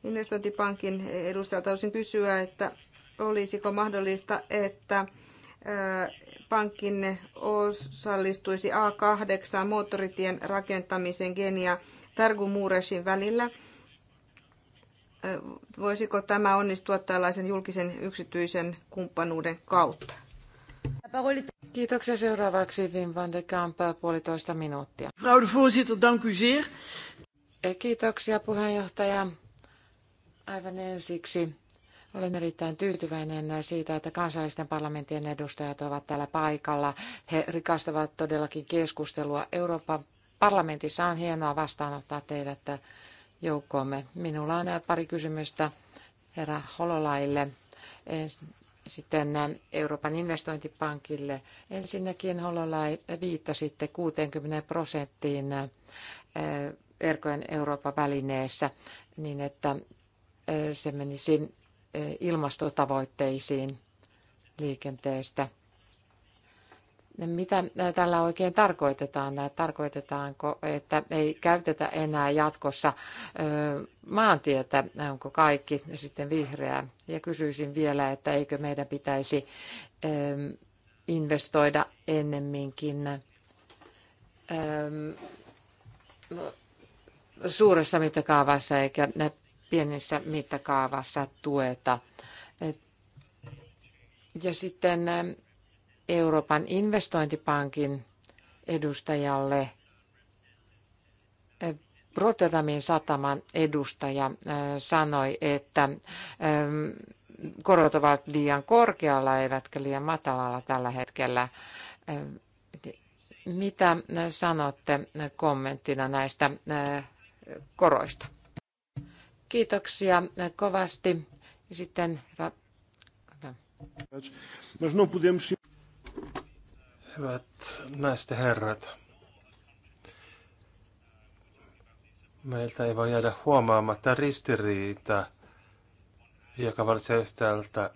Investointipankin edustajalta olisin kysyä, että olisiko mahdollista, että pankkinne osallistuisi A8 moottoritien rakentamiseen Genia Targumuresin välillä. Voisiko tämä onnistua tällaisen julkisen yksityisen kumppanuuden kautta? Kiitoksia seuraavaksi Wim van de Kamp, puolitoista minuuttia. Frau de voorzitter, dank u zeer. Eh, kiitoksia puheenjohtaja. Aivan ensiksi olen erittäin tyytyväinen siitä, että kansallisten parlamenttien edustajat ovat täällä paikalla. He rikastavat todellakin keskustelua. Euroopan parlamentissa on hienoa vastaanottaa teidät joukkoomme. Minulla on pari kysymystä herra Hololaille sitten Euroopan investointipankille. Ensinnäkin Hololai viittasitte 60 prosenttiin verkojen Euroopan välineessä niin, että se menisi ilmastotavoitteisiin liikenteestä – mitä tällä oikein tarkoitetaan? Tarkoitetaanko, että ei käytetä enää jatkossa maantietä, onko kaikki sitten vihreää? Ja kysyisin vielä, että eikö meidän pitäisi investoida ennemminkin suuressa mittakaavassa eikä pienissä mittakaavassa tueta. Ja sitten Euroopan investointipankin edustajalle eh, Rotterdamin sataman edustaja eh, sanoi, että eh, korot ovat liian korkealla eivätkä liian matalalla tällä hetkellä. Mitä sanotte kommenttina näistä koroista? Kiitoksia kovasti. Sitten... Hyvät naiset herrat, meiltä ei voi jäädä huomaamatta ristiriita, joka valitsee yhtäältä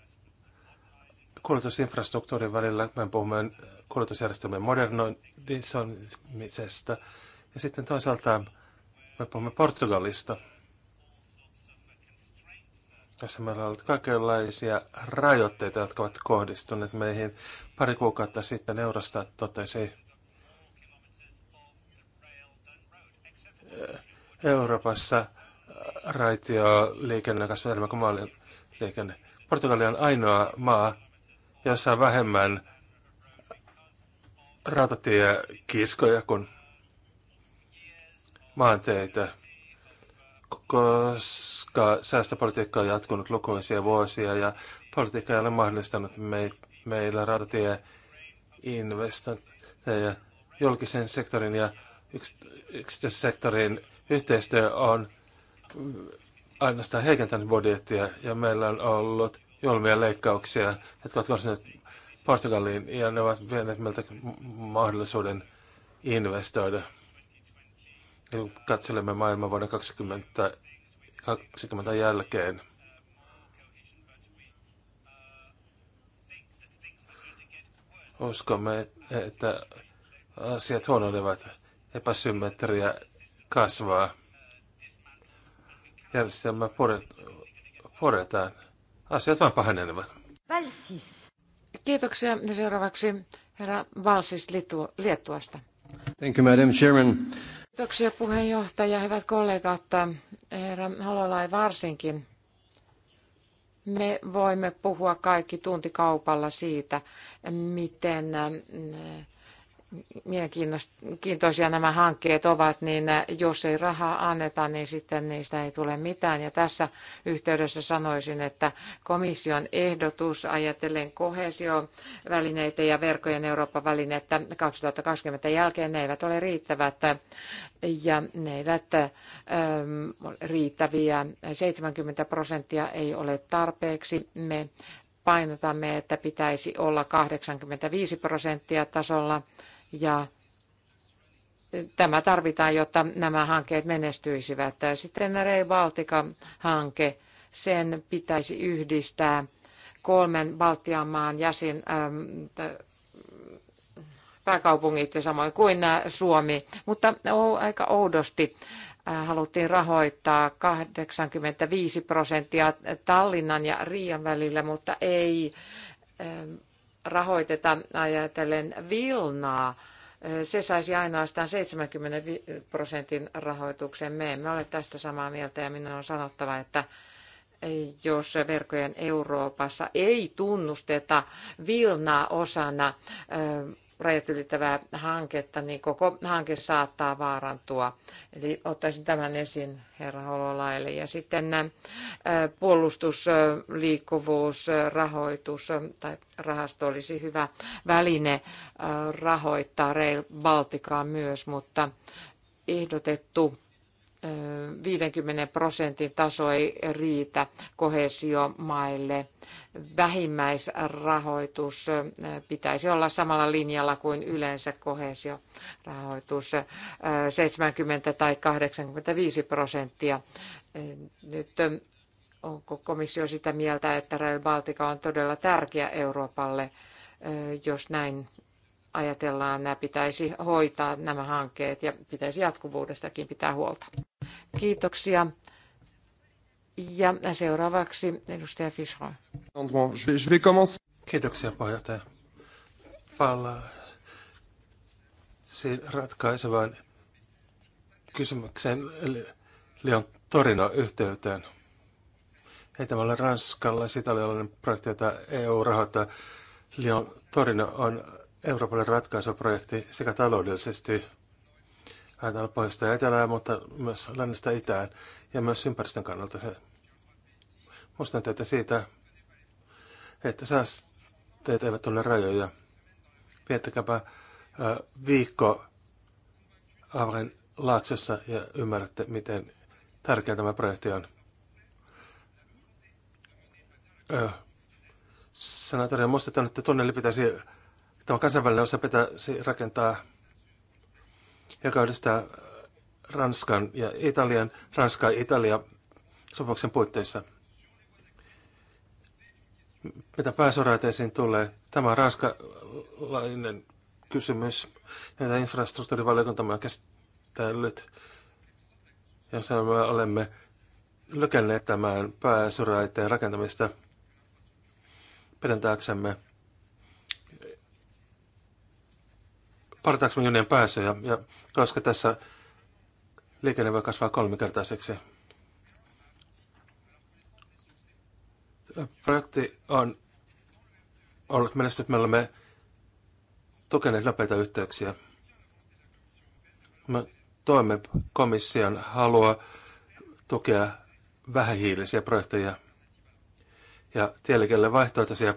kulutusinfrastruktuurin välillä. Me puhumme kuljetusjärjestelmien modernisoimisesta ja sitten toisaalta me puhumme Portugalista – jossa meillä on ollut kaikenlaisia rajoitteita, jotka ovat kohdistuneet meihin. Pari kuukautta sitten Eurostat totesi, Euroopassa raitioliikenne kasvaa enemmän kuin liikenne. Portugali on ainoa maa, jossa on vähemmän rautatiekiskoja kuin maanteitä koska säästöpolitiikka on jatkunut lukuisia vuosia ja politiikka ei ole mahdollistanut me, meillä rautatieinvestointeja. Julkisen sektorin ja yks, yksityisen sektorin yhteistyö on ainoastaan heikentänyt budjettia ja meillä on ollut julmia leikkauksia, jotka ovat kohdistuneet Portugaliin ja ne ovat vieneet meiltä mahdollisuuden investoida kun katselemme maailmaa vuoden 2020 20 jälkeen, uskomme, että asiat huononevat, epäsymmetria kasvaa, järjestelmä puretaan, asiat vain pahenevat. Valsis. Kiitoksia. Ja seuraavaksi herra Valsis Liettuasta. Thank you, Madam Chairman. Kiitoksia puheenjohtaja, hyvät kollegat, herra Hololai varsinkin. Me voimme puhua kaikki tuntikaupalla siitä, miten mielenkiintoisia nämä hankkeet ovat, niin jos ei rahaa anneta, niin sitten niistä ei tule mitään. Ja tässä yhteydessä sanoisin, että komission ehdotus ajatellen kohesiovälineitä ja verkkojen Euroopan välinettä 2020 jälkeen ne eivät ole riittävät ja ne eivät ähm, riittäviä. 70 prosenttia ei ole tarpeeksi. Me painotamme, että pitäisi olla 85 prosenttia tasolla ja tämä tarvitaan, jotta nämä hankkeet menestyisivät. Sitten Rei Baltica-hanke, sen pitäisi yhdistää kolmen Baltian maan jäsen ähm, pääkaupungit ja samoin kuin Suomi, mutta aika oudosti äh, haluttiin rahoittaa 85 prosenttia Tallinnan ja Riian välillä, mutta ei ähm, rahoiteta ajatellen Vilnaa. Se saisi ainoastaan 70 prosentin rahoituksen. Me emme ole tästä samaa mieltä ja minun on sanottava, että jos verkkojen Euroopassa ei tunnusteta Vilnaa osana rajat ylittävää hanketta, niin koko hanke saattaa vaarantua. Eli ottaisin tämän esiin herra Hololaille. Ja sitten äh, puolustus, äh, liikkuvuus, äh, rahoitus tai rahasto olisi hyvä väline rahoittaa Rail Balticaa myös, mutta ehdotettu 50 prosentin taso ei riitä kohesiomaille. Vähimmäisrahoitus pitäisi olla samalla linjalla kuin yleensä kohesiorahoitus, 70 tai 85 prosenttia. E, nyt onko komissio sitä mieltä, että Rail Baltica on todella tärkeä Euroopalle, jos näin ajatellaan, pitäisi hoitaa nämä hankkeet ja pitäisi jatkuvuudestakin pitää huolta. Kiitoksia. Ja seuraavaksi edustaja Fischer. Kiitoksia puheenjohtaja. Palaa siihen ratkaisevaan kysymykseen Leon Torino yhteyteen. Ei tämä ole ranskalla, italialainen projekti, jota EU rahoittaa. Leon Torino on Euroopalle ratkaisuprojekti sekä taloudellisesti ajatellaan pohjoista ja etelää, mutta myös lännestä itään ja myös ympäristön kannalta se. Muistan teitä siitä, että säästeet eivät tunne rajoja. Viettäkääpä viikko Avarin laaksossa ja ymmärrätte, miten tärkeä tämä projekti on. Sanatarja muistetaan, että tunneli pitäisi Tämä kansainvälinen osa pitäisi rakentaa, joka yhdistää Ranskan ja Italian, Ranska ja Italia sopimuksen puitteissa. Mitä pääsoraiteisiin tulee, tämä on ranskalainen kysymys, jota infrastruktuurivaliokunta on käsitellyt. Ja me olemme lykänneet tämän pääsoraiteen rakentamista pidentääksemme partaanko minä junien pääsy ja koska tässä liikenne voi kasvaa kolmikertaiseksi. Projekti on ollut menestynyt. Me olemme tukeneet nopeita yhteyksiä. Me toimme komission halua tukea vähähiilisiä projekteja ja tieliikelle vaihtoehtoisia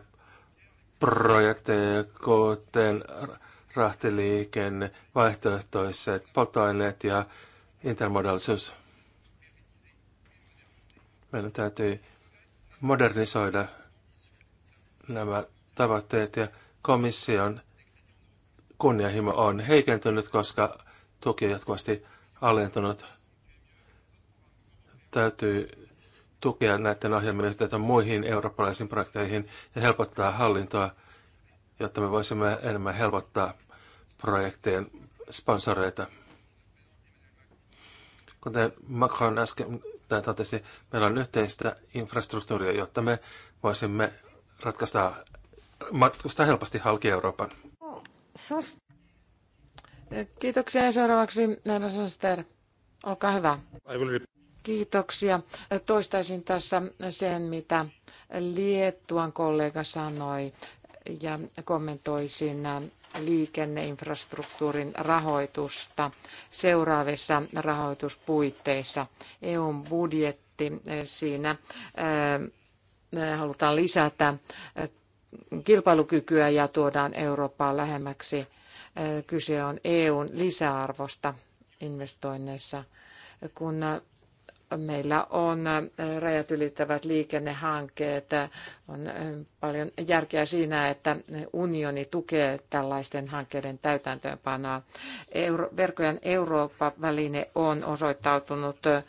projekteja, kuten rahtiliikenne, vaihtoehtoiset polttoaineet ja intermodalisuus. Meidän täytyy modernisoida nämä tavoitteet ja komission kunnianhimo on heikentynyt, koska tuki on jatkuvasti alentunut. Täytyy tukea näiden ohjelmien yhteyttä muihin eurooppalaisiin projekteihin ja helpottaa hallintoa – jotta me voisimme enemmän helpottaa projektien sponsoreita. Kuten Macron äsken totesi, meillä on yhteistä infrastruktuuria, jotta me voisimme ratkaista matkustaa helposti halki Euroopan. Kiitoksia ja seuraavaksi Nana Soster. Olkaa hyvä. Kiitoksia. Toistaisin tässä sen, mitä Liettuan kollega sanoi ja kommentoisin liikenneinfrastruktuurin rahoitusta seuraavissa rahoituspuitteissa. EUn budjetti eh, siinä eh, eh, halutaan lisätä kilpailukykyä ja tuodaan Eurooppaa lähemmäksi. Kyse on EUn lisäarvosta investoinneissa. Kun meillä on äh, rajat ylittävät liikennehankkeet. On äh, paljon järkeä siinä, että unioni tukee tällaisten hankkeiden täytäntöönpanoa. Euro- verkkojen Eurooppa-väline on osoittautunut äh,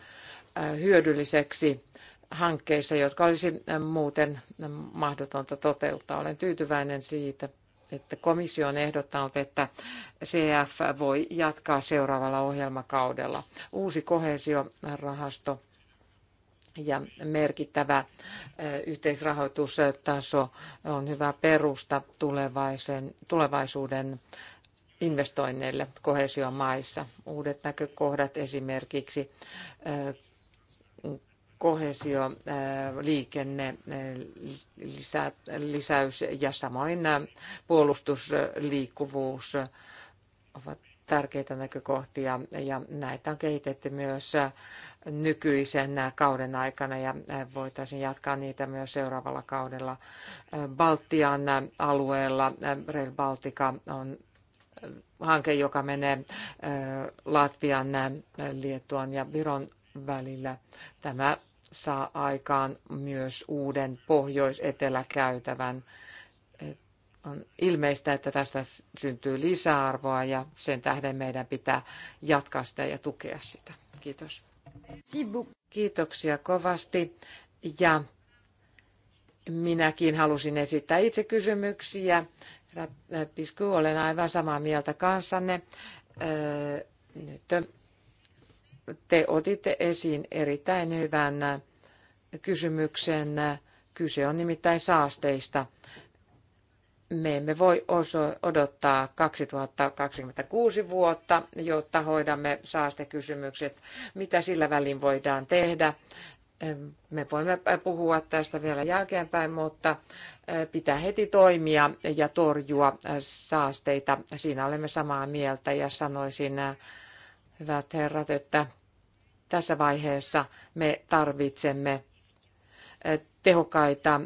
hyödylliseksi hankkeissa, jotka olisi muuten mahdotonta toteuttaa. Olen tyytyväinen siitä, että komissio on ehdottanut, että CF voi jatkaa seuraavalla ohjelmakaudella. Uusi kohesiorahasto ja merkittävä yhteisrahoitustaso on hyvä perusta tulevaisuuden investoinneille kohesiomaissa. Uudet näkökohdat esimerkiksi kohesio, äh, liikenne, äh, lisä, lisäys ja samoin äh, puolustusliikkuvuus ovat tärkeitä näkökohtia ja näitä on kehitetty myös nykyisen kauden aikana ja voitaisiin jatkaa niitä myös seuraavalla kaudella. Baltian alueella Rail Baltica on hanke, joka menee Latvian, Liettuan ja Viron välillä. Tämä saa aikaan myös uuden pohjois-eteläkäytävän. On ilmeistä, että tästä syntyy lisäarvoa ja sen tähden meidän pitää jatkaa sitä ja tukea sitä. Kiitos. Kiitoksia kovasti. Ja minäkin halusin esittää itse kysymyksiä. Pisku, olen aivan samaa mieltä kanssanne. Nyt te otitte esiin erittäin hyvän kysymyksen. Kyse on nimittäin saasteista. Me emme voi odottaa 2026 vuotta, jotta hoidamme saastekysymykset. Mitä sillä välin voidaan tehdä? Me voimme puhua tästä vielä jälkeenpäin, mutta pitää heti toimia ja torjua saasteita. Siinä olemme samaa mieltä ja sanoisin hyvät herrat, että tässä vaiheessa me tarvitsemme tehokkaita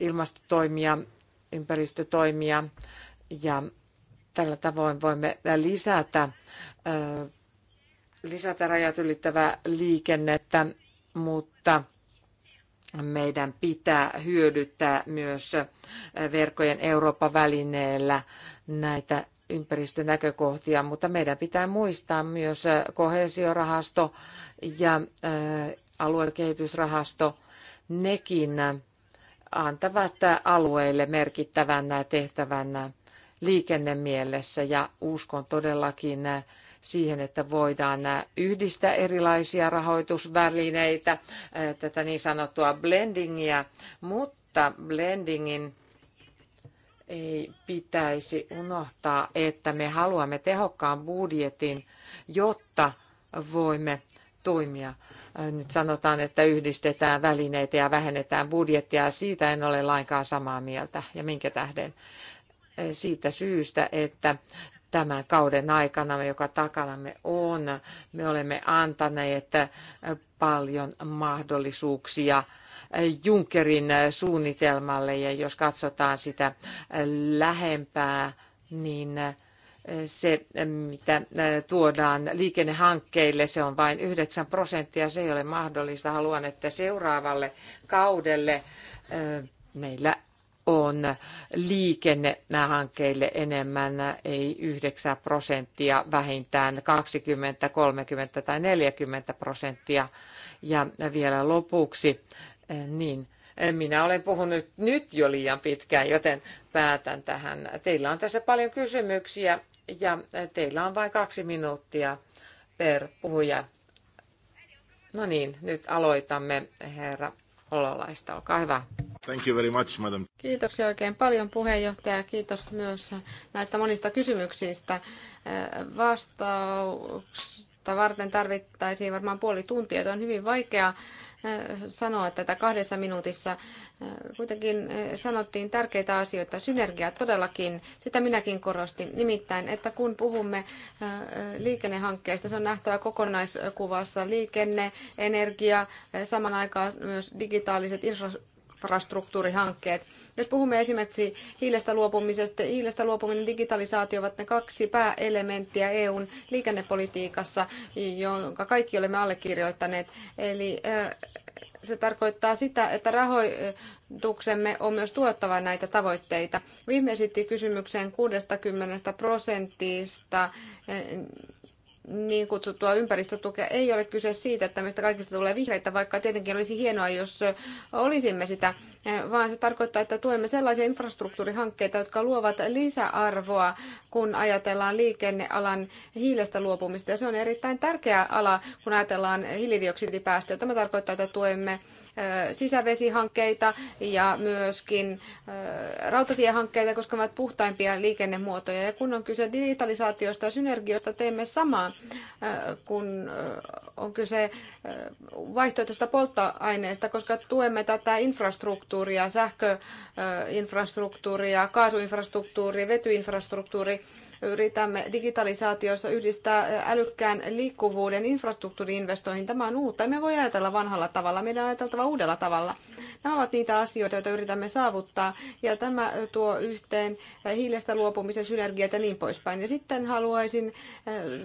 ilmastotoimia, ympäristötoimia ja tällä tavoin voimme lisätä, lisätä rajat ylittävää liikennettä, mutta meidän pitää hyödyttää myös verkkojen Euroopan välineellä näitä ympäristönäkökohtia, mutta meidän pitää muistaa myös äh, koheesiorahasto ja äh, aluekehitysrahasto. Nekin äh, antavat alueille merkittävän tehtävän liikennemielessä ja uskon todellakin siihen, että voidaan yhdistää erilaisia rahoitusvälineitä, tätä niin sanottua blendingiä, mutta blendingin ei pitäisi unohtaa, että me haluamme tehokkaan budjetin, jotta voimme toimia. Nyt sanotaan, että yhdistetään välineitä ja vähennetään budjettia. Siitä en ole lainkaan samaa mieltä. Ja minkä tähden? Siitä syystä, että tämän kauden aikana, joka takanamme on, me olemme antaneet paljon mahdollisuuksia – Junckerin suunnitelmalle ja jos katsotaan sitä lähempää, niin se, mitä tuodaan liikennehankkeille, se on vain 9 prosenttia. Se ei ole mahdollista. Haluan, että seuraavalle kaudelle eh, meillä on liikennehankkeille enemmän, ei 9 prosenttia, vähintään 20, 30 tai 40 prosenttia. Ja vielä lopuksi Äh, niin, äh, minä olen puhunut nyt jo liian pitkään, joten päätän tähän. Teillä on tässä paljon kysymyksiä ja äh, teillä on vain kaksi minuuttia per puhuja. No niin, nyt aloitamme herra Ololaista. Olkaa hyvä. Thank you very much, madam. Kiitoksia oikein paljon puheenjohtaja. Kiitos myös näistä monista kysymyksistä. Vastausta varten tarvittaisiin varmaan puoli tuntia. Tämä on hyvin vaikea Äh, sanoa tätä kahdessa minuutissa. Äh, kuitenkin äh, sanottiin tärkeitä asioita, synergiaa todellakin, sitä minäkin korostin. Nimittäin, että kun puhumme liikennehankkeista, se on nähtävä kokonaiskuvassa liikenne, energia, saman aikaan myös digitaaliset infrastruktuurit, infrastruktuurihankkeet. Jos puhumme esimerkiksi hiilestä luopumisesta, hiilestä luopuminen ja digitalisaatio ovat ne kaksi pääelementtiä EUn liikennepolitiikassa, jonka kaikki olemme allekirjoittaneet. Eli äh, se tarkoittaa sitä, että rahoituksemme on myös tuottava näitä tavoitteita. Viime esitti kysymyksen 60 prosentista äh, niin kutsuttua ympäristötukea. Ei ole kyse siitä, että meistä kaikista tulee vihreitä, vaikka tietenkin olisi hienoa, jos olisimme sitä, vaan se tarkoittaa, että tuemme sellaisia infrastruktuurihankkeita, jotka luovat lisäarvoa, kun ajatellaan liikennealan hiilestä luopumista. Ja se on erittäin tärkeä ala, kun ajatellaan hiilidioksidipäästöjä. Tämä tarkoittaa, että tuemme sisävesihankkeita ja myöskin rautatiehankkeita, koska ne ovat puhtaimpia liikennemuotoja. Ja kun on kyse digitalisaatiosta ja synergioista, teemme samaa, kun on kyse vaihtoehtoista polttoaineesta, koska tuemme tätä infrastruktuuria, sähköinfrastruktuuria, kaasuinfrastruktuuria, vetyinfrastruktuuria, yritämme digitalisaatiossa yhdistää älykkään liikkuvuuden infrastruktuuriinvestoihin. Tämä on uutta. Me voi ajatella vanhalla tavalla, meidän on ajateltava uudella tavalla. Nämä ovat niitä asioita, joita yritämme saavuttaa, ja tämä tuo yhteen hiilestä luopumisen synergiat ja niin poispäin. Ja sitten haluaisin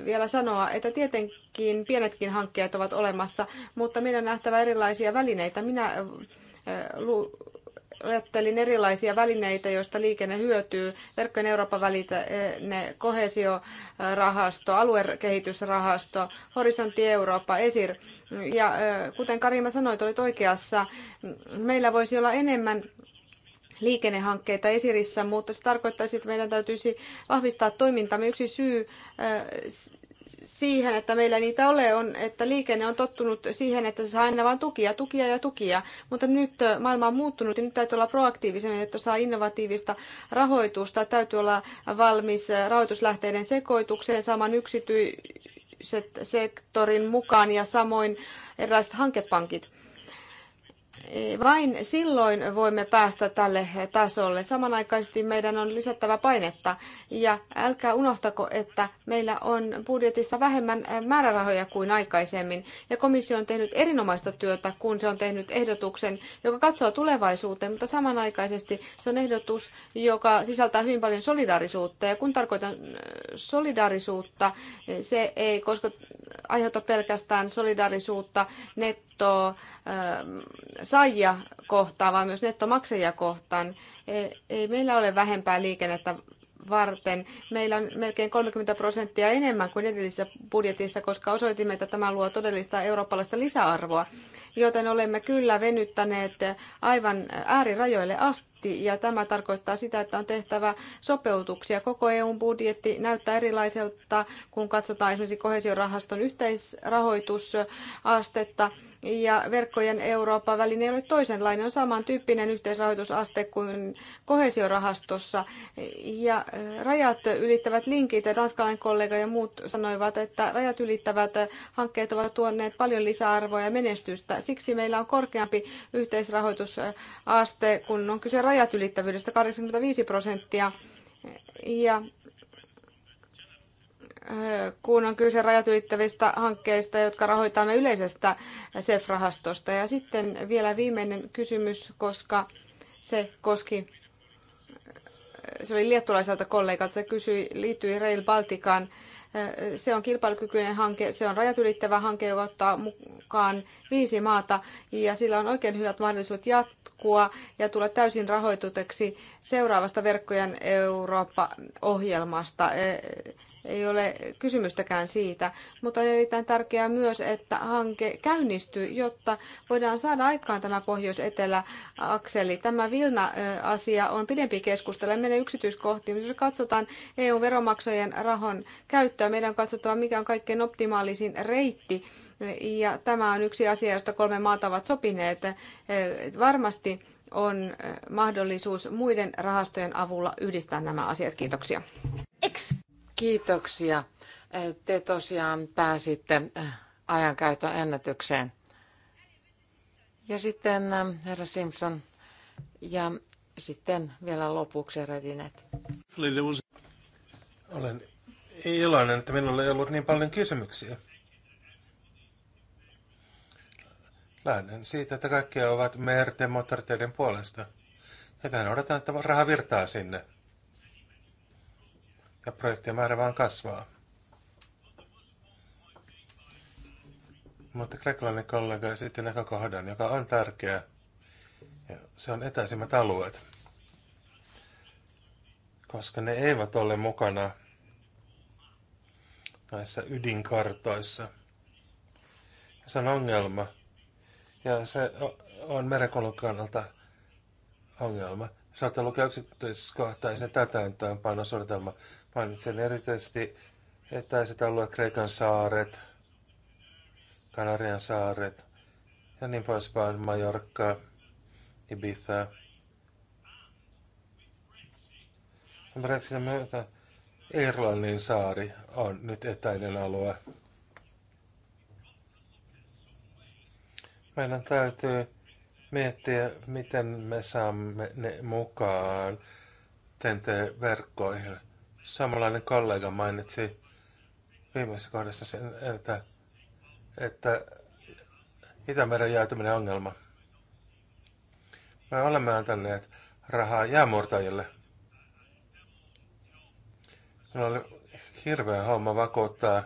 vielä sanoa, että tietenkin pienetkin hankkeet ovat olemassa, mutta meidän on nähtävä erilaisia välineitä. Minä ajattelin erilaisia välineitä, joista liikenne hyötyy. Verkkojen Euroopan väline, kohesiorahasto, aluekehitysrahasto, Horisontti Eurooppa, ESIR. Ja kuten Karima sanoi, olit oikeassa, meillä voisi olla enemmän liikennehankkeita esirissä, mutta se tarkoittaisi, että meidän täytyisi vahvistaa toimintamme. Yksi syy siihen, että meillä niitä ole, on, että liikenne on tottunut siihen, että se saa aina vain tukia, tukia ja tukia. Mutta nyt maailma on muuttunut ja nyt täytyy olla proaktiivisemmin, että saa innovatiivista rahoitusta. Täytyy olla valmis rahoituslähteiden sekoitukseen, saamaan yksityiset sektorin mukaan ja samoin erilaiset hankepankit. Vain silloin voimme päästä tälle tasolle. Samanaikaisesti meidän on lisättävä painetta. Ja älkää unohtako, että meillä on budjetissa vähemmän määrärahoja kuin aikaisemmin. Ja komissio on tehnyt erinomaista työtä, kun se on tehnyt ehdotuksen, joka katsoo tulevaisuuteen, mutta samanaikaisesti se on ehdotus, joka sisältää hyvin paljon solidaarisuutta. Ja kun tarkoitan äh, solidaarisuutta, se ei koska aiheuta pelkästään solidaarisuutta net nettosaajia kohtaan, vaan myös nettomaksajia kohtaan. E, ei meillä ole vähempää liikennettä varten. Meillä on melkein 30 prosenttia enemmän kuin edellisessä budjetissa, koska osoitimme, että tämä luo todellista eurooppalaista lisäarvoa. Joten olemme kyllä venyttäneet aivan äärirajoille asti, ja tämä tarkoittaa sitä, että on tehtävä sopeutuksia. Koko EUn budjetti näyttää erilaiselta, kun katsotaan esimerkiksi kohesiorahaston yhteisrahoitusastetta ja verkkojen Euroopan väline ei ole toisenlainen, on samantyyppinen yhteisrahoitusaste kuin kohesiorahastossa. Ja rajat ylittävät linkit, ja tanskalainen kollega ja muut sanoivat, että rajat ylittävät hankkeet ovat tuoneet paljon lisäarvoa ja menestystä. Siksi meillä on korkeampi yhteisrahoitusaste, kun on kyse rajat ylittävyydestä 85 prosenttia. Ja kun on kyse rajat ylittävistä hankkeista, jotka rahoitamme yleisestä SEF-rahastosta. Ja sitten vielä viimeinen kysymys, koska se koski, se oli liettulaiselta kollegalta, se kysyi, liittyi Rail Baltikaan. Se on kilpailukykyinen hanke, se on rajat ylittävä hanke, joka ottaa mukaan viisi maata ja sillä on oikein hyvät mahdollisuudet jatkua ja tulla täysin rahoituteksi seuraavasta verkkojen Eurooppa-ohjelmasta ei ole kysymystäkään siitä, mutta on erittäin tärkeää myös, että hanke käynnistyy, jotta voidaan saada aikaan tämä pohjois-etelä-akseli. Tämä Vilna-asia on pidempi keskustelu, ei mene yksityiskohtiin, mutta jos katsotaan EU-veromaksajien rahon käyttöä, meidän on katsottava, mikä on kaikkein optimaalisin reitti. Ja tämä on yksi asia, josta kolme maata ovat sopineet. Varmasti on mahdollisuus muiden rahastojen avulla yhdistää nämä asiat. Kiitoksia. X. Kiitoksia. Te tosiaan pääsitte äh, ajankäytön ennätykseen. Ja sitten äh, herra Simpson ja sitten vielä lopuksi Redinet. Olen iloinen, että minulla ei ollut niin paljon kysymyksiä. Lähden siitä, että kaikki ovat merten moottoriteiden puolesta. tähän odotan, että raha virtaa sinne ja projektien määrä vaan kasvaa. Mutta kreikkalainen kollega esitti näkökohdan, joka on tärkeä. Ja se on etäisimmät alueet. Koska ne eivät ole mukana näissä ydinkartoissa. Ja se on ongelma. Ja se on merenkulun kannalta ongelma. Saatte lukea yksityiskohtaisen täytäntöönpanosuunnitelma Mainitsen erityisesti etäiset alueet, Kreikan saaret, Kanarian saaret ja niin poispäin, Mallorca, Ibiza. Brexitin myötä Irlannin saari on nyt etäinen alue. Meidän täytyy miettiä, miten me saamme ne mukaan TNT-verkkoihin. Samanlainen kollega mainitsi viimeisessä kohdassa sen, että, että Itämeren jäätyminen ongelma. Me olemme antaneet rahaa jäämurtajille. Minulla oli hirveä homma vakuuttaa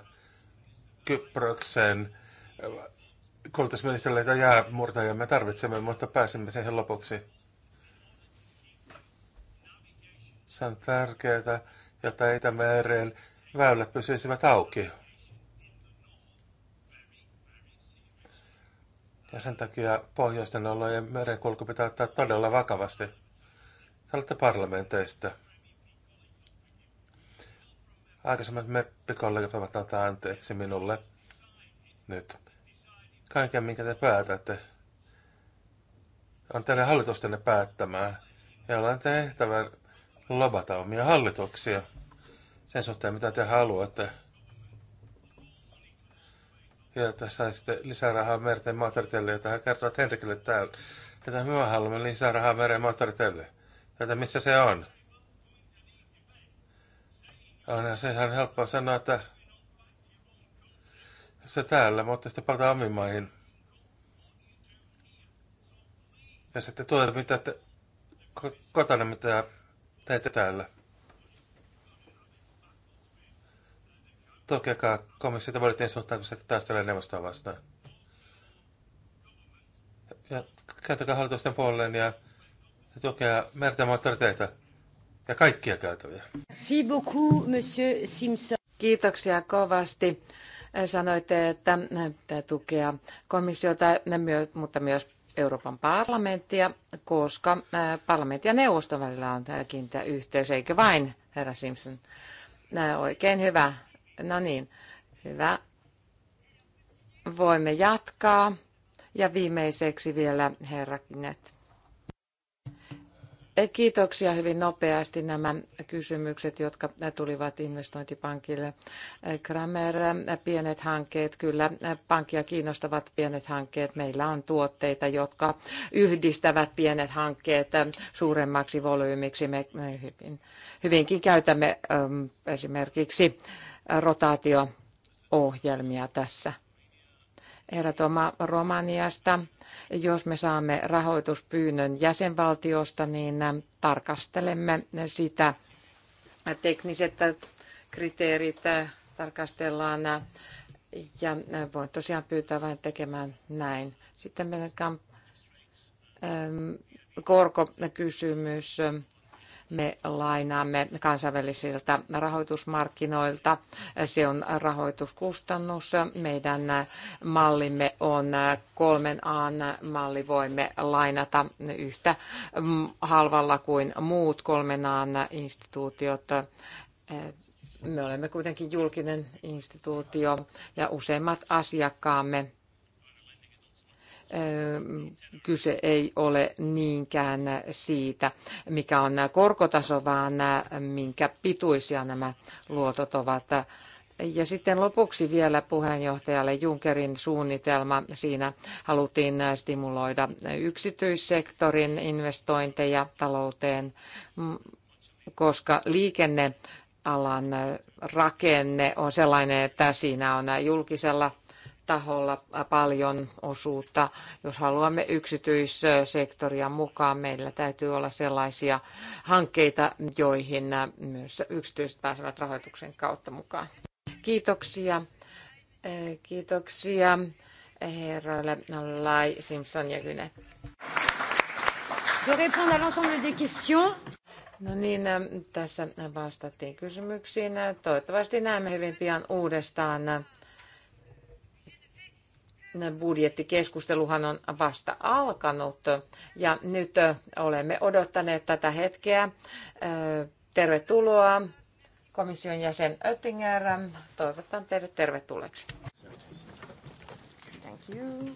Kyproksen äh, koulutusministerille, että jäämurtajia me tarvitsemme, mutta pääsimme siihen lopuksi. Se on tärkeää jotta Itämeren väylät pysyisivät auki. Ja sen takia pohjoisten alojen merenkulku pitää ottaa todella vakavasti. Te olette parlamenteista. Aikaisemmat meppikollegat voivat antaa anteeksi minulle nyt. Kaiken, minkä te päätätte, on teidän hallitustenne päättämää. Ja ollaan tehtävä lobata omia hallituksia sen suhteen, mitä te haluatte. Ja tässä sitten lisää rahaa merten moottoriteille, jota hän kertoo Henrikille täällä. Että me haluamme lisää rahaa meren moottoriteille. Että missä se on? Onhan se ihan helppoa sanoa, että se täällä, mutta sitten palataan omiin maihin. Ja sitten tuoda mitä te, kotona, mitä teette täällä. Toki, että komissiota budjetin suhtaan, kun se taistelee neuvostoa vastaan. Ja käytäkää hallitusten puoleen ja tukea merten moottoriteitä ja kaikkia käytäviä. Merci beaucoup, monsieur Simpson. Kiitoksia kovasti. Sanoitte, että tämä tukea komissiota, mutta myös Euroopan parlamenttia, koska äh, parlamentti ja neuvoston välillä on kiinteä yhteys, eikö vain, herra Simpson? Äh, oikein hyvä No niin, hyvä. Voimme jatkaa. Ja viimeiseksi vielä herra Kinet. Kiitoksia hyvin nopeasti nämä kysymykset, jotka tulivat investointipankille. Kramer, pienet hankkeet, kyllä pankkia kiinnostavat pienet hankkeet. Meillä on tuotteita, jotka yhdistävät pienet hankkeet suuremmaksi volyymiksi. Me hyvinkin käytämme esimerkiksi rotaatio-ohjelmia tässä. Herra Toma Romaniasta, jos me saamme rahoituspyynnön jäsenvaltiosta, niin tarkastelemme sitä tekniset kriteerit tarkastellaan ja voin tosiaan pyytää vain tekemään näin. Sitten meidän korkokysymys. kysymys me lainaamme kansainvälisiltä rahoitusmarkkinoilta. Se on rahoituskustannus. Meidän mallimme on kolmen aan malli. Voimme lainata yhtä halvalla kuin muut kolmen aan instituutiot. Me olemme kuitenkin julkinen instituutio ja useimmat asiakkaamme kyse ei ole niinkään siitä, mikä on korkotaso, vaan minkä pituisia nämä luotot ovat. Ja sitten lopuksi vielä puheenjohtajalle Junckerin suunnitelma. Siinä haluttiin stimuloida yksityissektorin investointeja talouteen, koska liikennealan rakenne on sellainen, että siinä on julkisella taholla paljon osuutta. Jos haluamme yksityissektoria mukaan, meillä täytyy olla sellaisia hankkeita, joihin myös yksityiset pääsevät rahoituksen kautta mukaan. Kiitoksia. Eh, kiitoksia herroille Lai, Simpson ja Kyne. No niin, eh, tässä vastattiin kysymyksiin. Toivottavasti näemme hyvin pian uudestaan budjettikeskusteluhan on vasta alkanut ja nyt olemme odottaneet tätä hetkeä. Tervetuloa komission jäsen Oettinger. Toivotan teidät tervetulleeksi. Thank you.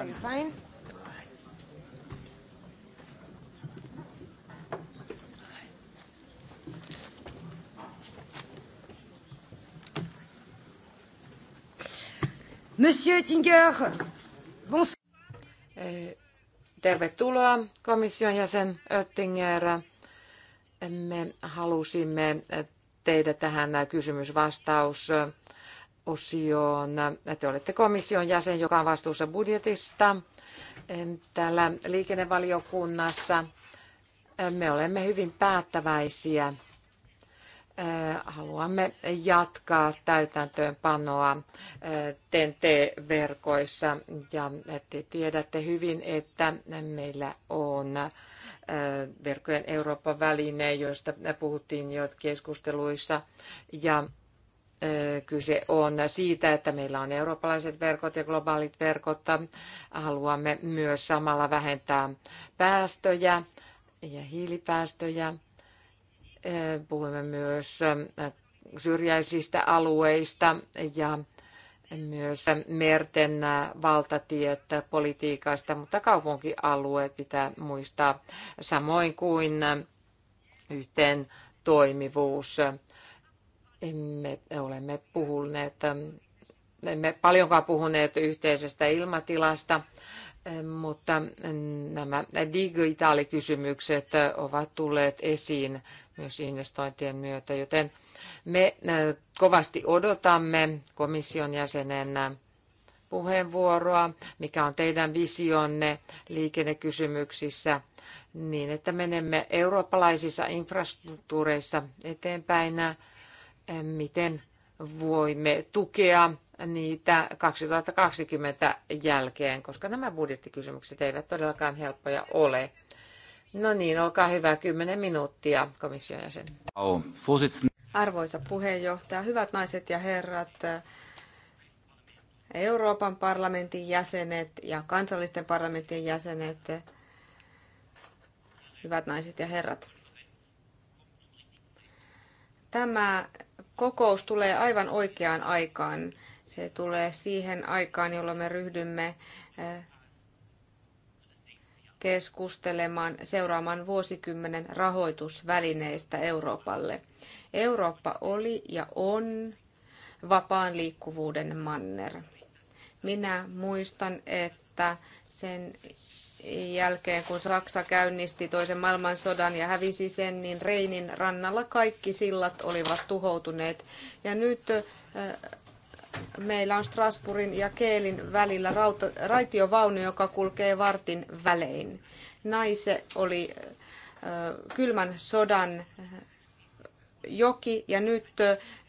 Everybody Monsieur Oettinger, bonsoir. Eh, tervetuloa komission jäsen Oettinger. Me halusimme tehdä tähän kysymysvastaus osioon. Te olette komission jäsen, joka on vastuussa budjetista täällä liikennevaliokunnassa. Me olemme hyvin päättäväisiä. Haluamme jatkaa täytäntöönpanoa TNT-verkoissa ja te tiedätte hyvin, että meillä on verkkojen Euroopan väline, josta puhuttiin jo keskusteluissa ja Kyse on siitä, että meillä on eurooppalaiset verkot ja globaalit verkot. Haluamme myös samalla vähentää päästöjä ja hiilipäästöjä. Puhumme myös syrjäisistä alueista ja myös merten valtatiet politiikasta, mutta kaupunkialueet pitää muistaa samoin kuin yhteen toimivuus emme olemme puhuneet, ähm, emme paljonkaan puhuneet yhteisestä ilmatilasta, ähm, mutta nämä digitaalikysymykset ovat tulleet esiin myös investointien myötä, joten me äh, kovasti odotamme komission jäsenen äh, puheenvuoroa, mikä on teidän visionne liikennekysymyksissä, niin että menemme eurooppalaisissa infrastruktuureissa eteenpäin miten voimme tukea niitä 2020 jälkeen, koska nämä budjettikysymykset eivät todellakaan helppoja ole. No niin, olkaa hyvä, 10 minuuttia komission jäsen. Arvoisa puheenjohtaja, hyvät naiset ja herrat, Euroopan parlamentin jäsenet ja kansallisten parlamenttien jäsenet, hyvät naiset ja herrat. Tämä kokous tulee aivan oikeaan aikaan. Se tulee siihen aikaan, jolloin me ryhdymme keskustelemaan seuraavan vuosikymmenen rahoitusvälineistä Euroopalle. Eurooppa oli ja on vapaan liikkuvuuden manner. Minä muistan, että sen jälkeen, kun Saksa käynnisti toisen maailmansodan ja hävisi sen, niin Reinin rannalla kaikki sillat olivat tuhoutuneet. Ja nyt meillä on Strasbourgin ja Keelin välillä rauta, raitiovaunu, joka kulkee vartin välein. Naise oli kylmän sodan joki ja nyt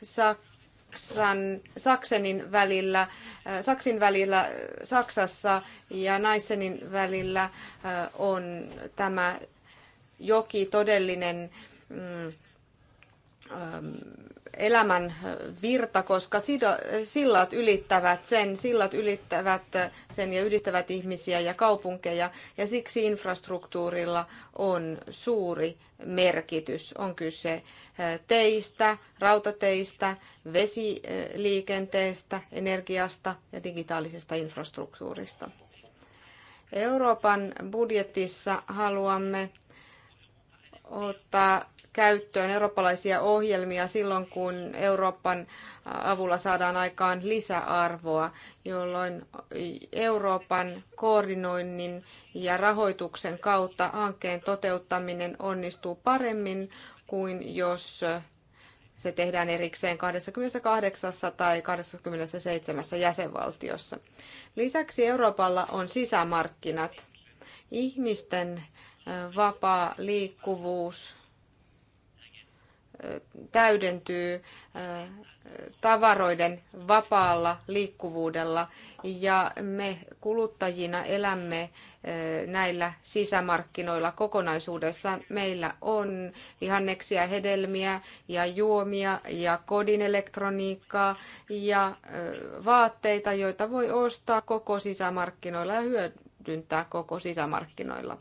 Saksa Saksan, Saksenin välillä, äh, Saksin välillä äh, Saksassa ja Naisenin välillä äh, on tämä joki todellinen mm, ähm, elämän virta, koska sillat ylittävät sen, sillat ylittävät sen ja yhdistävät ihmisiä ja kaupunkeja, ja siksi infrastruktuurilla on suuri merkitys. On kyse teistä, rautateistä, vesiliikenteestä, energiasta ja digitaalisesta infrastruktuurista. Euroopan budjetissa haluamme ottaa käyttöön eurooppalaisia ohjelmia silloin, kun Euroopan avulla saadaan aikaan lisäarvoa, jolloin Euroopan koordinoinnin ja rahoituksen kautta hankkeen toteuttaminen onnistuu paremmin kuin jos se tehdään erikseen 28 tai 27 jäsenvaltiossa. Lisäksi Euroopalla on sisämarkkinat. Ihmisten vapaa liikkuvuus täydentyy tavaroiden vapaalla liikkuvuudella ja me kuluttajina elämme näillä sisämarkkinoilla kokonaisuudessaan. Meillä on vihanneksia, hedelmiä ja juomia ja kodin elektroniikkaa ja vaatteita, joita voi ostaa koko sisämarkkinoilla ja hyödyntää koko sisämarkkinoilla.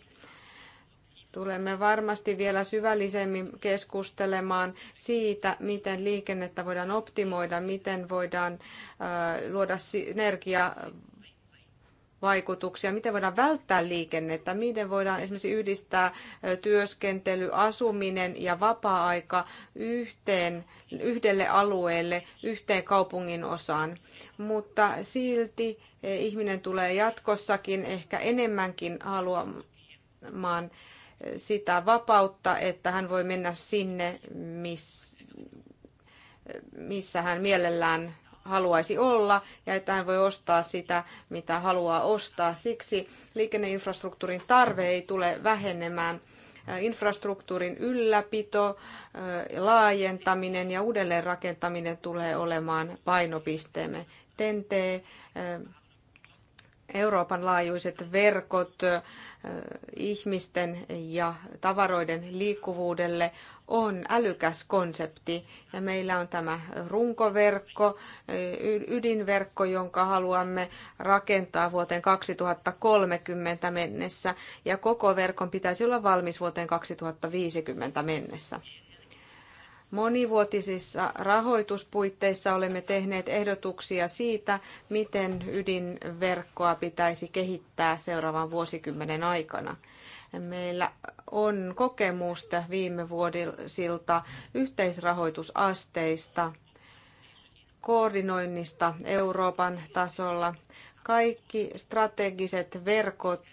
Tulemme varmasti vielä syvällisemmin keskustelemaan siitä, miten liikennettä voidaan optimoida, miten voidaan luoda synergiaa vaikutuksia, miten voidaan välttää liikennettä, miten voidaan esimerkiksi yhdistää työskentely, asuminen ja vapaa-aika yhteen, yhdelle alueelle, yhteen kaupungin osaan. Mutta silti e, ihminen tulee jatkossakin ehkä enemmänkin haluamaan sitä vapautta, että hän voi mennä sinne, missä hän mielellään haluaisi olla ja että hän voi ostaa sitä, mitä haluaa ostaa. Siksi liikenneinfrastruktuurin tarve ei tule vähenemään. Infrastruktuurin ylläpito, laajentaminen ja uudelleenrakentaminen tulee olemaan painopisteemme. TNT Euroopan laajuiset verkot ihmisten ja tavaroiden liikkuvuudelle on älykäs konsepti. Ja meillä on tämä runkoverkko, ydinverkko, jonka haluamme rakentaa vuoteen 2030 mennessä. Ja koko verkon pitäisi olla valmis vuoteen 2050 mennessä. Monivuotisissa rahoituspuitteissa olemme tehneet ehdotuksia siitä, miten ydinverkkoa pitäisi kehittää seuraavan vuosikymmenen aikana. Meillä on kokemusta viime vuodilta yhteisrahoitusasteista, koordinoinnista Euroopan tasolla. Kaikki strategiset verkot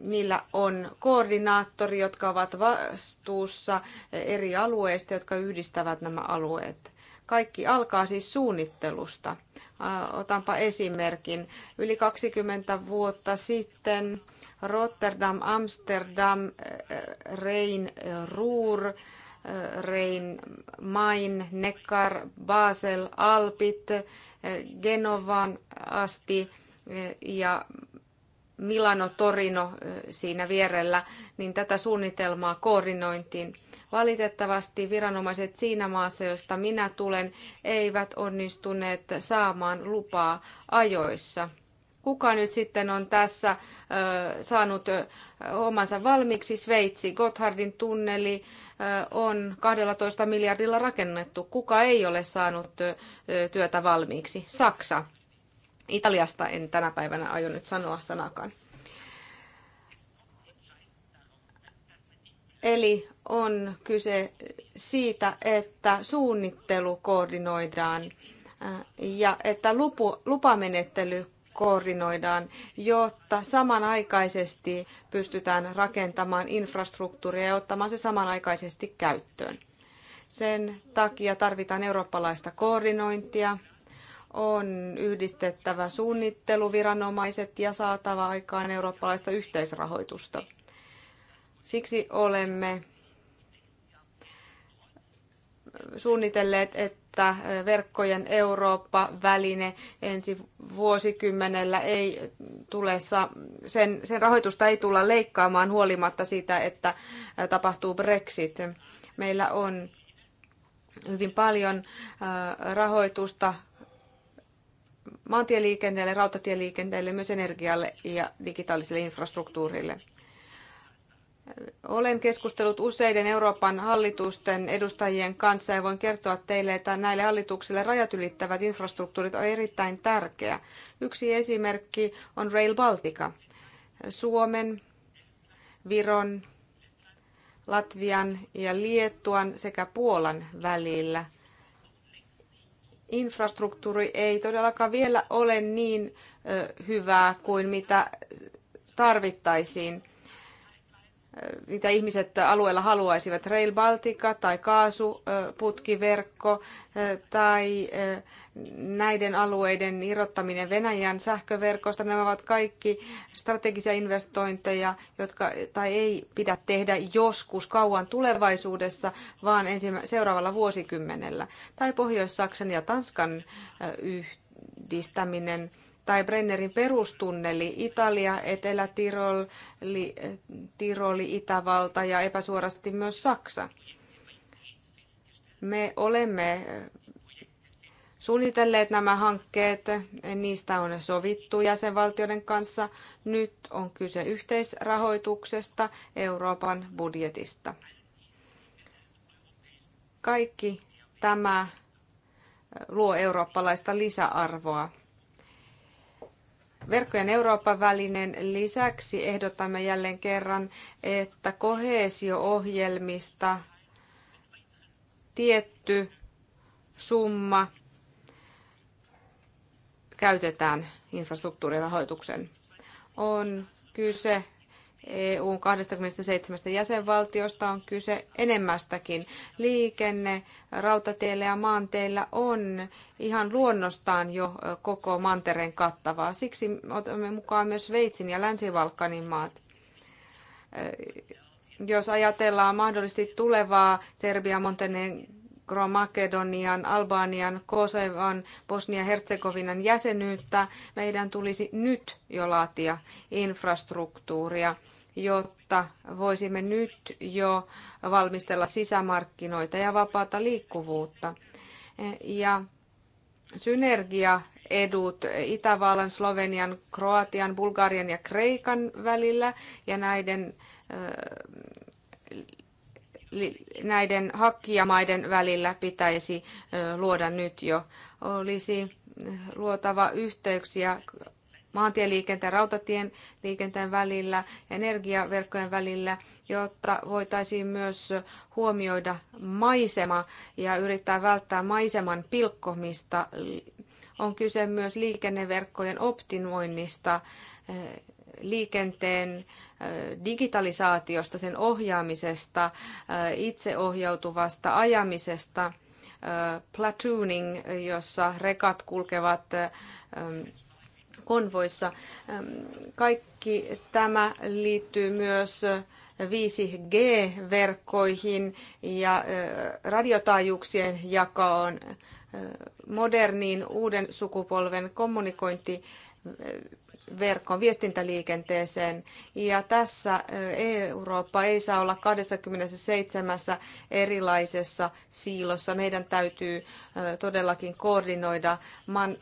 niillä on koordinaattori, jotka ovat vastuussa eri alueista, jotka yhdistävät nämä alueet. Kaikki alkaa siis suunnittelusta. Otanpa esimerkin. Yli 20 vuotta sitten Rotterdam, Amsterdam, Rein, Ruhr, Rein, Main, Neckar, Basel, Alpit, Genovan asti ja Milano Torino siinä vierellä, niin tätä suunnitelmaa koordinointiin. Valitettavasti viranomaiset siinä maassa, josta minä tulen, eivät onnistuneet saamaan lupaa ajoissa. Kuka nyt sitten on tässä ö, saanut omansa valmiiksi? Sveitsi, Gotthardin tunneli ö, on 12 miljardilla rakennettu. Kuka ei ole saanut ö, työtä valmiiksi? Saksa Italiasta en tänä päivänä aio nyt sanoa sanakaan. Eli on kyse siitä, että suunnittelu koordinoidaan äh, ja että lupu, lupamenettely koordinoidaan, jotta samanaikaisesti pystytään rakentamaan infrastruktuuria ja ottamaan se samanaikaisesti käyttöön. Sen takia tarvitaan eurooppalaista koordinointia, on yhdistettävä suunnitteluviranomaiset ja saatava aikaan eurooppalaista yhteisrahoitusta. Siksi olemme suunnitelleet, että verkkojen Eurooppa-väline ensi vuosikymmenellä ei tule, sen, sen rahoitusta ei tulla leikkaamaan huolimatta siitä, että tapahtuu Brexit. Meillä on hyvin paljon äh, rahoitusta maantieliikenteelle, rautatieliikenteelle, myös energialle ja digitaaliselle infrastruktuurille. Olen keskustellut useiden Euroopan hallitusten edustajien kanssa ja voin kertoa teille, että näille hallituksille rajat ylittävät infrastruktuurit on erittäin tärkeä. Yksi esimerkki on Rail Baltica. Suomen, Viron, Latvian ja Liettuan sekä Puolan välillä – infrastruktuuri ei todellakaan vielä ole niin hyvää kuin mitä tarvittaisiin mitä ihmiset alueella haluaisivat, Rail Baltica tai kaasuputkiverkko tai näiden alueiden irrottaminen Venäjän sähköverkosta. Nämä ovat kaikki strategisia investointeja, jotka tai ei pidä tehdä joskus kauan tulevaisuudessa, vaan ensimmä, seuraavalla vuosikymmenellä. Tai Pohjois-Saksan ja Tanskan yhdistäminen tai Brennerin perustunneli Italia, Etelä-Tiroli, Tiroli, Itävalta ja epäsuorasti myös Saksa. Me olemme suunnitelleet nämä hankkeet, niistä on sovittu jäsenvaltioiden kanssa. Nyt on kyse yhteisrahoituksesta Euroopan budjetista. Kaikki tämä luo eurooppalaista lisäarvoa. Verkkojen Euroopan välinen lisäksi ehdotamme jälleen kerran, että kohesio-ohjelmista tietty summa käytetään infrastruktuurirahoituksen. On kyse EUn 27 jäsenvaltiosta on kyse enemmästäkin. Liikenne rautatiellä ja maanteillä on ihan luonnostaan jo koko mantereen kattavaa. Siksi otamme mukaan myös Sveitsin ja Länsi-Valkanin maat. Jos ajatellaan mahdollisesti tulevaa Serbia, Montenegro, Makedonian, Albanian, Kosevan, Bosnia-Herzegovinan jäsenyyttä, meidän tulisi nyt jo laatia infrastruktuuria jotta voisimme nyt jo valmistella sisämarkkinoita ja vapaata liikkuvuutta. Ja synergiaedut Itävallan, Slovenian, Kroatian, Bulgarian ja Kreikan välillä ja näiden näiden hakkijamaiden välillä pitäisi luoda nyt jo. Olisi luotava yhteyksiä maantieliikenteen, rautatien liikenteen välillä, energiaverkkojen välillä, jotta voitaisiin myös huomioida maisema ja yrittää välttää maiseman pilkkomista. On kyse myös liikenneverkkojen optimoinnista, eh, liikenteen eh, digitalisaatiosta, sen ohjaamisesta, eh, itseohjautuvasta ajamisesta, platooning, jossa rekat kulkevat konvoissa. Kaikki tämä liittyy myös 5G-verkkoihin äh, ja äh, radiotaajuuksien jakoon äh, moderniin uuden sukupolven kommunikointi verkon viestintäliikenteeseen. Ja tässä Eurooppa ei saa olla 27 erilaisessa siilossa. Meidän täytyy todellakin koordinoida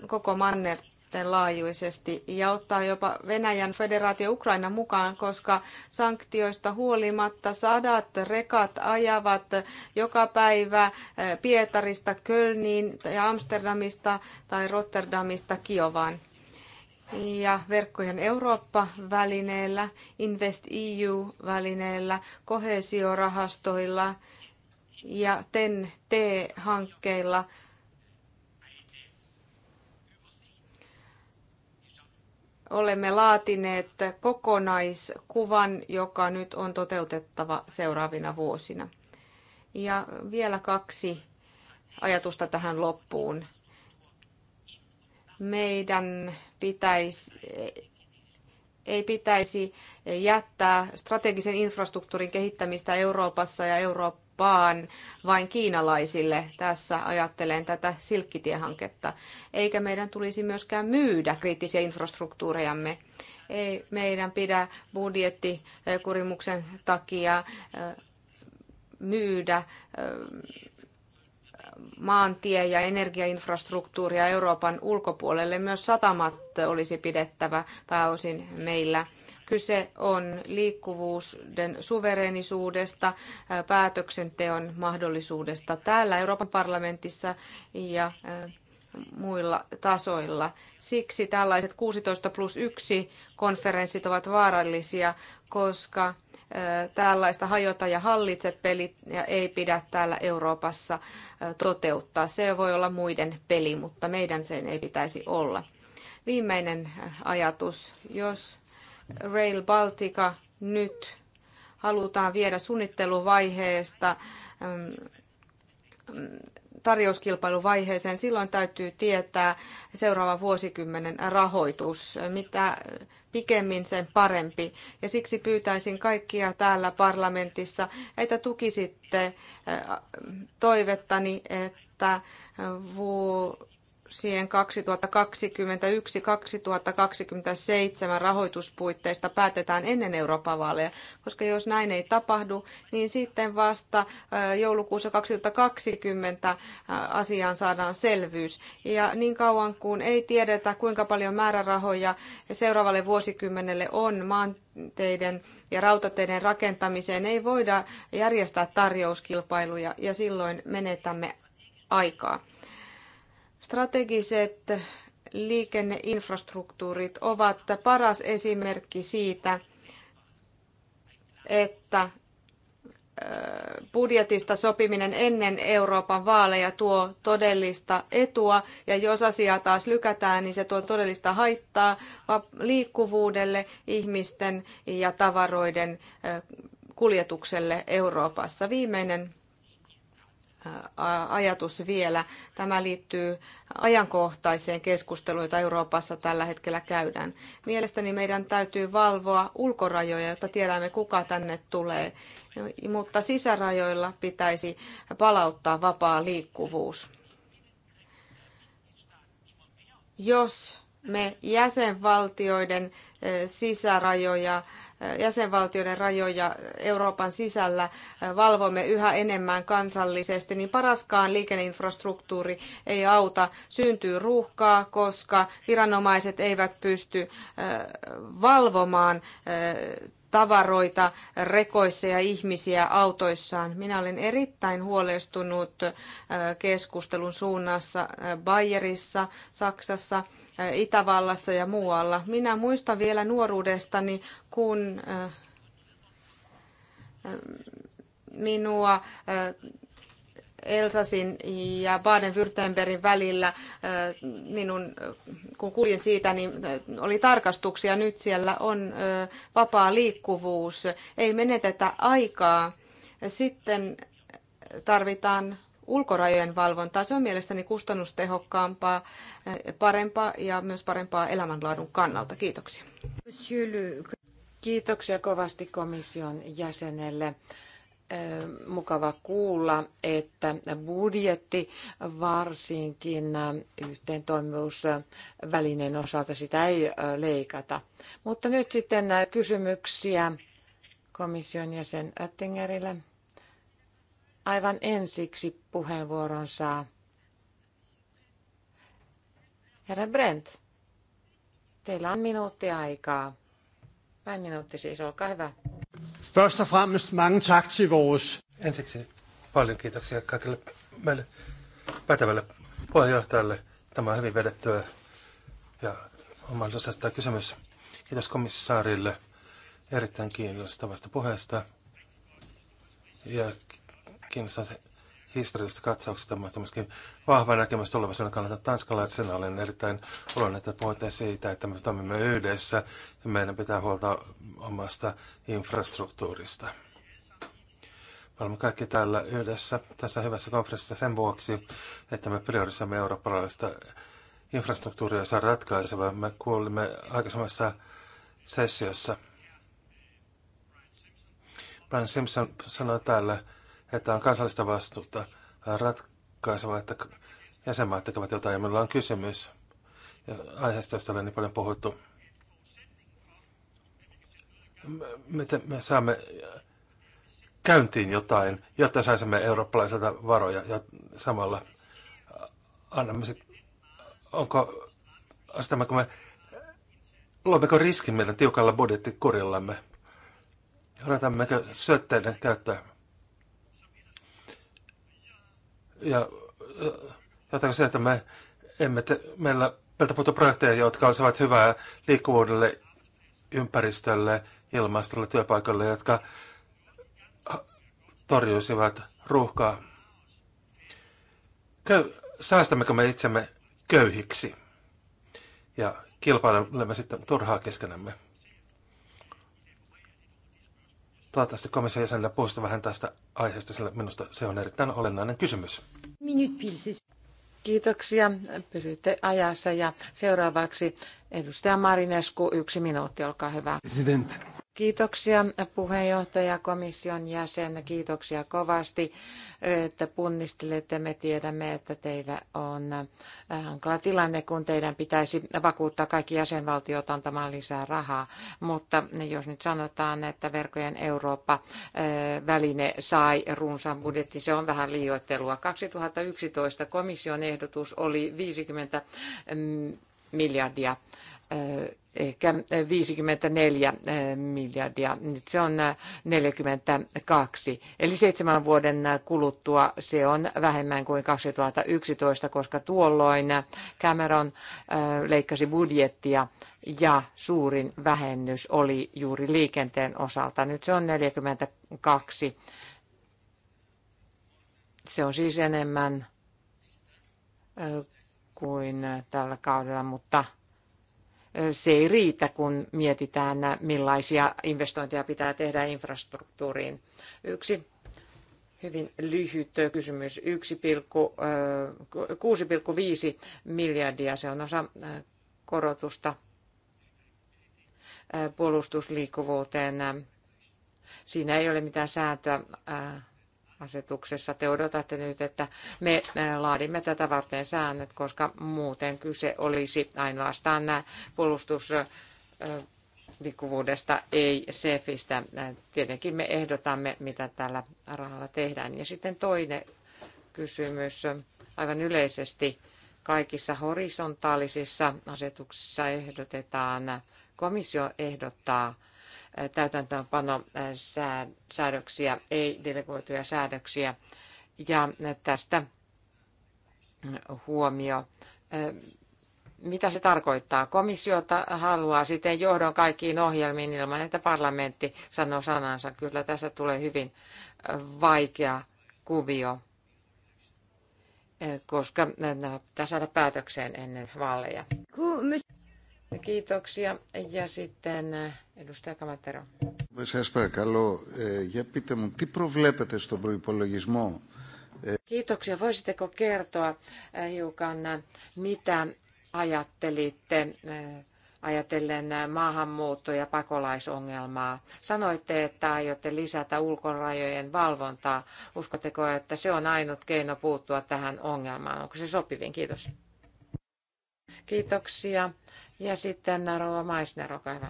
koko mannerta sitten laajuisesti ja ottaa jopa Venäjän federaatio Ukraina mukaan, koska sanktioista huolimatta sadat rekat ajavat joka päivä eh, Pietarista Kölniin ja Amsterdamista tai Rotterdamista Kiovaan. Ja verkkojen Eurooppa-välineellä, Invest EU-välineellä, kohesiorahastoilla ja TEN-T-hankkeilla – olemme laatineet kokonaiskuvan, joka nyt on toteutettava seuraavina vuosina. Ja vielä kaksi ajatusta tähän loppuun. Meidän pitäisi, ei pitäisi jättää strategisen infrastruktuurin kehittämistä Euroopassa ja Euroopassa kauppaan vain kiinalaisille. Tässä ajattelen tätä silkkitiehanketta. Eikä meidän tulisi myöskään myydä kriittisiä infrastruktuurejamme. Ei meidän pidä budjettikurimuksen takia myydä maantie- ja energiainfrastruktuuria Euroopan ulkopuolelle. Myös satamat olisi pidettävä pääosin meillä Kyse on liikkuvuuden suvereenisuudesta, päätöksenteon mahdollisuudesta täällä Euroopan parlamentissa ja muilla tasoilla. Siksi tällaiset 16 plus 1 konferenssit ovat vaarallisia, koska tällaista hajota ja hallitse peliä ei pidä täällä Euroopassa toteuttaa. Se voi olla muiden peli, mutta meidän sen ei pitäisi olla. Viimeinen ajatus, jos Rail Baltica nyt halutaan viedä suunnitteluvaiheesta ähm, tarjouskilpailuvaiheeseen, silloin täytyy tietää seuraavan vuosikymmenen rahoitus. Mitä pikemmin sen parempi. Ja siksi pyytäisin kaikkia täällä parlamentissa, että tukisitte äh, toivettani, että vu- siihen 2021-2027 rahoituspuitteista päätetään ennen Euroopan vaaleja, koska jos näin ei tapahdu, niin sitten vasta joulukuussa 2020 asiaan saadaan selvyys. Ja niin kauan kuin ei tiedetä, kuinka paljon määrärahoja seuraavalle vuosikymmenelle on maanteiden ja rautateiden rakentamiseen, ei voida järjestää tarjouskilpailuja ja silloin menetämme aikaa. Strategiset liikenneinfrastruktuurit ovat paras esimerkki siitä, että budjetista sopiminen ennen Euroopan vaaleja tuo todellista etua, ja jos asiaa taas lykätään, niin se tuo todellista haittaa liikkuvuudelle, ihmisten ja tavaroiden kuljetukselle Euroopassa. Viimeinen ajatus vielä. Tämä liittyy ajankohtaiseen keskusteluun, jota Euroopassa tällä hetkellä käydään. Mielestäni meidän täytyy valvoa ulkorajoja, jotta tiedämme, kuka tänne tulee, mutta sisärajoilla pitäisi palauttaa vapaa liikkuvuus. Jos me jäsenvaltioiden sisärajoja jäsenvaltioiden rajoja Euroopan sisällä valvomme yhä enemmän kansallisesti, niin paraskaan liikenneinfrastruktuuri ei auta. Syntyy ruuhkaa, koska viranomaiset eivät pysty valvomaan tavaroita rekoissa ja ihmisiä autoissaan. Minä olen erittäin huolestunut keskustelun suunnassa Bayerissa, Saksassa – Itävallassa ja muualla. Minä muistan vielä nuoruudestani, kun minua Elsasin ja Baden-Württembergin välillä, minun, kun kuljin siitä, niin oli tarkastuksia. Nyt siellä on vapaa liikkuvuus, ei menetetä aikaa. Sitten tarvitaan ulkorajojen valvontaa. Se on mielestäni kustannustehokkaampaa, parempaa ja myös parempaa elämänlaadun kannalta. Kiitoksia. Kiitoksia kovasti komission jäsenelle. Mukava kuulla, että budjetti varsinkin yhteen toimivuusvälineen osalta sitä ei leikata. Mutta nyt sitten kysymyksiä komission jäsen Oettingerille. Aivan ensiksi puheenvuoron saa herra Brent. Teillä on minuutti aikaa. Vain minuutti siis, olkaa hyvä. Først og fremmest mange tak til vores... Ensiksi paljon kiitoksia kaikille meille pätevälle puheenjohtajalle. Tämä on hyvin vedetty ja on mahdollisuus tämä kysymys. Kiitos komissaarille erittäin kiinnostavasta puheesta. Ja kiinnostavasta historiallisesta katsauksesta, mutta myöskin vahva näkemys tulevaisuuden kannalta tanskalaisena. Olen erittäin olen, että puhutte siitä, että me toimimme yhdessä ja meidän pitää huolta omasta infrastruktuurista. Me olemme kaikki täällä yhdessä tässä hyvässä konferenssissa sen vuoksi, että me priorisoimme eurooppalaista infrastruktuuria saa ratkaisevaa. Me kuulimme aikaisemmassa sessiossa. Brian Simpson sanoi täällä, että on kansallista vastuuta ratkaisevaa, että jäsenmaat tekevät jotain ja meillä on kysymys. Ja aiheesta, josta olen niin paljon puhuttu. Miten me saamme käyntiin jotain, jotta saisimme eurooppalaiselta varoja ja samalla annamme sit, onko, kun me, luommeko riskin meidän tiukalla budjettikurillamme? Odotammeko syötteiden käyttää? Ja äh, jotain se, että me emme te, meillä meiltä projekteja, jotka olisivat hyvää liikkuvuudelle, ympäristölle, ilmastolle, työpaikalle, jotka torjuisivat ruuhkaa. Köy, säästämmekö me itsemme köyhiksi ja kilpailemme sitten turhaa keskenämme? Toivottavasti komission jäsenille puhuisitte vähän tästä aiheesta, sillä minusta se on erittäin olennainen kysymys. Kiitoksia. Pysyitte ajassa ja seuraavaksi edustaja Marinesku, yksi minuutti, olkaa hyvä. President. Kiitoksia puheenjohtaja komission jäsen. Kiitoksia kovasti, että punnistelette. Me tiedämme, että teillä on äh, hankala tilanne, kun teidän pitäisi vakuuttaa kaikki jäsenvaltiot antamaan lisää rahaa. Mutta jos nyt sanotaan, että verkojen Eurooppa-väline äh, sai runsaan budjetti, se on vähän liioittelua. 2011 komission ehdotus oli 50 mm, miljardia äh, ehkä 54 eh, eh, miljardia. Nyt se on 42. Eh, Eli seitsemän vuoden kuluttua se on vähemmän kuin 2011, koska tuolloin Cameron leikkasi budjettia ja suurin vähennys oli juuri liikenteen osalta. Nyt se on 42. Se on siis enemmän kuin tällä kaudella, mutta se ei riitä, kun mietitään, äh, millaisia investointeja pitää tehdä infrastruktuuriin. Yksi hyvin lyhyt kysymys. 6,5 miljardia, se on osa korotusta puolustusliikkuvuuteen. Siinä ei ole mitään sääntöä asetuksessa. Te odotatte nyt, että me laadimme tätä varten säännöt, koska muuten kyse olisi ainoastaan nämä puolustus liikkuvuudesta, ei SEFistä. Tietenkin me ehdotamme, mitä tällä rahalla tehdään. Ja sitten toinen kysymys aivan yleisesti. Kaikissa horisontaalisissa asetuksissa ehdotetaan, komissio ehdottaa täytäntöönpanosäädöksiä, ei delegoituja säädöksiä. Ja tästä huomio. Mitä se tarkoittaa? Komissio haluaa sitten johdon kaikkiin ohjelmiin ilman, että parlamentti sanoo sanansa. Kyllä tässä tulee hyvin vaikea kuvio, koska nämä pitää saada päätökseen ennen vaaleja. Kiitoksia. Ja sitten Edustaja Kamatero. Σας παρακαλώ, για πείτε μου, τι προβλέπετε στον Kiitoksia. Voisitteko kertoa hiukan, mitä ajattelitte ajatellen maahanmuutto- ja pakolaisongelmaa. Sanoitte, että aiotte lisätä ulkorajojen valvontaa. Uskotteko, että se on ainut keino puuttua tähän ongelmaan? Onko se sopivin? Kiitos. Kiitoksia. Ja sitten Naroa Maisner, olkaa hyvä.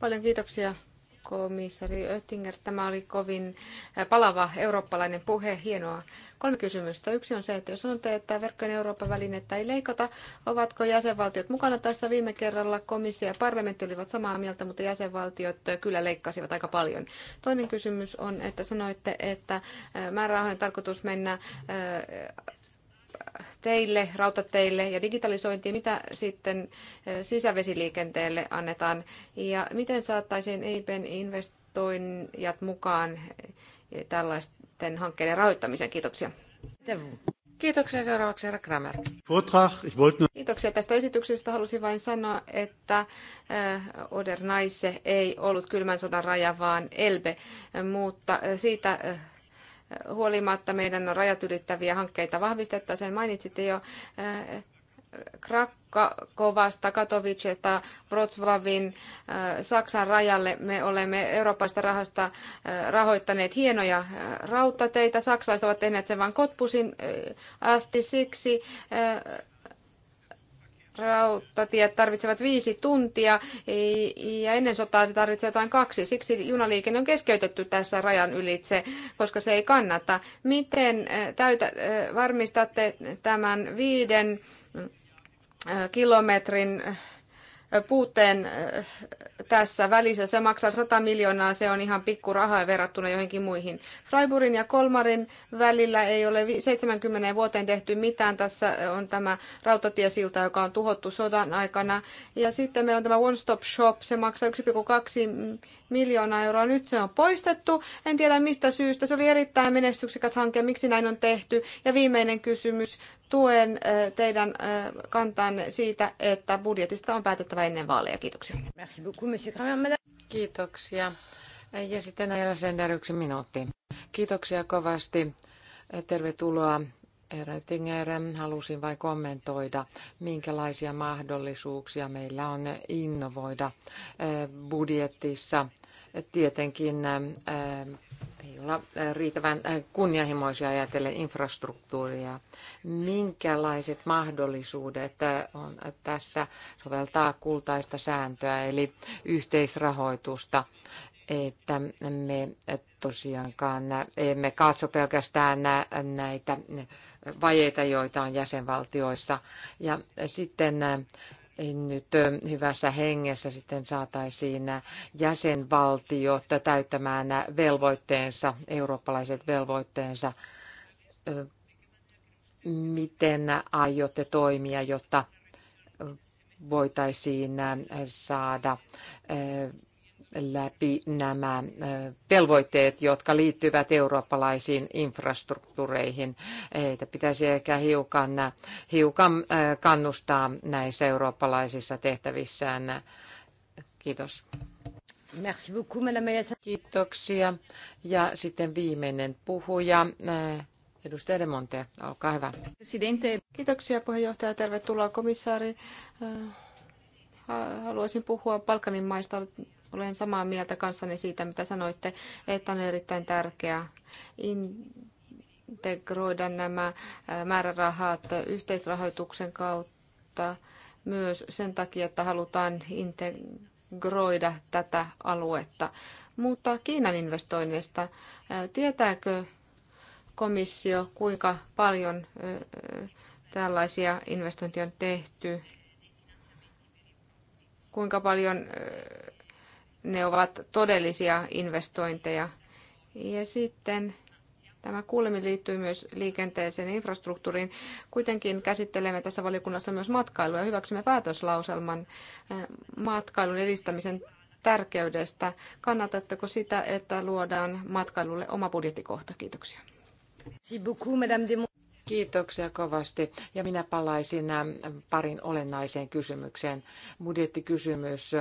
Paljon kiitoksia komissaari Oettinger. Tämä oli kovin äh, palava eurooppalainen puhe, hienoa. Kolme kysymystä. Yksi on se, että jos sanotte, että verkkojen Euroopan välinettä ei leikata, ovatko jäsenvaltiot mukana tässä? Viime kerralla komissio ja parlamentti olivat samaa mieltä, mutta jäsenvaltiot äh, kyllä leikkasivat aika paljon. Toinen kysymys on, että sanoitte, että äh, määrärahojen tarkoitus mennä teille, rautateille ja digitalisointiin, mitä sitten sisävesiliikenteelle annetaan ja miten saattaisiin EIPen investoinjat mukaan tällaisten hankkeiden rahoittamiseen? Kiitoksia. Kiitoksia seuraavaksi herra Kramer. Kiitoksia tästä esityksestä. Halusin vain sanoa, että Oder Naisse ei ollut kylmän sodan raja, vaan Elbe, mutta siitä huolimatta meidän on rajat ylittäviä hankkeita vahvistettava. Sen mainitsitte jo eh, Krakkovasta Katowicesta, Wrocławin, eh, Saksan rajalle. Me olemme Euroopasta rahasta eh, rahoittaneet hienoja rautateitä. Saksalaiset ovat tehneet sen vain Kotpusin asti siksi rautatiet tarvitsevat viisi tuntia ja ennen sotaa se tarvitsee jotain kaksi. Siksi junaliikenne on keskeytetty tässä rajan ylitse, koska se ei kannata. Miten eh, täytä, eh, varmistatte tämän viiden eh, kilometrin puutteen äh, tässä välissä. Se maksaa 100 miljoonaa, se on ihan pikku rahaa verrattuna johonkin muihin. Freiburgin ja Kolmarin välillä ei ole 70 vuoteen tehty mitään. Tässä on tämä rautatiesilta, joka on tuhottu sodan aikana. Ja sitten meillä on tämä One Stop Shop, se maksaa 1,2 miljoonaa euroa. Nyt se on poistettu. En tiedä mistä syystä. Se oli erittäin menestyksekäs hanke, miksi näin on tehty. Ja viimeinen kysymys tuen teidän kantanne siitä, että budjetista on päätettävä ennen vaaleja. Kiitoksia. Kiitoksia. Ja sitten Ajala sen yksi minuutti. Kiitoksia kovasti. Tervetuloa Rettinger, halusin vain kommentoida, minkälaisia mahdollisuuksia meillä on innovoida budjetissa tietenkin ei olla riittävän kunnianhimoisia ajatellen infrastruktuuria. Minkälaiset mahdollisuudet on tässä soveltaa kultaista sääntöä eli yhteisrahoitusta, että me tosiaankaan emme katso pelkästään näitä vajeita, joita on jäsenvaltioissa. Ja sitten nyt hyvässä hengessä sitten saataisiin jäsenvaltiot täyttämään velvoitteensa, eurooppalaiset velvoitteensa. Miten aiotte toimia, jotta voitaisiin saada läpi nämä velvoitteet, jotka liittyvät eurooppalaisiin infrastruktuureihin. Heitä pitäisi ehkä hiukan, hiukan kannustaa näissä eurooppalaisissa tehtävissään. Kiitos. Merci beaucoup, madame. Kiitoksia. Ja sitten viimeinen puhuja, Edustaja De Monte, olkaa hyvä. Presidente. Kiitoksia puheenjohtaja, tervetuloa komissaari. Haluaisin puhua Balkanin maista. Olen samaa mieltä kanssanne siitä, mitä sanoitte, että on erittäin tärkeää integroida nämä määrärahat yhteisrahoituksen kautta myös sen takia, että halutaan integroida tätä aluetta. Mutta Kiinan investoinneista, tietääkö komissio, kuinka paljon tällaisia investointeja on tehty, kuinka paljon ne ovat todellisia investointeja. Ja sitten Tämä kuulemin liittyy myös liikenteeseen ja infrastruktuuriin. Kuitenkin käsittelemme tässä valiokunnassa myös matkailua ja hyväksymme päätöslauselman eh, matkailun edistämisen tärkeydestä. Kannatatteko sitä, että luodaan matkailulle oma budjettikohta? Kiitoksia. Kiitoksia kovasti. Ja minä palaisin eh, parin olennaiseen kysymykseen. Budjettikysymys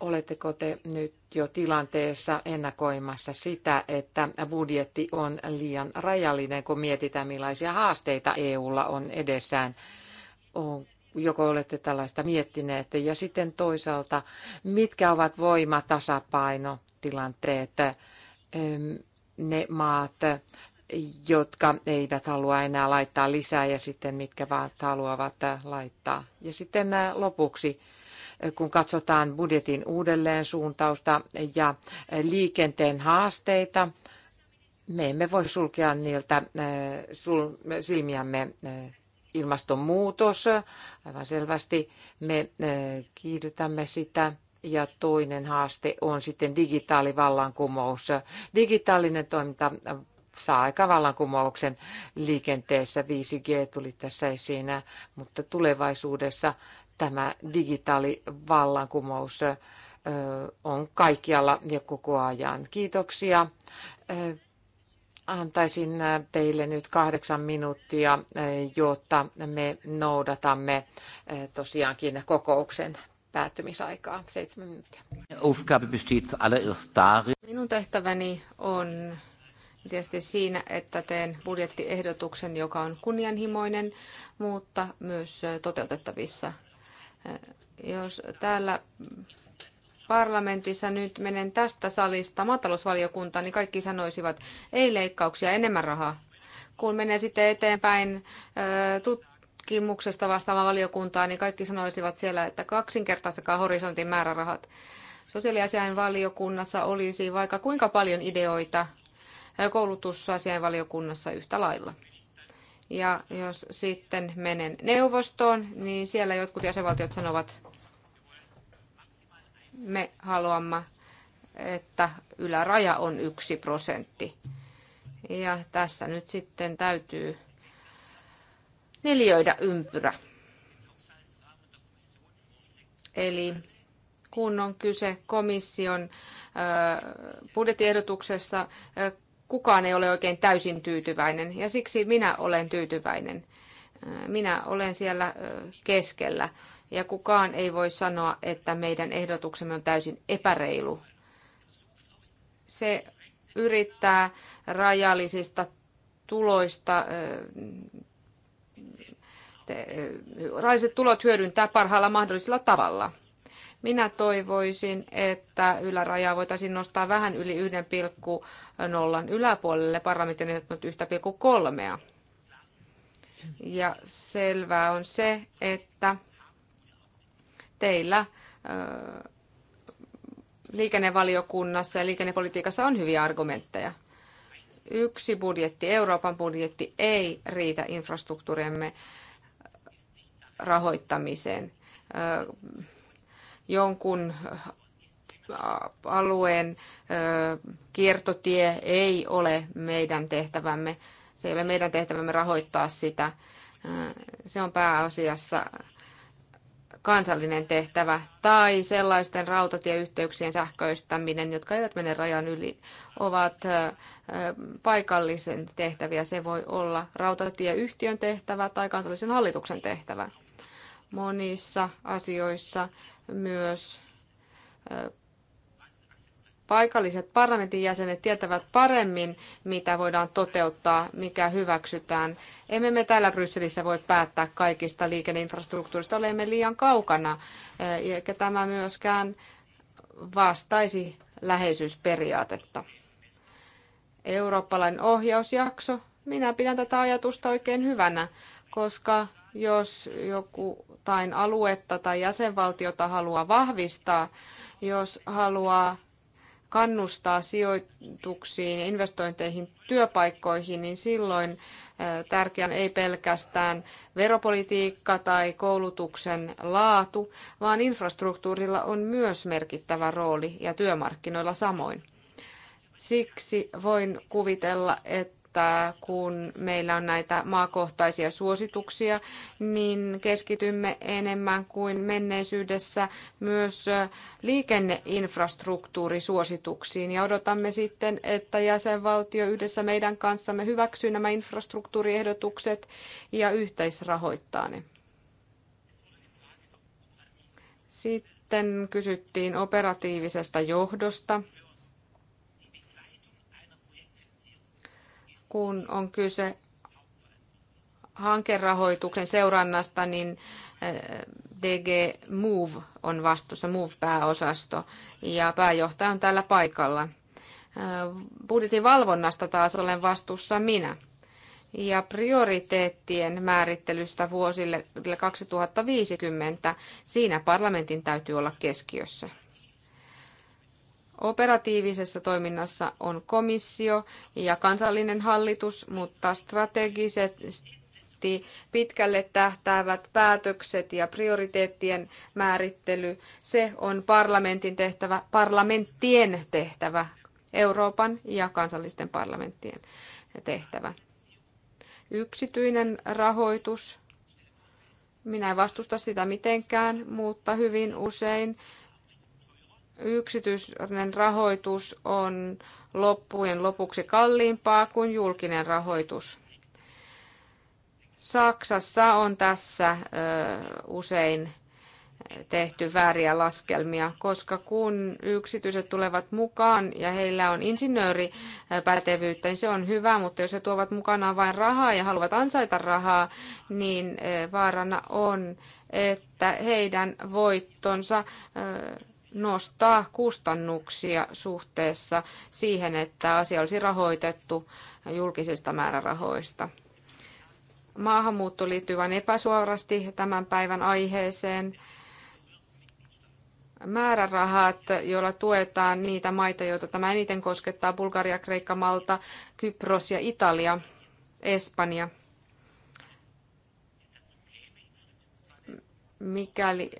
Oletteko te nyt jo tilanteessa ennakoimassa sitä, että budjetti on liian rajallinen, kun mietitään millaisia haasteita EUlla on edessään? Joko olette tällaista miettineet? Ja sitten toisaalta, mitkä ovat voimatasapainotilanteet? Ne maat, jotka eivät halua enää laittaa lisää ja sitten mitkä vaan haluavat laittaa. Ja sitten lopuksi kun katsotaan budjetin uudelleensuuntausta ja liikenteen haasteita, me emme voi sulkea niiltä äh, silmiämme äh, ilmastonmuutos. Aivan selvästi me äh, kiihdytämme sitä. Ja toinen haaste on sitten digitaalivallankumous. Digitaalinen toiminta saa aika vallankumouksen liikenteessä. 5G tuli tässä esiin, mutta tulevaisuudessa tämä digitaalivallankumous on kaikkialla ja koko ajan. Kiitoksia. Antaisin teille nyt kahdeksan minuuttia, jotta me noudatamme tosiaankin kokouksen päättymisaikaa, seitsemän minuuttia. Minun tehtäväni on tietysti siinä, että teen budjettiehdotuksen, joka on kunnianhimoinen, mutta myös toteutettavissa. Jos täällä parlamentissa nyt menen tästä salista maatalousvaliokuntaan, niin kaikki sanoisivat, ei leikkauksia, enemmän rahaa. Kun menee sitten eteenpäin tutkimuksesta vastaavaan valiokuntaan, niin kaikki sanoisivat siellä, että kaksinkertaistakaa horisontin määrärahat. Sosiaaliasiain valiokunnassa olisi vaikka kuinka paljon ideoita, koulutusasiain valiokunnassa yhtä lailla. Ja jos sitten menen neuvostoon, niin siellä jotkut jäsenvaltiot sanovat, me haluamme, että yläraja on yksi prosentti. Ja tässä nyt sitten täytyy neljöidä ympyrä. Eli kun on kyse komission budjettiehdotuksesta, kukaan ei ole oikein täysin tyytyväinen ja siksi minä olen tyytyväinen. Äh, minä olen siellä äh, keskellä ja kukaan ei voi sanoa, että meidän ehdotuksemme on täysin epäreilu. Se yrittää rajallisista tuloista äh, rajalliset tulot hyödyntää parhaalla mahdollisella tavalla – minä toivoisin, että ylärajaa voitaisiin nostaa vähän yli 1,0 yläpuolelle, parlamentti on ehdottanut 1,3. Ja selvää on se, että teillä liikennevaliokunnassa ja liikennepolitiikassa on hyviä argumentteja. Yksi budjetti, Euroopan budjetti, ei riitä infrastruktuuriemme rahoittamiseen jonkun äh, alueen äh, kiertotie ei ole meidän tehtävämme. Se ei ole meidän tehtävämme rahoittaa sitä. Äh, se on pääasiassa kansallinen tehtävä tai sellaisten rautatieyhteyksien sähköistäminen, jotka eivät mene rajan yli, ovat paikallisen tehtäviä. Se voi olla rautatieyhtiön tehtävä tai kansallisen hallituksen tehtävä. Monissa asioissa myös paikalliset parlamentin jäsenet tietävät paremmin, mitä voidaan toteuttaa, mikä hyväksytään. Emme me täällä Brysselissä voi päättää kaikista liikenneinfrastruktuurista, olemme liian kaukana, eikä tämä myöskään vastaisi läheisyysperiaatetta. Eurooppalainen ohjausjakso, minä pidän tätä ajatusta oikein hyvänä, koska jos joku tain aluetta tai jäsenvaltiota haluaa vahvistaa, jos haluaa kannustaa sijoituksiin, investointeihin, työpaikkoihin, niin silloin tärkeän ei pelkästään veropolitiikka tai koulutuksen laatu, vaan infrastruktuurilla on myös merkittävä rooli ja työmarkkinoilla samoin. Siksi voin kuvitella, että että kun meillä on näitä maakohtaisia suosituksia, niin keskitymme enemmän kuin menneisyydessä myös liikenneinfrastruktuurisuosituksiin ja odotamme sitten, että jäsenvaltio yhdessä meidän kanssamme hyväksyy nämä infrastruktuuriehdotukset ja yhteisrahoittaa ne. Sitten kysyttiin operatiivisesta johdosta. kun on kyse hankerahoituksen seurannasta, niin eh, DG Move on vastuussa, Move-pääosasto, ja pääjohtaja on täällä paikalla. Eh, budjetin valvonnasta taas olen vastuussa minä. Ja prioriteettien määrittelystä vuosille 2050, siinä parlamentin täytyy olla keskiössä. Operatiivisessa toiminnassa on komissio ja kansallinen hallitus, mutta strategisesti pitkälle tähtäävät päätökset ja prioriteettien määrittely, se on parlamentin tehtävä, parlamenttien tehtävä, Euroopan ja kansallisten parlamenttien tehtävä. Yksityinen rahoitus, minä en vastusta sitä mitenkään, mutta hyvin usein yksityinen rahoitus on loppujen lopuksi kalliimpaa kuin julkinen rahoitus. Saksassa on tässä usein tehty vääriä laskelmia, koska kun yksityiset tulevat mukaan ja heillä on insinööripätevyyttä, niin se on hyvä, mutta jos he tuovat mukanaan vain rahaa ja haluavat ansaita rahaa, niin vaarana on, että heidän voittonsa nostaa kustannuksia suhteessa siihen, että asia olisi rahoitettu julkisista määrärahoista. Maahanmuutto liittyy vain epäsuorasti tämän päivän aiheeseen. Määrärahat, joilla tuetaan niitä maita, joita tämä eniten koskettaa, Bulgaria, Kreikka, Malta, Kypros ja Italia, Espanja. Mikäli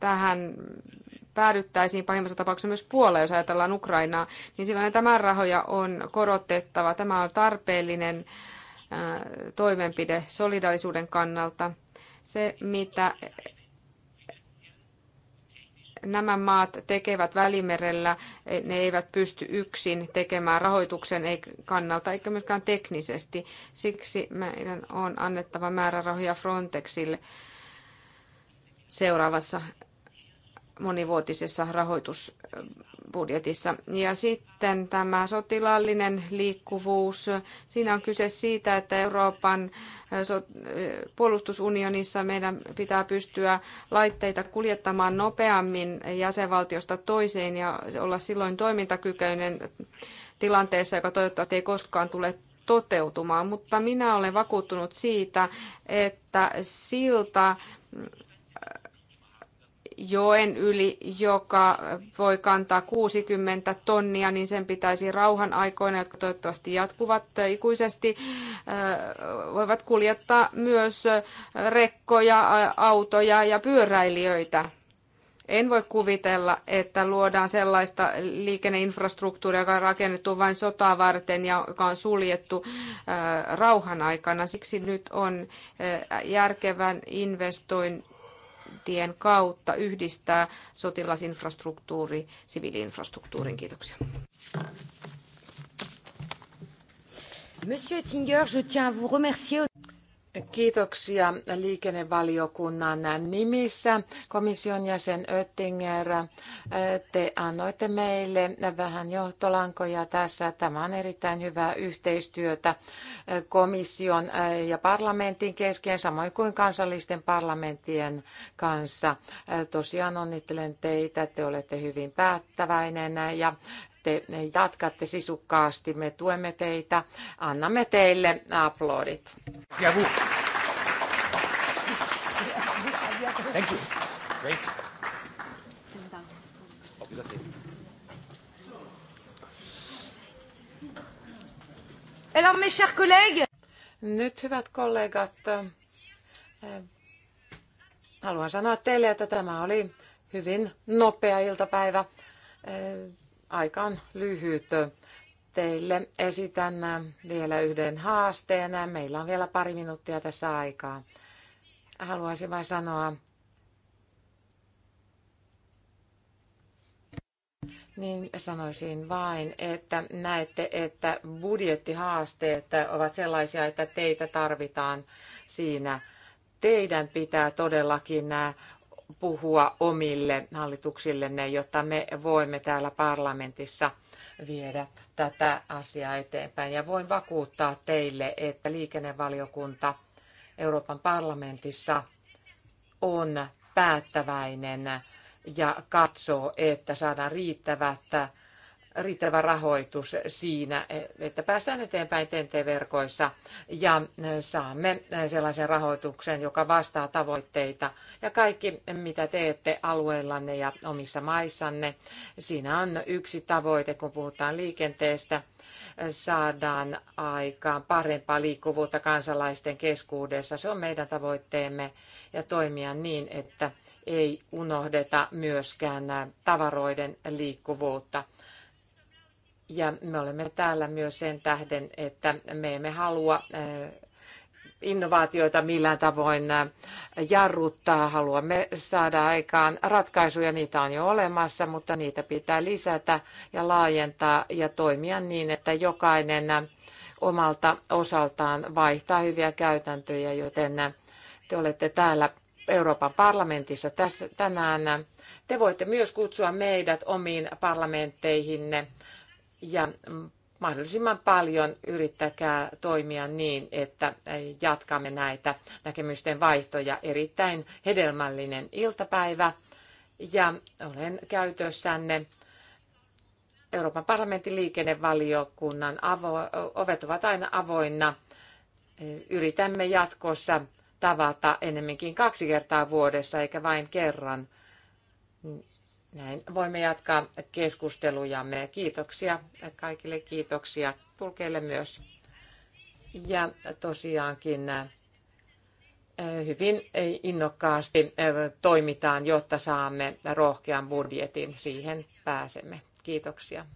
tähän päädyttäisiin pahimmassa tapauksessa myös Puoleen, jos ajatellaan Ukrainaa, niin silloin näitä määrärahoja on korotettava. Tämä on tarpeellinen toimenpide solidaarisuuden kannalta. Se, mitä nämä maat tekevät välimerellä, ne eivät pysty yksin tekemään rahoituksen ei kannalta eikä myöskään teknisesti. Siksi meidän on annettava määrärahoja Frontexille seuraavassa monivuotisessa rahoitusbudjetissa. Ja sitten tämä sotilaallinen liikkuvuus. Siinä on kyse siitä, että Euroopan puolustusunionissa meidän pitää pystyä laitteita kuljettamaan nopeammin jäsenvaltiosta toiseen ja olla silloin toimintakykyinen tilanteessa, joka toivottavasti ei koskaan tule toteutumaan. Mutta minä olen vakuuttunut siitä, että silta joen yli, joka voi kantaa 60 tonnia, niin sen pitäisi rauhan aikoina, jotka toivottavasti jatkuvat ikuisesti, voivat kuljettaa myös rekkoja, autoja ja pyöräilijöitä. En voi kuvitella, että luodaan sellaista liikenneinfrastruktuuria, joka on rakennettu vain sotaa varten ja joka on suljettu rauhan aikana. Siksi nyt on järkevän investoin kuntien kautta yhdistää sotilasinfrastruktuuri siviiliinfrastruktuuriin. Kiitoksia. Monsieur Tinger, je tiens à vous remercier. Kiitoksia liikennevaliokunnan nimissä. Komission jäsen Oettinger, te annoitte meille vähän johtolankoja tässä. Tämä on erittäin hyvää yhteistyötä komission ja parlamentin kesken, samoin kuin kansallisten parlamenttien kanssa. Tosiaan onnittelen teitä, te olette hyvin päättäväinen ja te jatkatte sisukkaasti. Me tuemme teitä. Annamme teille aplodit. Thank you. Great. Auf Alors, mes chers collègues. Nyt, hyvät kollegat, haluan sanoa teille, että tämä oli hyvin nopea iltapäivä aika on lyhyt. Teille esitän vielä yhden haasteen. Meillä on vielä pari minuuttia tässä aikaa. Haluaisin vain sanoa, niin sanoisin vain, että näette, että budjettihaasteet ovat sellaisia, että teitä tarvitaan siinä. Teidän pitää todellakin puhua omille hallituksillenne, jotta me voimme täällä parlamentissa viedä tätä asiaa eteenpäin. Ja voin vakuuttaa teille, että liikennevaliokunta Euroopan parlamentissa on päättäväinen ja katsoo, että saadaan riittävät riittävä rahoitus siinä, että päästään eteenpäin TNT-verkoissa ja saamme sellaisen rahoituksen, joka vastaa tavoitteita. Ja kaikki, mitä teette alueillanne ja omissa maissanne, siinä on yksi tavoite, kun puhutaan liikenteestä, saadaan aikaan parempaa liikkuvuutta kansalaisten keskuudessa. Se on meidän tavoitteemme ja toimia niin, että ei unohdeta myöskään tavaroiden liikkuvuutta ja me olemme täällä myös sen tähden, että me emme halua innovaatioita millään tavoin jarruttaa. Haluamme saada aikaan ratkaisuja, niitä on jo olemassa, mutta niitä pitää lisätä ja laajentaa ja toimia niin, että jokainen omalta osaltaan vaihtaa hyviä käytäntöjä, joten te olette täällä Euroopan parlamentissa tänään. Te voitte myös kutsua meidät omiin parlamentteihinne ja mahdollisimman paljon yrittäkää toimia niin, että jatkamme näitä näkemysten vaihtoja. Erittäin hedelmällinen iltapäivä ja olen käytössänne. Euroopan parlamentin liikennevaliokunnan ovet ovat aina avoinna. Yritämme jatkossa tavata enemminkin kaksi kertaa vuodessa eikä vain kerran näin voimme jatkaa keskustelujamme. Kiitoksia kaikille, kiitoksia tulkeille myös. Ja tosiaankin äh, hyvin innokkaasti äh, toimitaan, jotta saamme rohkean budjetin. Siihen pääsemme. Kiitoksia.